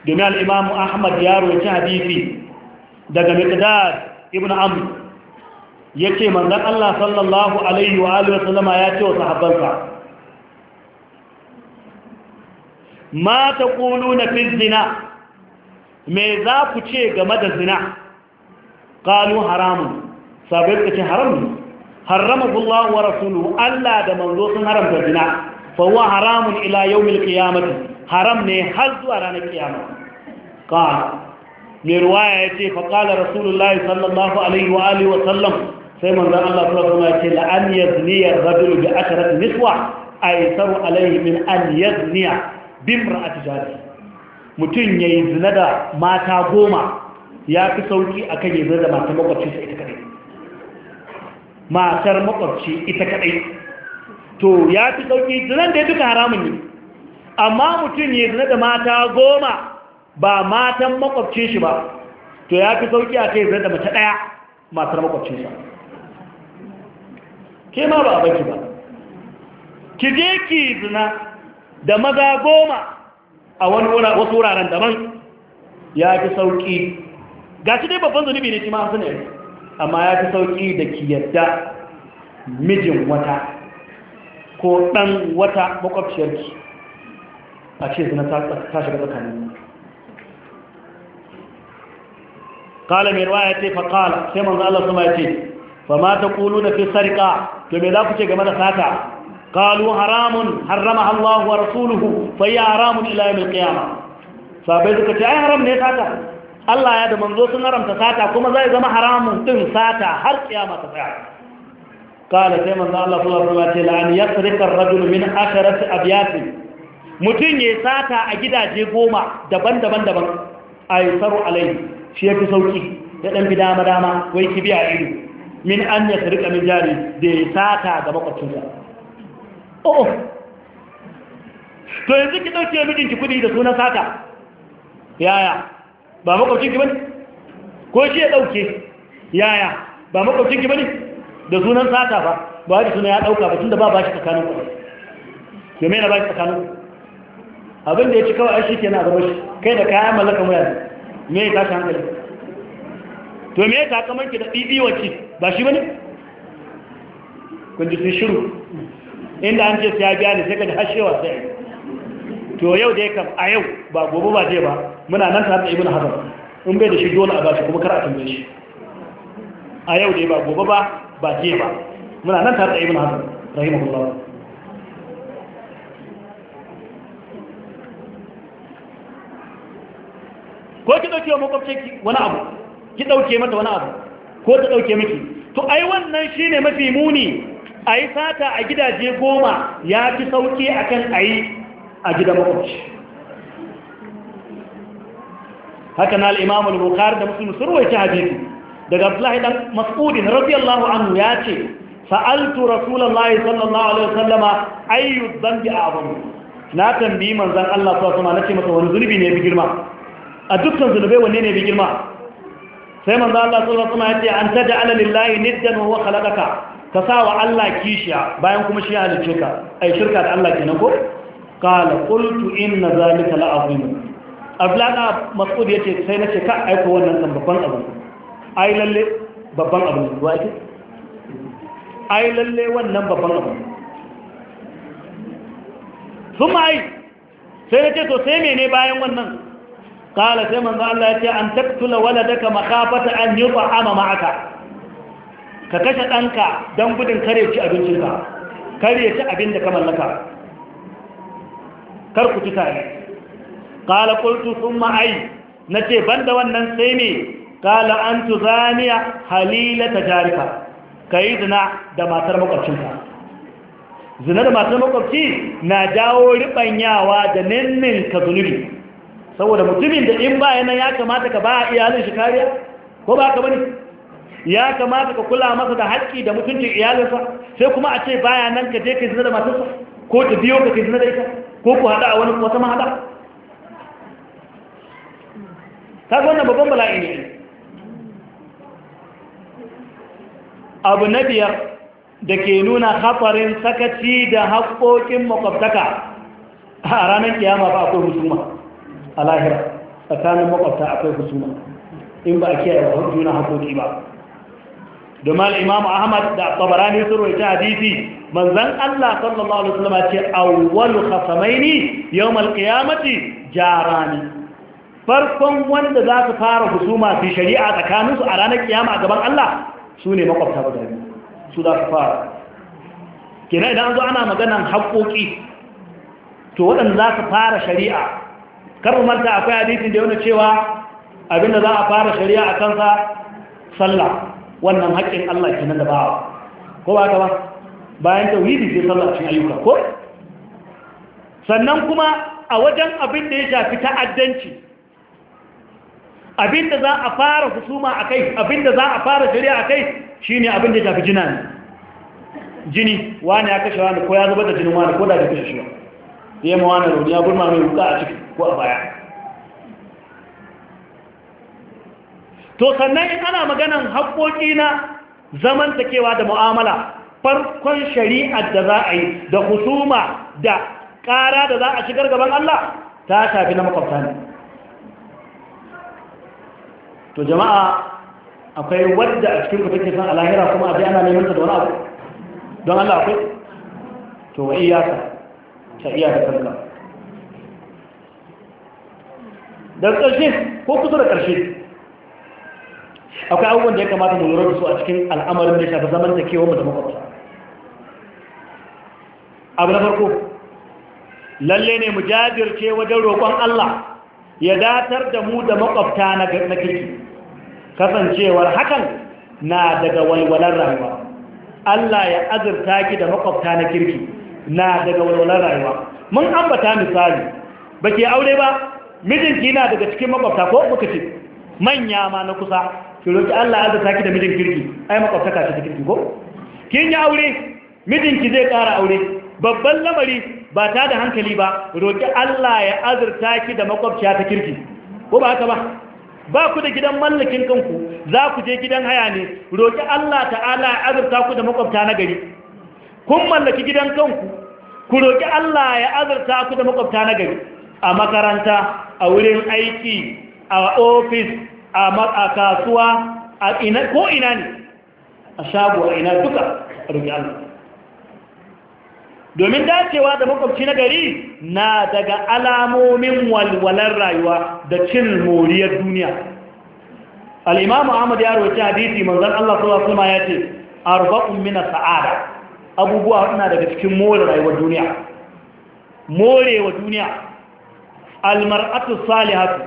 domin al'imamu ahmad ya roci hadisi daga miqdad ibn amr ya ce manzan allah sallallahu alaihi wa alihi wasallama ya ce wa sahabbansa ma ta ƙulu na fi zina me za ku ce game da zina ƙalu haramun sabai suka ce haramun harama Allah wa rasulu Allah da manzo sun haramta zina fa haramun ila yawmil qiyamati haram ne har zuwa ranar kiyama Ka. mai ruwaya yace fa qala rasulullahi sallallahu alaihi wa alihi wa sallam sai manzo Allah sallallahu alaihi wa sallam ya ce la an yazni ar-rajulu bi asharati niswa aysaru alaihi min an yazniya a tijari mutum ya yi zina da mata goma ya fi sauki kan yi zina da mata makwabci ita kadai matar makwabci ita kadai to ya fi sauki zinan da ya duka haramun ne amma mutum ya yi zina da mata goma ba matan makwabcin shi ba to ya fi sauki akan zina da mace daya matar makwabcin sa ke ma ba a baki ba ki je ki zina da maza goma a wani wasu wuraren daban ya fi sauƙi ga shi dai babban zunubi ne shi ma ne amma ya fi sauƙi da ki yadda mijin wata ko ɗan wata makwabciyarki a ce suna ta shiga tsakanin kala mai ruwa ya ce faƙala sai manzan Allah su ma ya ce fa ma ta ƙulu na fi sarƙa to mai za ku ce game da sata قالوا حرام حرمها الله ورسوله فهي حرام الى يوم القيامه sabai suka ce ai haram ne sata Allah ya da manzo sun haramta sata kuma zai zama haramun din sata har kiyama ta tsaya kala sai manzo Allah sallallahu alaihi wasallam ce la an yasrika ar-rajulu min asharati abyati mutun yayi sata a gidaje goma daban-daban daban ay saru alai shi yafi sauki ya dan bi dama dama wai ki kibiya ido min an yasrika min jari da ya sata ga makwabcinsa oh to yanzu ki ya mijinki kudi da sunan sata yaya ba makwabcinki ba bane ko shi ya ɗauke yaya ba makwabcinki ba bane da sunan sata ba ba da suna ya ɗauka ba tun da ba ba shi tsakanin ku domin na ba shi tsakanin ku abin da ya ci kawai shi kenan a gaba shi kai da kayan mallaka mu yanzu me ya tashi hankali to me ya takamanki da ɗiɗiwanci ba shi ba ne kun ji sun shiru inda an ce sai ya biya ne sai ka da hashewa sai to yau da kam a yau ba gobe ba zai ba muna nan tare da ibn hazar in bai da shi dole a shi kuma kar a tambaye shi a yau dai ba gobe ba ba zai ba muna nan tare da ibn hazar rahimahullah ko ki dauke wa ki wani abu ki dauke mata wani abu ko ta dauke miki to ai wannan shine mafi muni a yi sata a gidaje goma ya fi sauki kan a yi a gida makwabci haka na al'imamu al-bukhari da musulun surwaita hadisi daga abdullahi dan mas'udin radiyallahu anhu ya ce sa'altu rasulullahi sallallahu alaihi wasallama ayyu a a'zamu na tambayi manzan Allah sallallahu na ce masa wani zunubi ne bi girma a dukkan zunubai wanne ne bi girma sai manzon Allah sallallahu alaihi wasallam ya ce an taj'ala lillahi niddan wa huwa ka sa wa Allah kishiya bayan kuma shi halicce ka ai shirka da Allah kenan ko qala qultu inna zalika la'azim ablaga mas'ud yace sai nace ka aiko wannan babban abu ai lalle babban abu wa ake ai lalle wannan babban abu kuma ai sai nace to sai mene bayan wannan qala sai manzo Allah yace an taktula waladaka makhafata an yut'ama ma'aka ka kashe ɗanka don gudun kare ci abincinka kare ci abin da ka mallaka kar ku ci tare kala ƙultu sun ma'ai na ce ban da wannan sai ne kala an tu zaniya halila ta jarika ka yi zina da matar makwabcinka zina da matar makwabci na jawo riɓanyawa da ninnin ka zunubi saboda mutumin da in ba yana ya kamata ka ba a iyalin shi kariya ko ba ka bane ya kamata ka kula masa da haƙƙi da mutuncin iyalinsa sai kuma a ce baya nan ka je ka zina da matarsa ko ta biyo ka zina da ita ko ku haɗa a wani wata mahaɗa ta wannan babban bala'i ne abu na biyar da ke nuna hafarin sakaci da haƙoƙin makwabtaka a ranar kiyama ba akwai husuma a lahira tsakanin makwabta akwai husuma in ba a kiyaye wa juna haƙoƙi ba domin imamu ahmad da tabarani sun hadisi manzan allah sallallahu alaihi wasallam ce awwalu khasamaini yawmal qiyamati jarani farkon wanda za su fara husuma fi shari'a tsakaninsu a ranar kiyama gaban allah su ne makwabta guda su za su fara kenan idan an zo ana maganan haƙoƙi to waɗanda za su fara shari'a karɓar marta akwai hadisin da yana cewa abinda za a fara shari'a a kansa sallah wannan haƙƙin Allah ke na dabawa ko ba ba bayan tauhidi sai sallah cikin ayyuka ko sannan kuma a wajen abin da ya shafi ta'addanci abin da za a fara husuma a kai abin da za a fara shari'a a kai shine abin da ya shafi jina ne jini wani ya kashe wani ko ya zubar da jinin wani ko da ya kashe shi ba ya ma wani rauni ya burma mai wuka a ciki ko a baya to sannan in ana maganan haƙoƙi na takewa da mu'amala farkon shari'ar da za a yi da husuma da ƙara da za a shigar gaban Allah ta tafi na makwabta ne to jama'a akwai wadda a cikin kufin kisan alahira kuma a ji ana neman ta da wani abu don Allah akwai to wa iyaka ta iya da kanka da ƙarshe ko kusa da ƙarshe akwai abubuwan da ya kamata mu lura da su a cikin al'amarin da shafi zaman da kewa da makwabta abu na farko lalle ne mu jajirce wajen roƙon Allah ya datar da mu da makwabta na kirki kasancewar hakan na daga walwalar rayuwa Allah ya azurta ki da makwabta na kirki na daga walwalar rayuwa mun ambata misali ba ke aure ba mijinki na daga cikin makwabta ko kuka ce manya ma na kusa ki roƙi Allah zata ki da mijin kirki ai makwabtaka ce ta kirki ko kin yi aure mijinki zai ƙara aure babban lamari ba ta da hankali ba roki Allah ya azurta ki da makwabciya ta kirki ko ba haka ba ba ku da gidan mallakin kanku za ku je gidan haya ne roki Allah ta'ala ya azurta ku da makwabta na gari kun mallaki gidan kanku ku roki Allah ya azurta ku da makwabta na gari a makaranta a wurin aiki a ofis a kasuwa a ina ko ina ne a shago a ina duka rufe Allah domin dacewa da makwabci na gari na daga alamomin walwalar rayuwa da cin moriyar duniya al'imamu ahmad ya roci hadisi manzan Allah wasu ma ya ce arba'un mina sa'ada abubuwa suna daga cikin more rayuwar duniya morewa duniya almar'atu salihatu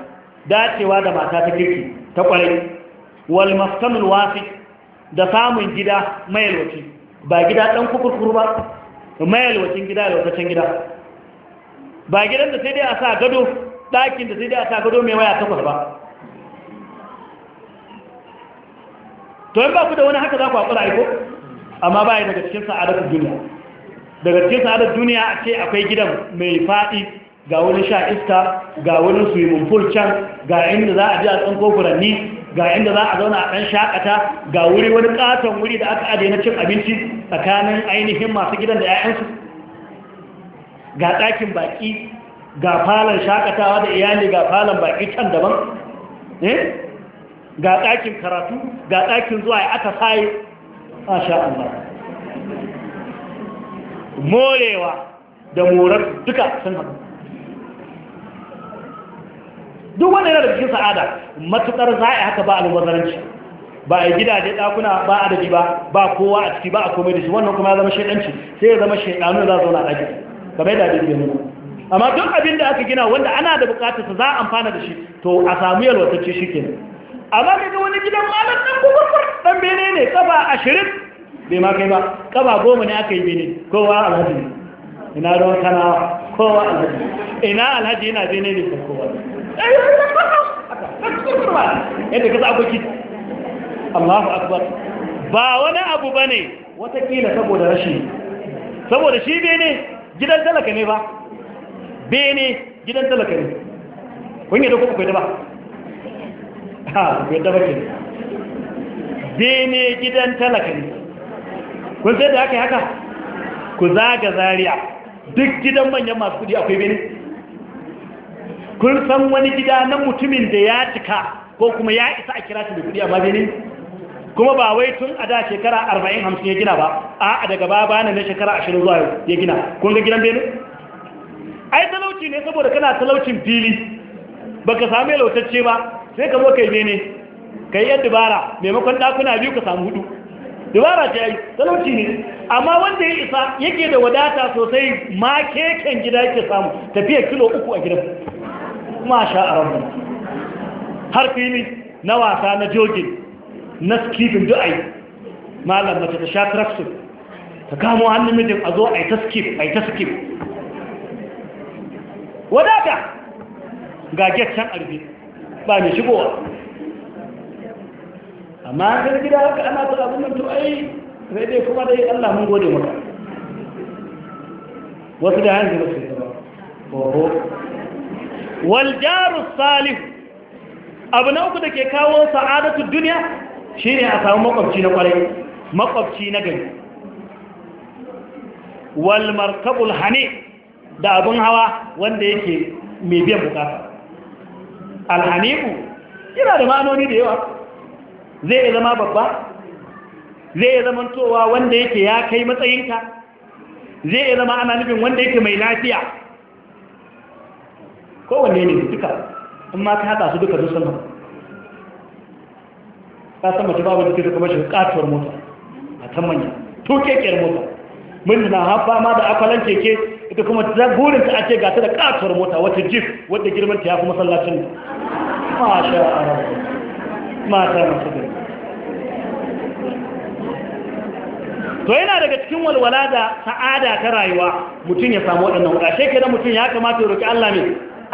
dacewa da mata ta kirki ta kwarai wal maskanul wasi da samun gida lokaci ba gida dan kukurkuru ba lokacin gida da lokacin gida ba gidan da sai dai a sa gado ɗakin da sai dai a sa gado mai waya takwas ba to yin ba ku da wani haka za ku haƙura aiko amma ba yi daga cikin sa'adar duniya daga cikin sa'adar duniya a ce akwai gidan mai faɗi ga wani sha iska ga wani swimming pool can ga inda za a ji a tsan furanni ga inda za a zauna a ɗan shakata ga wuri wani ƙaton wuri da aka na cin abinci tsakanin ainihin masu gidan da 'ya'yansu ga ɗakin baƙi ga falon shakatawa da iyali ga falon baƙi can daban eh? ga ɗakin karatu ga ɗakin zuwa ya aka sayi a sha'amma morewa da morar duka sun haɗu duk wanda yana da cikin sa'ada matukar za a haka ba alwazaranci ba a gidaje dakuna ba adadi ba ba kowa a ciki ba a komai da shi wannan kuma ya zama shaidanci sai ya zama shaidanu za zauna a ajiye kamar yadda abin da amma duk abin da aka gina wanda ana da bukatarsa za a amfana da shi to a samu yalwatacce shi ke amma daga wani gidan malar ɗan kukurkur ɗan bene ne kafa ashirin bai ma kai ba kafa goma ne aka yi bene kowa alhaji ina don kana kowa alhaji ina alhaji yana bene ne kowa yadda ka sa abokin Allahu akbar ba wani abu ba ne watakila saboda rashi saboda shi bene gidan talaka ne ba bene gidan talaka ne kun yi da kuma kwaita ba ha kwaita ba ke bene gidan talaka ne kun sai da haka haka ku zaga zariya duk gidan manyan masu kudi akwai bene kun san wani gida na mutumin da ya cika ko kuma ya isa a kira da kudi a bai kuma ba wai tun a da shekara 40 50 ya gina ba a daga baba na shekara 20 zuwa ya gina kun ga gidan bene ai talauci ne saboda kana talaucin fili baka samu lautacce ba sai ka zo yi bene kai yadda dubara, maimakon dakuna biyu ka samu hudu dubara ta yi talauci ne amma wanda ya isa yake da wadata sosai ma keken gida yake samu tafiya kilo uku a gidan kuma sha a rabu har fili na wasa na jogin na skifin duk ai malam mace ta sha traction ta kamo hannun mijin a zo a yi ta skif a yi ta skif wadata ga get can arbi ba mai shigowa amma kan gida haka ana ta abin nan to ai sai dai kuma dai Allah mun gode maka wasu da hanzu ba su yi ba waljaru salih abu na uku da ke kawo sa'adatu duniya shi ne a samu makwabci na kwarai makwabci na gani walmarkabul hane da abin hawa wanda yake mai biyan bukata alhaniku yana da ma'anoni da yawa zai zama babba zai zama towa wanda yake ya kai matsayinka zai zama ana nufin wanda yake mai lafiya kowanne ne duka in ma ka haɗa su duka dusan nan ka san mace babu duka ke kuma shi katuwar mota a kan manya to kekiyar mota mun na haɓa ma da akwalan keke ita kuma zagorin ta ake gata da katuwar mota wata jif wadda girman ta ya fi masallacin masha Allah mata masu gari to yana daga cikin walwala da sa'ada ta rayuwa mutum ya samu waɗannan wadashe ke mutum ya kamata ya roƙi Allah ne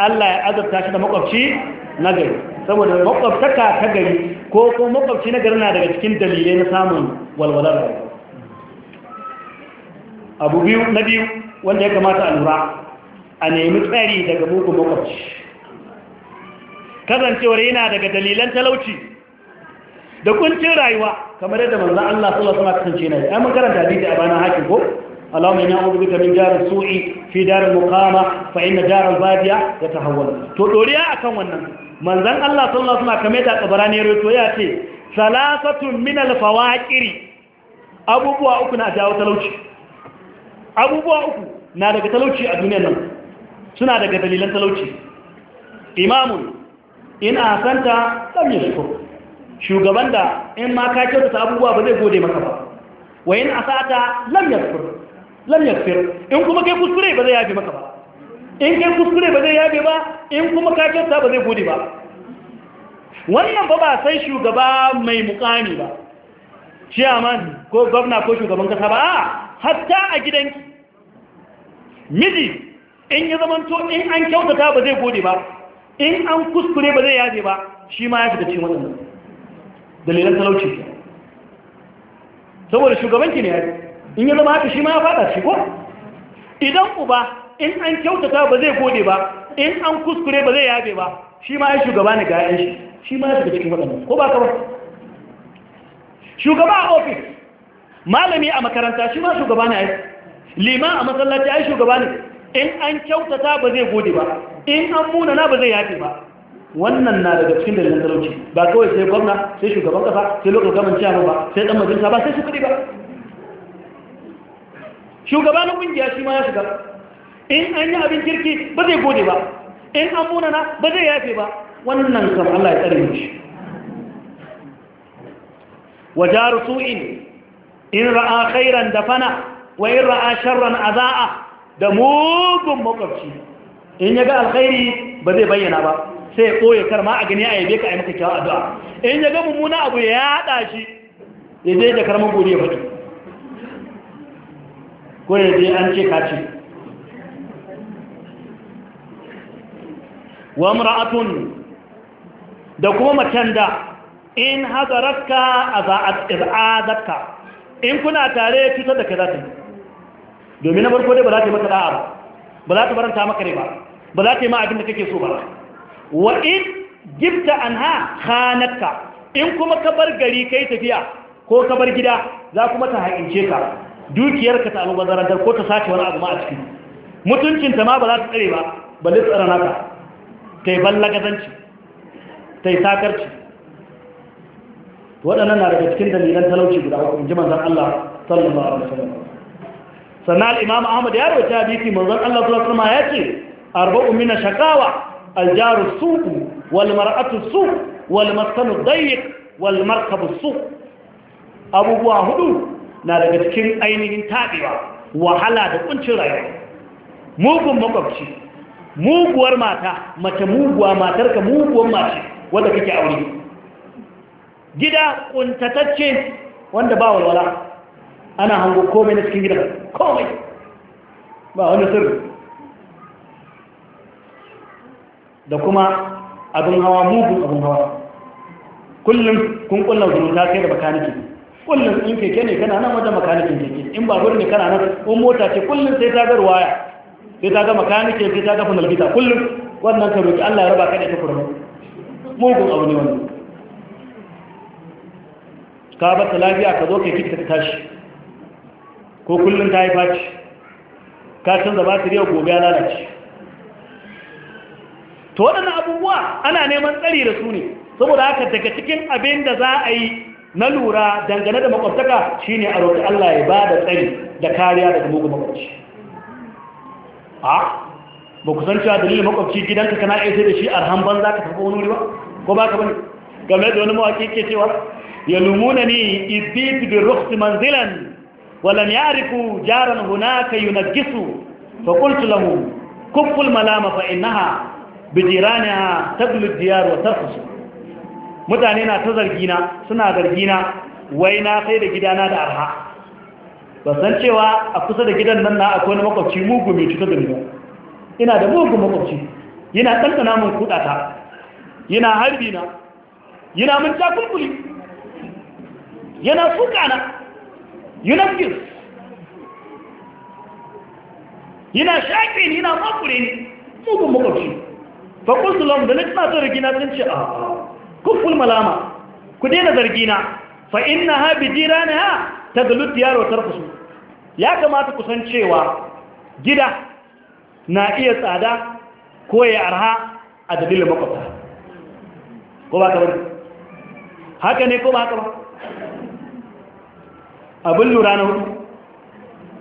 Allah ya azabta shi da makwabci na gari saboda makwabtaka ta gari ko kuma makwabci na gari na daga cikin dalilai na samun walwalar rayuwa abu biyu na biyu wanda ya kamata a lura a nemi tsari daga mugun makwabci kasancewar yana daga dalilan talauci da kuncin rayuwa kamar yadda manzan Allah sallallahu alaihi wasallam kasance yana yi mun karanta hadisi a bana hakin ko اللهم إنا أعوذ بك من دار السوء في دار المقامة فإن دار البادية يتحول تقوليا أكم ونن من ذن الله صلى الله عليه وسلم كميتا كما يتقبراني رتوياتي ثلاثة من الفواكري أبو بوا أكنا أجاو تلوشي أبو بوا أكنا نادك تلوشي أدوني نم سنادك دليلا تلوشي إمام إن أحسنت لم يشكر shugaban da in ma ka kyautata abubuwa ba zai gode maka ba wa in asata lam yaskur lam yasir in kuma kai kuskure ba zai yabe maka ba in kai kuskure ba zai yabe ba in kuma ka kyauta ba zai gode ba wannan ba ba sai shugaba mai mukami ba chairman ko gwamna ko shugaban kasa ba a hatta a gidanki miji in ya to in an kyautata ba zai gode ba in an kuskure ba zai yaje ba shi ma ya fita cikin wannan dalilan talauci saboda shugabanki ne ya in ya zama haka shi ma fada shi ko idan uba in an kyautata ba zai gode ba in an kuskure ba zai yabe ba shi ma ya shugaba ne ga yayan shi shi ma ya shiga cikin waɗannan ko ba ka ba shugaba a ofis malami a makaranta shi ma shugaba ne ai liman a masallaci ai shugaba ne in an kyautata ba zai gode ba in an munana ba zai yabe ba wannan na daga cikin dalilan talauci ba kawai sai gwamna sai shugaban kafa sai lokacin kamar ciyarwa ba sai dan majalisa ba sai shugaba ba shugabanin kungiya shi ma ya shiga in an yi abin kirki ba zai gode ba in an munana ba zai yafe ba wannan kam Allah ya tsare shi wajar su'in in ra'a khairan dafana wa in ra'a sharran aza'a da mugun makwabci in ya ga alkhairi ba zai bayyana ba sai ya kar ma a gani a yabe ka a yi maka kyawun addu'a in ya ga mumuna abu ya yaɗa shi ya zai da karman ya faɗi ko ya je an ce kaci wa mura'atun da kuma matan da in hazaraka a izadaka in kuna tare cutar da ka za ta yi domin na farko dai ba za ta yi maka da'a ba ba za ta baranta maka ne ba ba za ta yi ma abin da kake so ba wa in gifta an ha hanatka in kuma ka bar gari kai tafiya ko ka bar gida za kuma ta haƙince ka dukiyarka ta albazarantar ko ta sace wani abu ma a ciki mutuncinta ma ba za ta tsare ba balle tsara naka ta yi ballagazanci ta yi sakarci waɗannan na daga cikin dalilan talauci guda uku in ji manzan Allah sallallahu alaihi wasallam sannan al-imam Ahmad ya rawaita hadisi manzan Allah sallallahu alaihi wasallam ya ce arba'u min shaqawa al-jaru suq wal mar'atu suq wal maskanu dayyq wal markabu suq abubuwa hudu na daga cikin ainihin taɓewa wahala da ƙuncin rayuwa mugun makwabci muguwar mata mace muguwa matarka muguwar mace wanda kake aure gida ƙuntatacce wanda ba walwala ana hango komai na cikin gidan komai ba wani sirri da kuma abin hawa mugun abin hawa kullum kun kullum zuruta kai da bakaniki kullum in keke ne kana nan wajen makanikin keke in babur ne kana nan ko mota ce kullum sai ta garwa ya sai ta ga makanikin sai ta ga funalgita kullum wannan ka roki Allah ya raba ka da ta kurmi mugun abu ne wannan ka ba ta lafiya ka zo kai kika ta tashi ko kullum ta yi faci ka canza batiri yau gobe ya lalace to waɗannan abubuwa ana neman tsari da su ne saboda haka daga cikin abin da za a yi na lura dangane da makwabtaka shi a roƙi Allah ya ba da tsari da kariya daga mugun makwabci a ba ku san cewa dalilin makwabci gidanka kana aise da shi arhan ban za ka tafi wani ba ko ba ka bane game da wani mawaƙi ke cewa ya lumuna ni ibitu bi rukhsi manzilan walam ya'rifu jaran hunaka yunajjisu fa qultu lahu kufful malama fa innaha bijiraniha tablu diyar wa tarfusu mutane na ta zargina suna zargina wai na sai da gidana da arha ba san cewa a kusa da gidan nan na akwai na makwabci mugu mai cuta da ni ina da mugu makwabci yana ɗanɗana min kudata yana harbi na yana min takunkuli yana suka na yana gis yana shaƙe ni yana makure ni mugun makwabci fa kusulam da na tana zargina sun ce a kuful malama ku daina zargina fa inna ha bi jiraniha tadlut diyar wa tarfusu ya kamata ku san cewa gida na iya tsada ko ya arha a dalilin makwabta ko ba ka bari haka ne ko ba ka ba abin lura na hudu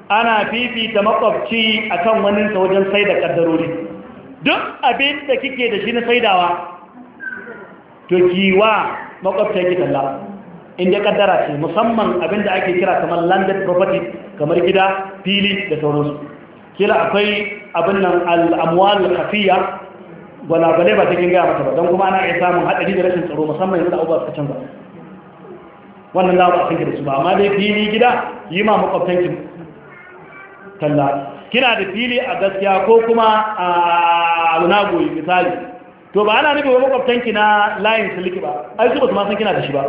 ana fifita makwabci akan waninsa wajen sai da duk abin da kike da shi na saidawa to kiwa makwabta yake talla inda kaddara shi musamman abinda ake kira kamar landed property kamar gida fili da sauransu kila akwai abin nan al'amwal kafiya gwalagwale ba cikin gaya mata ba don kuma ana iya samun haɗari da rashin tsaro musamman yanzu da abubuwa suka canza wannan ba a kanki da su ba amma dai fili gida yi ma ki talla kina da fili a gaskiya ko kuma a nagoyi misali to ba ana nufin makwabtanki na layin siliki ba ai su ba san kina da shi ba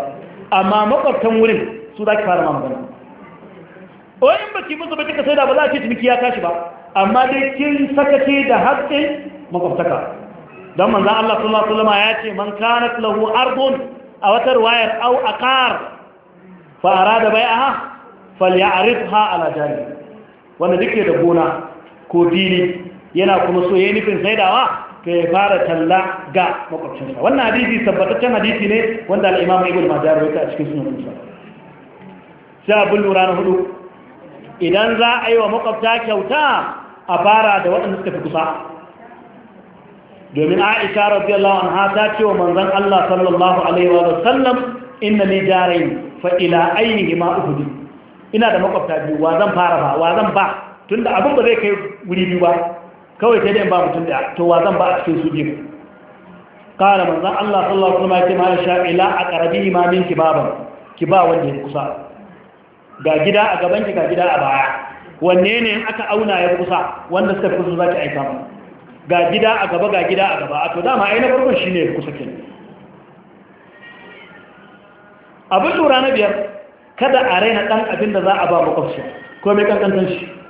amma makwabtan wurin su za ki fara ma magana o in ba ki musu ba kika sai da ba za a ce ciniki ya tashi ba amma dai kin sakace da haƙƙin makwabtaka don manzan Allah sallallahu alaihi wasallam ya ce man kanat lahu ardun a wata riwayar au aqar fa arada bai'aha falyaritha ala jari wanda dake da gona ko dini yana kuma so yayin nufin saidawa Ka ya fara talla ga makwabcinsa wannan hadisi tabbataccen hadisi ne wanda al'imamu ibn majar ya a cikin sunan kusa. sai abin lura na hudu idan za a yi wa makwabta kyauta a fara da waɗanda suka fi kusa domin aisha radiyallahu anha ta ce wa manzan Allah sallallahu alaihi wa sallam inna li jarayn fa ila ainihi ma uhdi ina da makwabta biyu wa zan fara ba wa zan ba tunda abin ba zai kai wuri biyu ba kawai sai dai ba mutum da to wa zan ba a cikin su biyu kala manzan Allah sallallahu alaihi wasallam ya ce ma sha ila aqrabi imamin kibaban ki ba wanda ya kusa ga gida a gaban ki ga gida a baya wanne ne in aka auna ya kusa wanda suka kusa za ki aika mu ga gida a gaba ga gida a gaba to dama ai na farkon shine ya kusa kin abu lura na biyar kada a raina dan abin da za a ba makwabci ko mai kankantan shi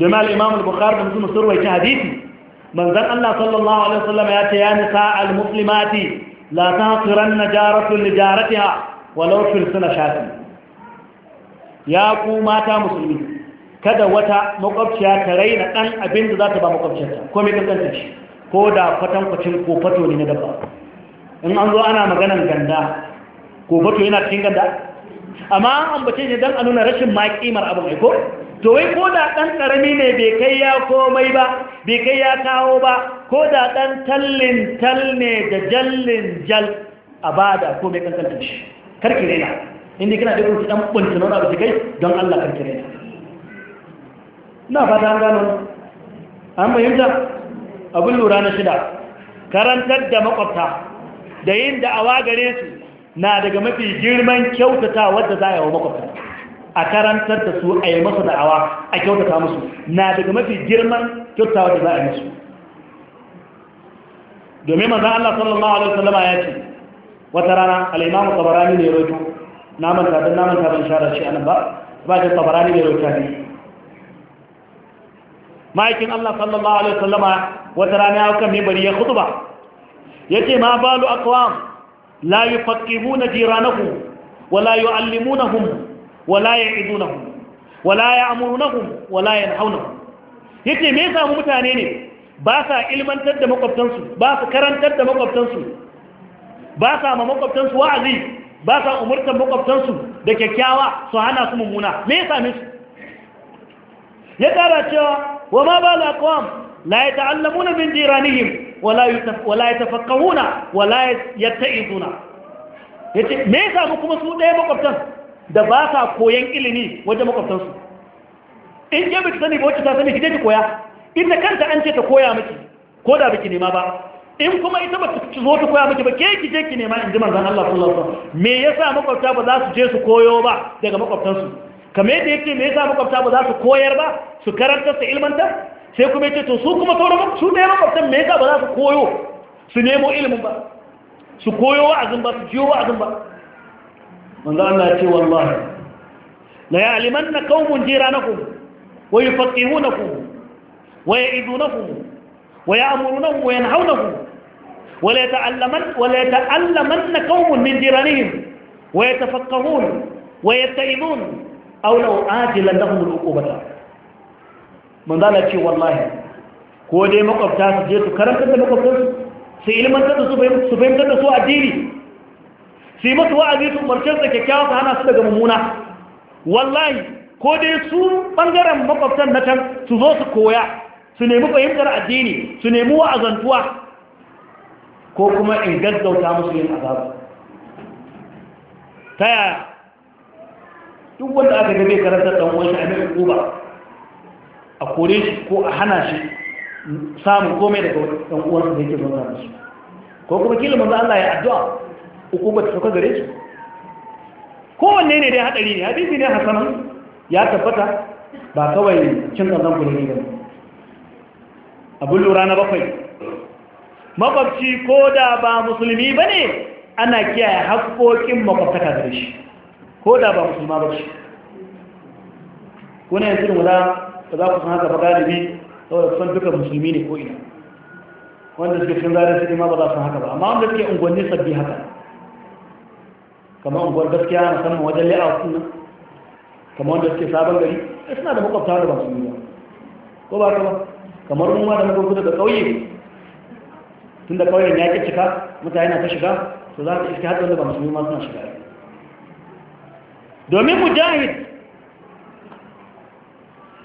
domin al'imam al-bukhari da musulun surwai ta hadisi manzan Allah sallallahu Alaihi wasallam ya ce ya nisa al-muslimati la ta hasiran na jaratun lijaratiya walau suna shafi ya ku mata musulmi kada wata makwabciya ta raina ɗan abin da za ta ba makwabciyarta ko mai kankanta shi ko da kwatankwacin ko fato ne na dabba in an zo ana maganan ganda ko fato yana cikin ganda amma an bace ne don a nuna rashin maƙimar abin aiko to wai ko da ɗan ƙarami ne bai kai ya komai ba bai kai ya kawo ba ko da ɗan tallin tal ne da jallin jal a bada ko mai ƙanƙantar shi karki rena inda kina da kuma ɗan ɓuntunan abu su kai don allah karki rena na fata an gano an fahimta abin lura na shida karantar da makwabta da yin da awa gare su na daga mafi girman kyautata wadda za a yi wa makwabta a karantar da su a yi masa da'awa a kyautata musu na daga mafi girman kyautawa da za a musu domin manzan Allah sallallahu alaihi wasallam ya ce wata rana al-Imam Tabarani ne rawaito na manta dan na manta ban shara shi anan ba ba da Tabarani ne rawaita ne ma'aikin Allah sallallahu alaihi wasallam wata rana ya kan minbari ya ba? Ya ce ma balu aqwam la yufaqqihuna jiranahum wa la yu'allimunahum wala ya ya'idunahum wala ya ya'murunahum wala ya yanhaunahum yace me yasa mu mutane ne ba sa ilmantar da makwabtansu ba su karantar da makwabtansu ba sa ma makwabtansu wa'azi ba sa umurtar makwabtansu da kyakkyawa su hana su mummuna me ya ne su ya kara cewa wa ma ba laqawm la yata'allamuna min jiranihim wala wala yatafaqqahuna wala yattaizuna yace me yasa mu kuma su ɗaya makwabtansu da ba sa koyan ilimi wajen makwabtansu in ke biki sani ba wacce ta sani ki je ki koya inda kanta an ce ta koya miki ko da biki nema ba in kuma ita ba ta zo ta koya miki ba ke ki je ki nema in ji manzan Allah sallallahu alaihi wasallam me yasa makwabta ba za su je su koyo ba daga makwabtansu kamar yadda yake me yasa makwabta ba za su koyar ba su karanta su ilmanta sai kuma yace to su kuma sauran su ne makwabtan me yasa ba za su koyo su nemo ilimin ba su koyo wa'azin ba su jiyo wa'azin ba manzo Allah ya ce wallahi la ya'limanna qaumun jiranakum wa yufaqihunakum wa ya'idunakum wa ya'murunahum wa yanhaunahum wa la yata'allaman wa la yata'allamanna qaumun min jiranihim wa yatafaqahun wa yatta'imun aw law ajilan lahum al-uqubata manzo Allah ya ce wallahi ko dai makwabta su je su karanta da makwabtansu su ilmantar da su fahimtar da su addini Sai masu wa'azi su umarce kyakkyawa su hana su daga mummuna wallahi ko dai su ɓangaren makwabtar na can su zo su koya su nemi fahimtar addini su nemi wa'azantuwa ko kuma in gaggauta musu yin azabu ta yaya duk wanda aka gabe karantar ɗan wani a a kore shi ko a hana shi samun komai daga ɗan uwansa da yake zama su ko kuma kila manzo Allah ya addu'a hukumar ta sauka gare su kowanne ne dai hadari ne hadisi ne hasanan ya tabbata ba kawai cin ƙazan ne ba abin lura na bakwai makwabci ko da ba musulmi ba ne ana kiyaye haƙoƙin makwabtaka da shi ko da ba musulma ba shi kuna yanzu da za ku san haka ba galibi saboda kusan duka musulmi ne ko ina wanda suke cin zarar su ma ba za su haka ba amma wanda suke unguwanni sabbi haka kamar unguwar gaskiya na musamman wajen layout din nan kamar wanda suke sabon gari suna da makwabta da masu yi ko ba ka ba kamar mun da makwabta daga ƙauye tun da ƙauyen ya ƙi cika mutane na ta shiga to za ka iske haɗin da ba masu ma suna shiga domin mujahid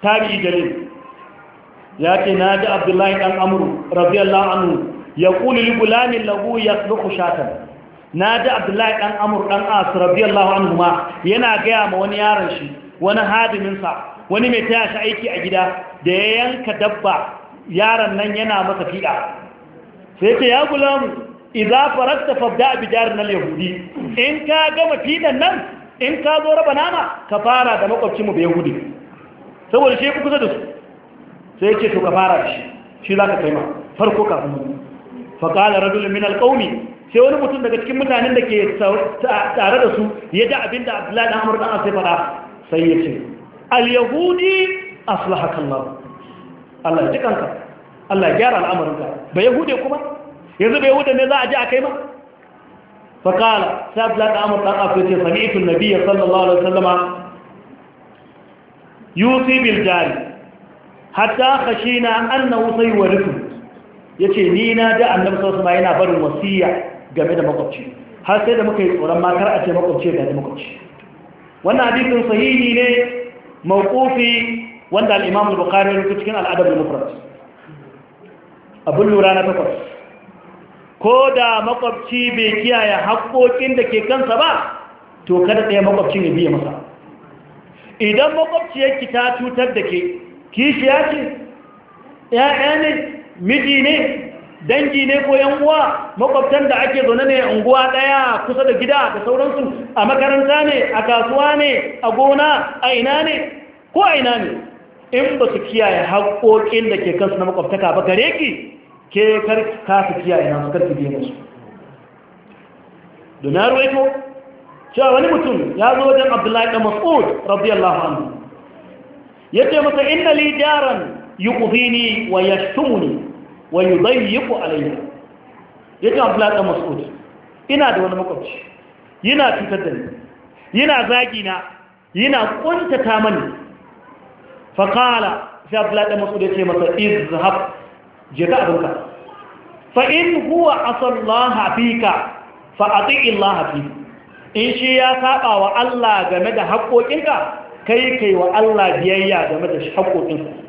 tabi'i jalil ya ce na ji abdullahi ɗan amuru radiyallahu anhu ya ƙuli gulamin lagu ya tsoko shatar na ji abdullahi ɗan amur ɗan asu rabiyallahu an huma yana gaya ma wani yaron shi wani hadiminsa wani mai taya shi aiki a gida da ya yanka dabba yaron nan yana masa fiɗa sai ce ya gulamu idza faratta fabda a jarin na yahudi in ka gama fiɗan nan in ka zo raba nama ka fara da makwabcinmu bai yahudi saboda shi kusa da su sai ce to ka fara da shi shi ka kai ma farko kafin mu fa qala rajulun min al sai wani mutum daga cikin mutanen da ke tare da su ya ji abin da abdullahi da amur dan asai fada sai ya ce al-yahudi aslahakallahu Allah ya ji ka. Allah ya gyara al'amarinka ba yahude kuma yanzu ba yahude ne za a ji a kai ma fakala sai abdullahi da amur dan asai ce sami'tu nabiyya sallallahu alaihi wasallama yusi bil jari hatta khashina annahu sayawritu yace ni na da annabi sallallahu alaihi wasallama yana barin wasiya game da makwabci har sai da muka yi tsoron makar a ce makwabci ga makwabci wannan hadisin sahihi ne mawqufi wanda al-Imam al-Bukhari ya rubuta cikin al-Adab al-Mufrad abun lura na takwas ko da makwabci bai kiyaye haƙoƙin da ke kansa ba to kada ɗaya makwabcin ya biya masa idan makwabciyarki ta cutar da ke kishiya ce ‘ya'ya ne miji ne dangi ne ko yan uwa makwabtan da ake zaune ne unguwa daya kusa da gida da sauransu a makaranta ne a kasuwa ne a gona a ina ne ko a ina ne in ba su kiyaye haƙoƙin da ke kansu na makwabtaka ba gare ki ke karka su kiyaye na su karki biye musu dona ruwaito cewa wani mutum ya zo wajen abdullahi da mas'ud radiyallahu anhu ya ce masa inna li jaran yuqdini wa yashtumuni wa yudayyiqu alayhi yace Abdullah masu Mas'ud ina da wani makwabci yana cutar da ni yana zaƙi na yana kuntata mani fa qala sai masu dan ya ce masa izhab je ka abinka fa in huwa asallaha fika fa ati illaha fi in shi ya saɓa wa Allah game da haƙoƙinka kai kai wa Allah biyayya game da haƙoƙinka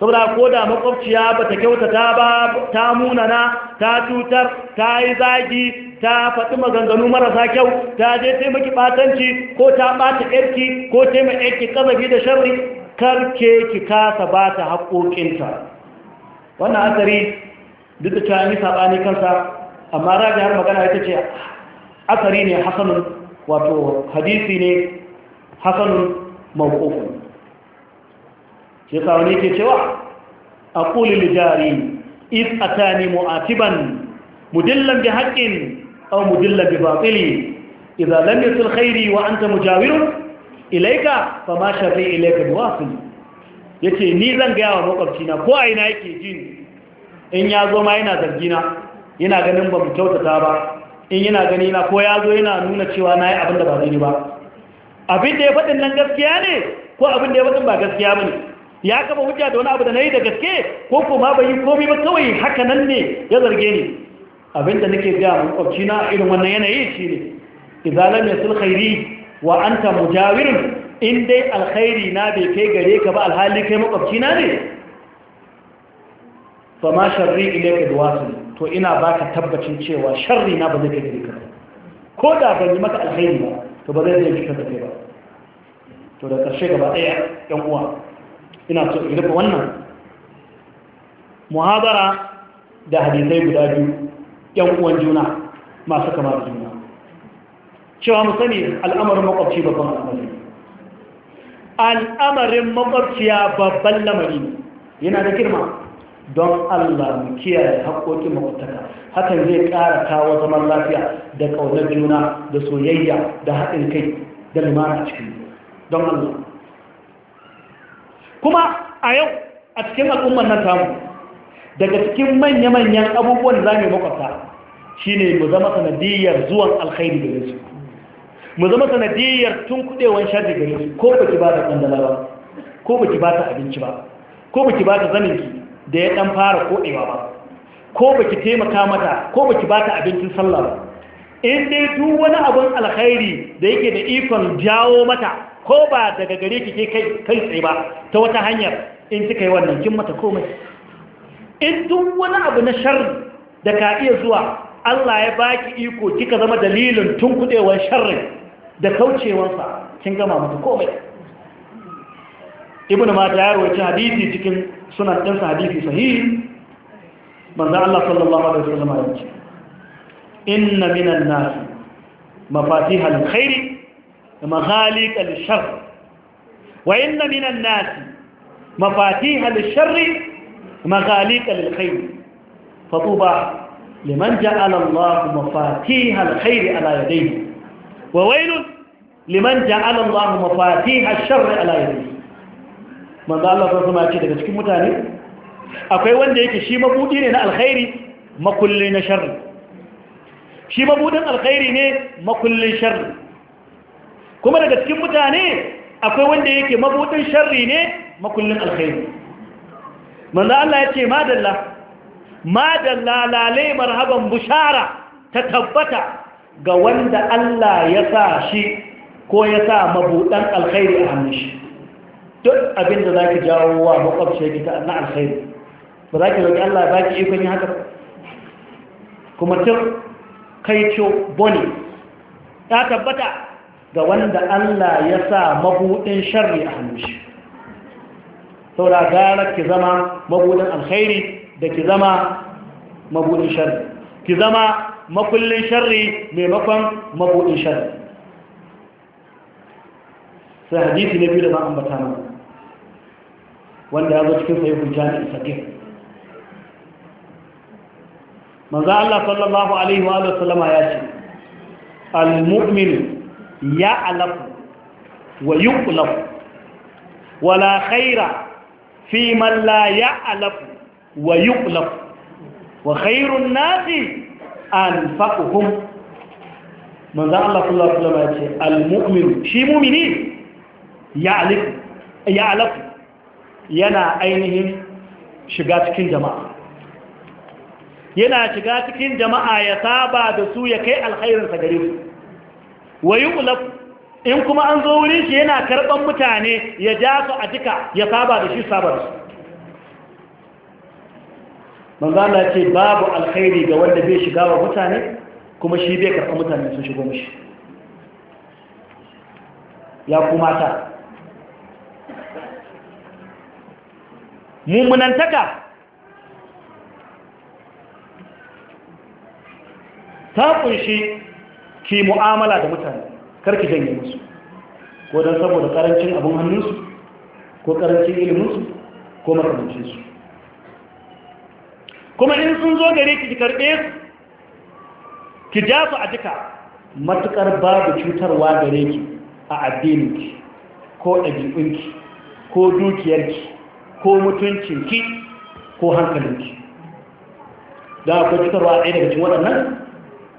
saboda ko da makwabciya ba ta kyautata ba ta munana ta cutar ta yi zagi ta faɗi maganganu marasa kyau ta je taimaki ɓatanci ko ta ɓata ƴarki ko taimaki ƴarki ƙazafi da kar karke ki kasa ba ta haƙoƙinta wannan asari duk da cewa yi saɓani kansa amma raji har magana ita ce asari ne hasanun wato hadisi ne hasanun mawukofin shi sa wani ke cewa a li jari iz atani mu'atiban mudillan bi haqqin mu mudillan bi baƙili idza lam yasil khairi wa anta mujawirun ilaika fama sharri ilayka Ya ce ni zan gaya wa makwabci na ko ina yake jin in ya zo ma yana zargina yana ganin ba mu kyautata ba in yana gani na ko ya zo yana nuna cewa na yi abin da ba daidai ba abin da ya faɗin nan gaskiya ne ko abin da ya faɗin ba gaskiya ba ne ya kama hujja da wani abu da na yi da gaske ko kuma bai yi komai ba kawai haka nan ne ya zarge ni abinda nake ga makwabci na irin wannan yanayi shi ne izalar mai sulhairi wa an ta mujawirin in dai alkhairi na bai kai gare ka ba alhali kai makwabci na ne fa ma sharri duwa su to ina baka tabbacin cewa sharri na ba zai kai gare ka ba ko da ban yi maka alkhairi ba to ba zai zai kika ba to da ƙarshe gaba ɗaya ƴan uwa ina so in rufe wannan muhabara da hadisai guda biyu yan uwan juna masu kama da juna cewa mu sani al'amarin makwabci babban al'amari al'amarin makwabciya babban lamari yana da girma don Allah mu kiyaye haƙoƙin makwabtaka hakan zai ƙara kawo zaman lafiya da ƙaunar juna da soyayya da haɗin kai da limana cikin don Allah kuma a yau a cikin al'ummar nan tamu daga cikin manya-manyan abubuwan za mu makwabta ne mu zama sanadiyar zuwan alkhairi da su mu zama sanadiyar tun kudewan shaji da su ko baki ba ta ɗan ba ko baki ba ta abinci ba ko baki ba ta zaninki da ya ɗan fara koɗewa ba ko baki taimaka mata ko baki ba ta abincin sallah ba in dai duk wani abin alkhairi da yake da ikon jawo mata ko ba daga gare ki ke kai tsaye ba ta wata hanyar in kika yi wannan kin mata komai in duk wani abu na sharri da ka iya zuwa Allah ya baki iko kika zama dalilin tunkudewar sharri da kaucewansa kin gama mata komai ibnu mata ya rawaita hadisi cikin sunan ɗinsa hadisi sahihi manzo Allah sallallahu alaihi wasallam ya ce inna minan nas mafatihal khairi مغاليق للشر وإن من الناس مفاتيح للشر مغاليق للخير فطوبى لمن جعل الله مفاتيح الخير على يديه وويل liman ja'ala Allah mafatih ash-sharr ala Allah sai kuma daga cikin mutane akwai wanda yake shi mabudi ne na alkhairi makulli na sharri shi mabudin alkhairi ne makullin sharri kuma daga cikin mutane akwai wanda yake mabudin sharri ne makullin alkhairi manzo Allah ya ce madalla madalla lalai marhaban bushara ta tabbata ga wanda Allah ya sa shi ko ya sa mabuɗan alkhairi a hannun shi duk abin da zaki jawo wa makwabci ki ta na alkhairi ba za ki roƙi Allah zaki ikon yi haka kuma tir kaicho boni ta tabbata ga wanda Allah ya sa mabuɗin shari a hannun shi saura gara ki zama mabuɗin alkhairi da ki zama mabuɗin shari, ki zama makullin shari maimakon mabuɗin shari. sai hadisi na biyu da ba'an bata mana wanda ya zo cikin sayi hujjani isa gir manzan Allah sallallahu Alaihi wa Salama ya ce al-mu'minu يعلم ويقلف ولا خير في من لا يعلم ويقلف وخير الناس أنفقهم من ذا الله صلى الله عليه وسلم المؤمن شي مؤمنين يعلم يعلم ينا أينه shiga كن جماعة ينا shiga كن جماعة يتابع saba da الخير سجريه wa yuqlab in kuma an zo wurin shi yana karban mutane ya ja su a duka ya saba da shi saba da su manzana ce babu alkhairi ga wanda bai shiga wa mutane kuma shi bai karɓa mutane sun shigo mishi ya kuma ta mummunantaka ta kunshi ki mu'amala da mutane karki janye musu ko don saboda karancin abin hannunsu ko karancin iliminsu ko makamancinsu kuma in sun zo gare ki karɓe su ki ja su a duka matukar babu cutarwa gare ki a addininki ko ɗabi'unki ko dukiyarki ko mutuncinki ko hankalinki da akwai cutarwa ɗaya daga cikin waɗannan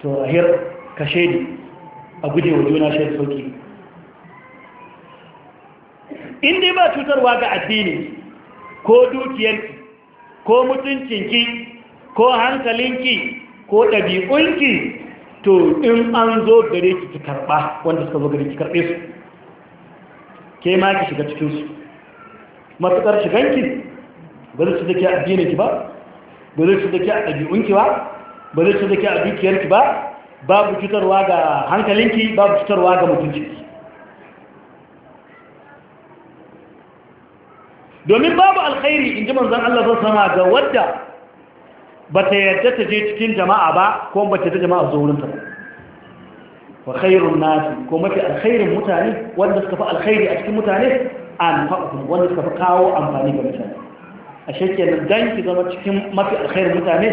to a hira. kashe ni a guje wa juna shaidi sauki in ba cutarwa ga addini ko dukiyarki ko mutuncinki ko hankalinki ko ɗabi'unki to in an zo gare ki ki karɓa wanda suka zo gare ki karɓe su ke ma ki shiga cikinsu matuƙar shiganki ba zai su zake a addininki ba ba zai su zake a ɗabi'unki ba ba zai su zaki a dukiyarki ba babu cutarwa ga hankalinki babu cutarwa ga mutuncinki domin babu alkhairi in ji manzan Allah zan sama ga wadda ba ta yadda ta je cikin jama'a ba ko ba ta yadda jama'a zo wurinta ba wa khairun nasi ko mafi alkhairin mutane wanda suka fi alkhairi a cikin mutane an fa'ukun wanda suka fi kawo amfani ga mutane a shekke nan dan zama cikin mafi alkhairin mutane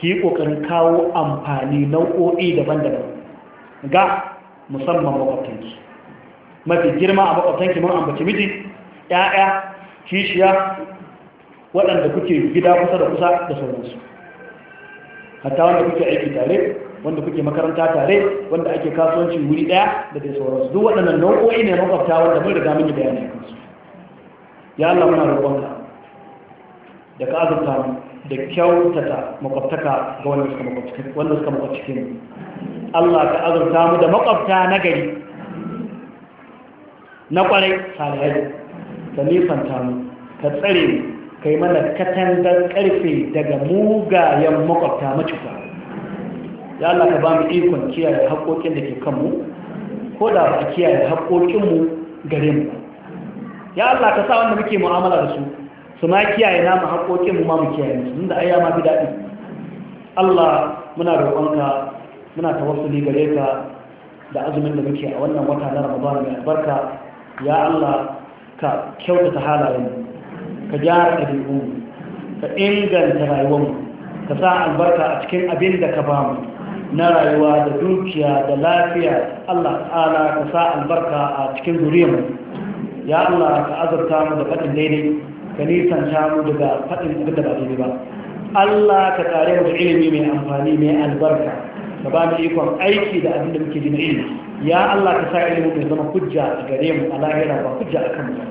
ki yi ƙoƙarin kawo amfani nau'o'i daban-daban ga musamman makwabtanki mafi girma a makwabtanki mun ambaci miji ya'ya kishiya waɗanda kuke gida kusa da kusa da sauransu hatta wanda kuke aiki tare wanda kuke makaranta tare wanda ake kasuwanci wuri ɗaya da dai sauransu duk waɗannan nau'o'i ne makwabta wanda mun riga mini bayani kansu ya Allah muna roƙonka da ka azurta mu da kyautata makwabtaka ga wanda suka makwabci mu Allah ka azurta mu da makwabta na gari na kwarai salihai ka nisanta mu ka tsare mu ka yi mana katangar karfe daga mugayen makwabta macuka ya Allah ka ba mu ikon kiyaye haƙoƙin da ke kanmu ko da ba a kiyaye haƙoƙinmu gare mu ya Allah ka sa wanda muke mu'amala da su su kiyaye namu haƙoƙin mu a mu kiyaye musu inda ayya ma fi daɗi Allah muna roƙonka muna tawassuli gare ka da azumin da muke a wannan wata na Ramadan mai albarka ya Allah ka kyautata halayen ka gyara ɗabi'u ka inganta rayuwar, ka sa albarka a cikin abin da ka bamu na rayuwa da dukiya da lafiya Allah ta'ala ka sa albarka a cikin zuriyarmu ya Allah ka azurta mu da daidai ka nisan mu daga faɗin abin da ba ba Allah ka tare mu da ilimi mai amfani mai albarka ka ba mu ikon aiki da abin da muke ji na ilimi ya Allah ka sa ilimin mai zama hujja a gare mu a lahira ba hujja a kanmu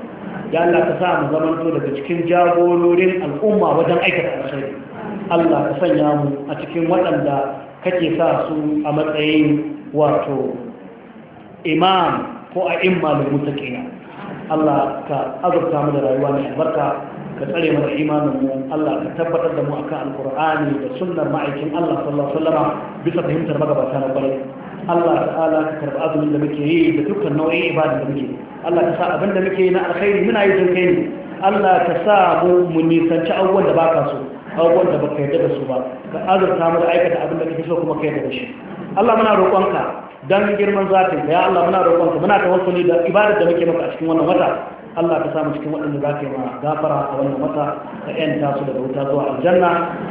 ya Allah ka sa mu zamanto daga cikin jagororin al'umma wajen aikata alkhairi Allah ka sanya mu a cikin waɗanda kake sa su a matsayin wato imam ko a imma da mutakina Allah ka azurta mu da rayuwa mai albarka ka tsare mana imanin mu Allah ka tabbatar da mu akan alqur'ani da sunnar ma'aikin Allah sallallahu alaihi wasallam bisa fahimtar magabata na kwarai Allah ta'ala ka karba azumin da muke yi da dukkan nau'in ibada da muke Allah ka sa abin da muke yi na alkhairi muna yi don kai Allah ka sa mu mu nisanci abubuwan da baka so abubuwan da baka yarda da su ba ka azurta mu da aikata abin da kake so kuma ka yadda da shi Allah muna roƙonka dan girman zatin ya Allah muna roƙonka muna tawassuli da ibadar da muke maka a cikin wannan wata Allah ka samu cikin waɗanda za ka yi ma gafara a wannan wata ka ‘yanta su daga wuta zuwa aljanna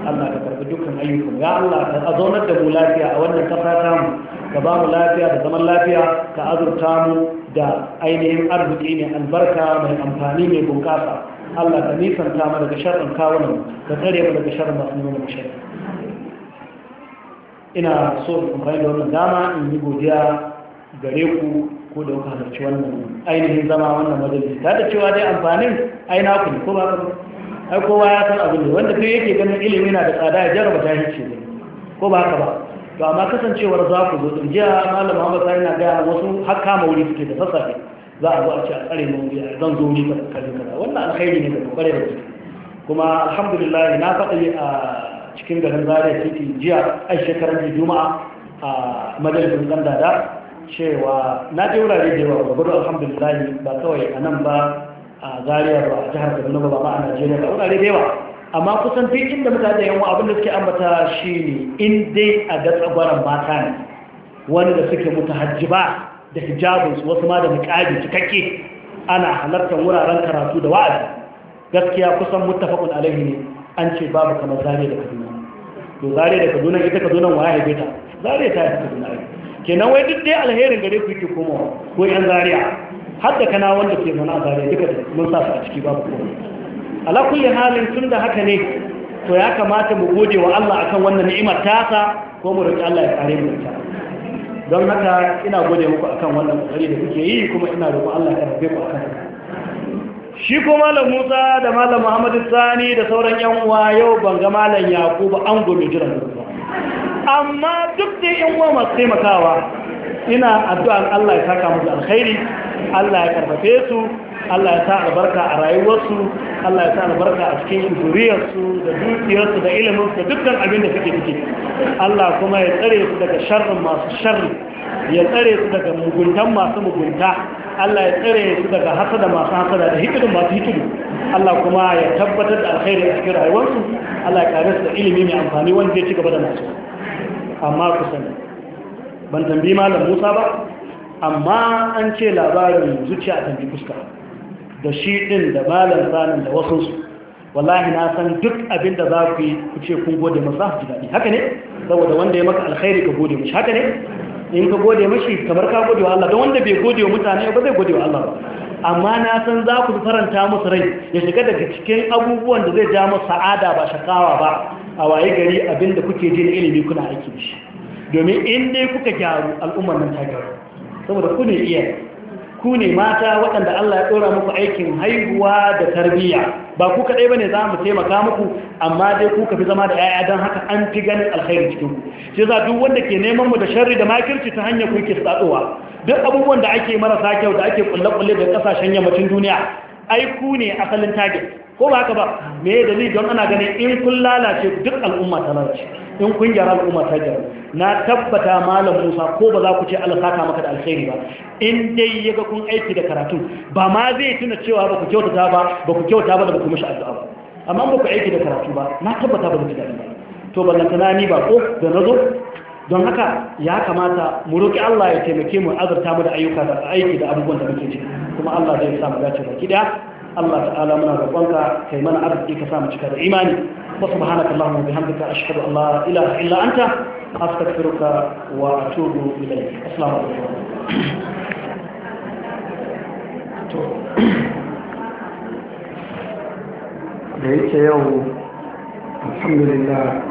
Allah ka karɓi dukkan ayyukan ya Allah ka zaunar da mu lafiya a wannan ta mu ka ba mu lafiya da zaman lafiya ka azurta mu da ainihin arziki ne albarka mai amfani mai bunƙasa Allah ka nisanta mana da sharrin kawunan da tsare mana da sharrin masu nuna mu ina so da kuma da wannan dama in yi godiya gare ku ko da kuka halarci wannan ainihin zama wannan majalisi ta da cewa dai amfanin aina ku ne ko ba ka ai kowa ya san abin da wanda kai yake ganin ilimi na da tsada ya jarraba ta hice ne ko ba ka ba to amma kasancewar za ku zo din jiya malam Muhammad Sani na gaya wasu hakka kama wuri suke da sassafe za a zo a ce a tsare mawuri a zan zo ne kaza kalli kaza wannan alkhairi ne da kware da gaske kuma alhamdulillah na faɗi a cikin garin Zariya City jiya a shekarar Juma'a a zan dada cewa na je wurare da yawa babbar alhamdulillah ba kawai a nan ba a Zariya ba a jihar Kaduna ba ba a Najeriya ba wurare da yawa amma kusan duk inda mutane yawa abin da suke ambata shine in dai a ga gwaran mata ne wani da suke mutu hajji ba da hijabinsu wasu ma da muƙabi cikakke ana halartar wuraren karatu da wa'azi gaskiya kusan muttafaqun alaihi ne an ce babu kamar zare da kaduna to zare da kaduna ita kaduna wa ya beta zare ta yi kaduna kenan wai duk dai alherin gare ku yake komawa ko yan zariya har da kana wanda ke zana zariya duka mun sa su a ciki babu komai ala kulli halin tun da haka ne to ya kamata mu gode wa Allah akan wannan ni'imar tasa ko mu roki Allah ya kare mu da ta don haka ina gode muku akan wannan kokari da kuke yi kuma ina roƙon Allah ya rufe ku akan shi ko malam Musa da malam Muhammadu Sani da sauran yan uwa yau ban ga malam Yakubu an gobe jiran amma duk da yan uwa masu taimakawa ina addu'an Allah ya saka musu alkhairi Allah ya karfafe su Allah ya sa albarka a rayuwarsu Allah ya sa albarka a cikin zuriyarsu da dukiyarsu da iliminsu da dukkan abin da suke ciki Allah kuma ya tsare su daga sharrin masu sharri ya tsare su daga muguntan masu mugunta Allah ya tsare su daga hasada masu hasada da hikirin masu hikidu Allah kuma ya tabbatar da alkhairi a cikin rayuwarsu Allah ya kare su da ilimi mai amfani wanda ya ci gaba da nasu amma ku sani ban tambi malam musa ba amma an ce labarin zuciya a tambi fuska da shi ɗin da malam sanin da wasansu wallahi na san duk abin da za ku yi ku ce kun gode masa ji daɗi haka ne saboda wanda ya maka alkhairi ka gode mashi haka ne in ka gode mashi kamar ka gode wa Allah don wanda bai gode wa mutane ba zai gode wa Allah ba amma na san za ku faranta musu rai ya shiga daga cikin abubuwan da zai ja masa sa'ada ba shakawa ba a waye gari abin da kuke jin ilimi kuna aiki da shi domin in dai kuka gyaru al'ummar nan ta gyaru saboda ku ne iya ku ne mata waɗanda Allah ya ɗora muku aikin haihuwa da tarbiyya ba ku kaɗai ba ne za mu taimaka muku amma dai ku fi zama da ‘ya'ya don haka an fi ganin alkhairi cikin ku shi za duk wanda ke neman mu da sharri da makirci ta hanyar ku yake tsatsowa duk abubuwan da ake marasa kyau da ake kulle-kulle da ƙasashen yammacin duniya ai ku ne asalin target ko ba haka ba me ya dalili don ana ganin in kun lalace duk al'umma ta lalace in kun gyara al'umma ta gyara na tabbata malam musa ko ba za ku ce allah saka maka da alkhairi ba in dai ya ga kun aiki da karatu ba ma zai tuna cewa ba ku kyauta ba ba ku kyauta ba da ba ku addu'a ba amma ba ku aiki da karatu ba na tabbata ba ku ji daɗi ba to ni ba ko da na zo don haka ya kamata mu roƙi Allah ya taimake mu azurta mu da ayyuka da aiki da abubuwan da muke ciki kuma Allah zai sa mu dace baki daya الله تعالى من ربك كي من عبد كفام جكر إيماني وسبحانك اللهم وبحمدك أشهد أن لا إله إلا أنت أستغفرك وأتوب إليك السلام عليكم ليت يوم الحمد لله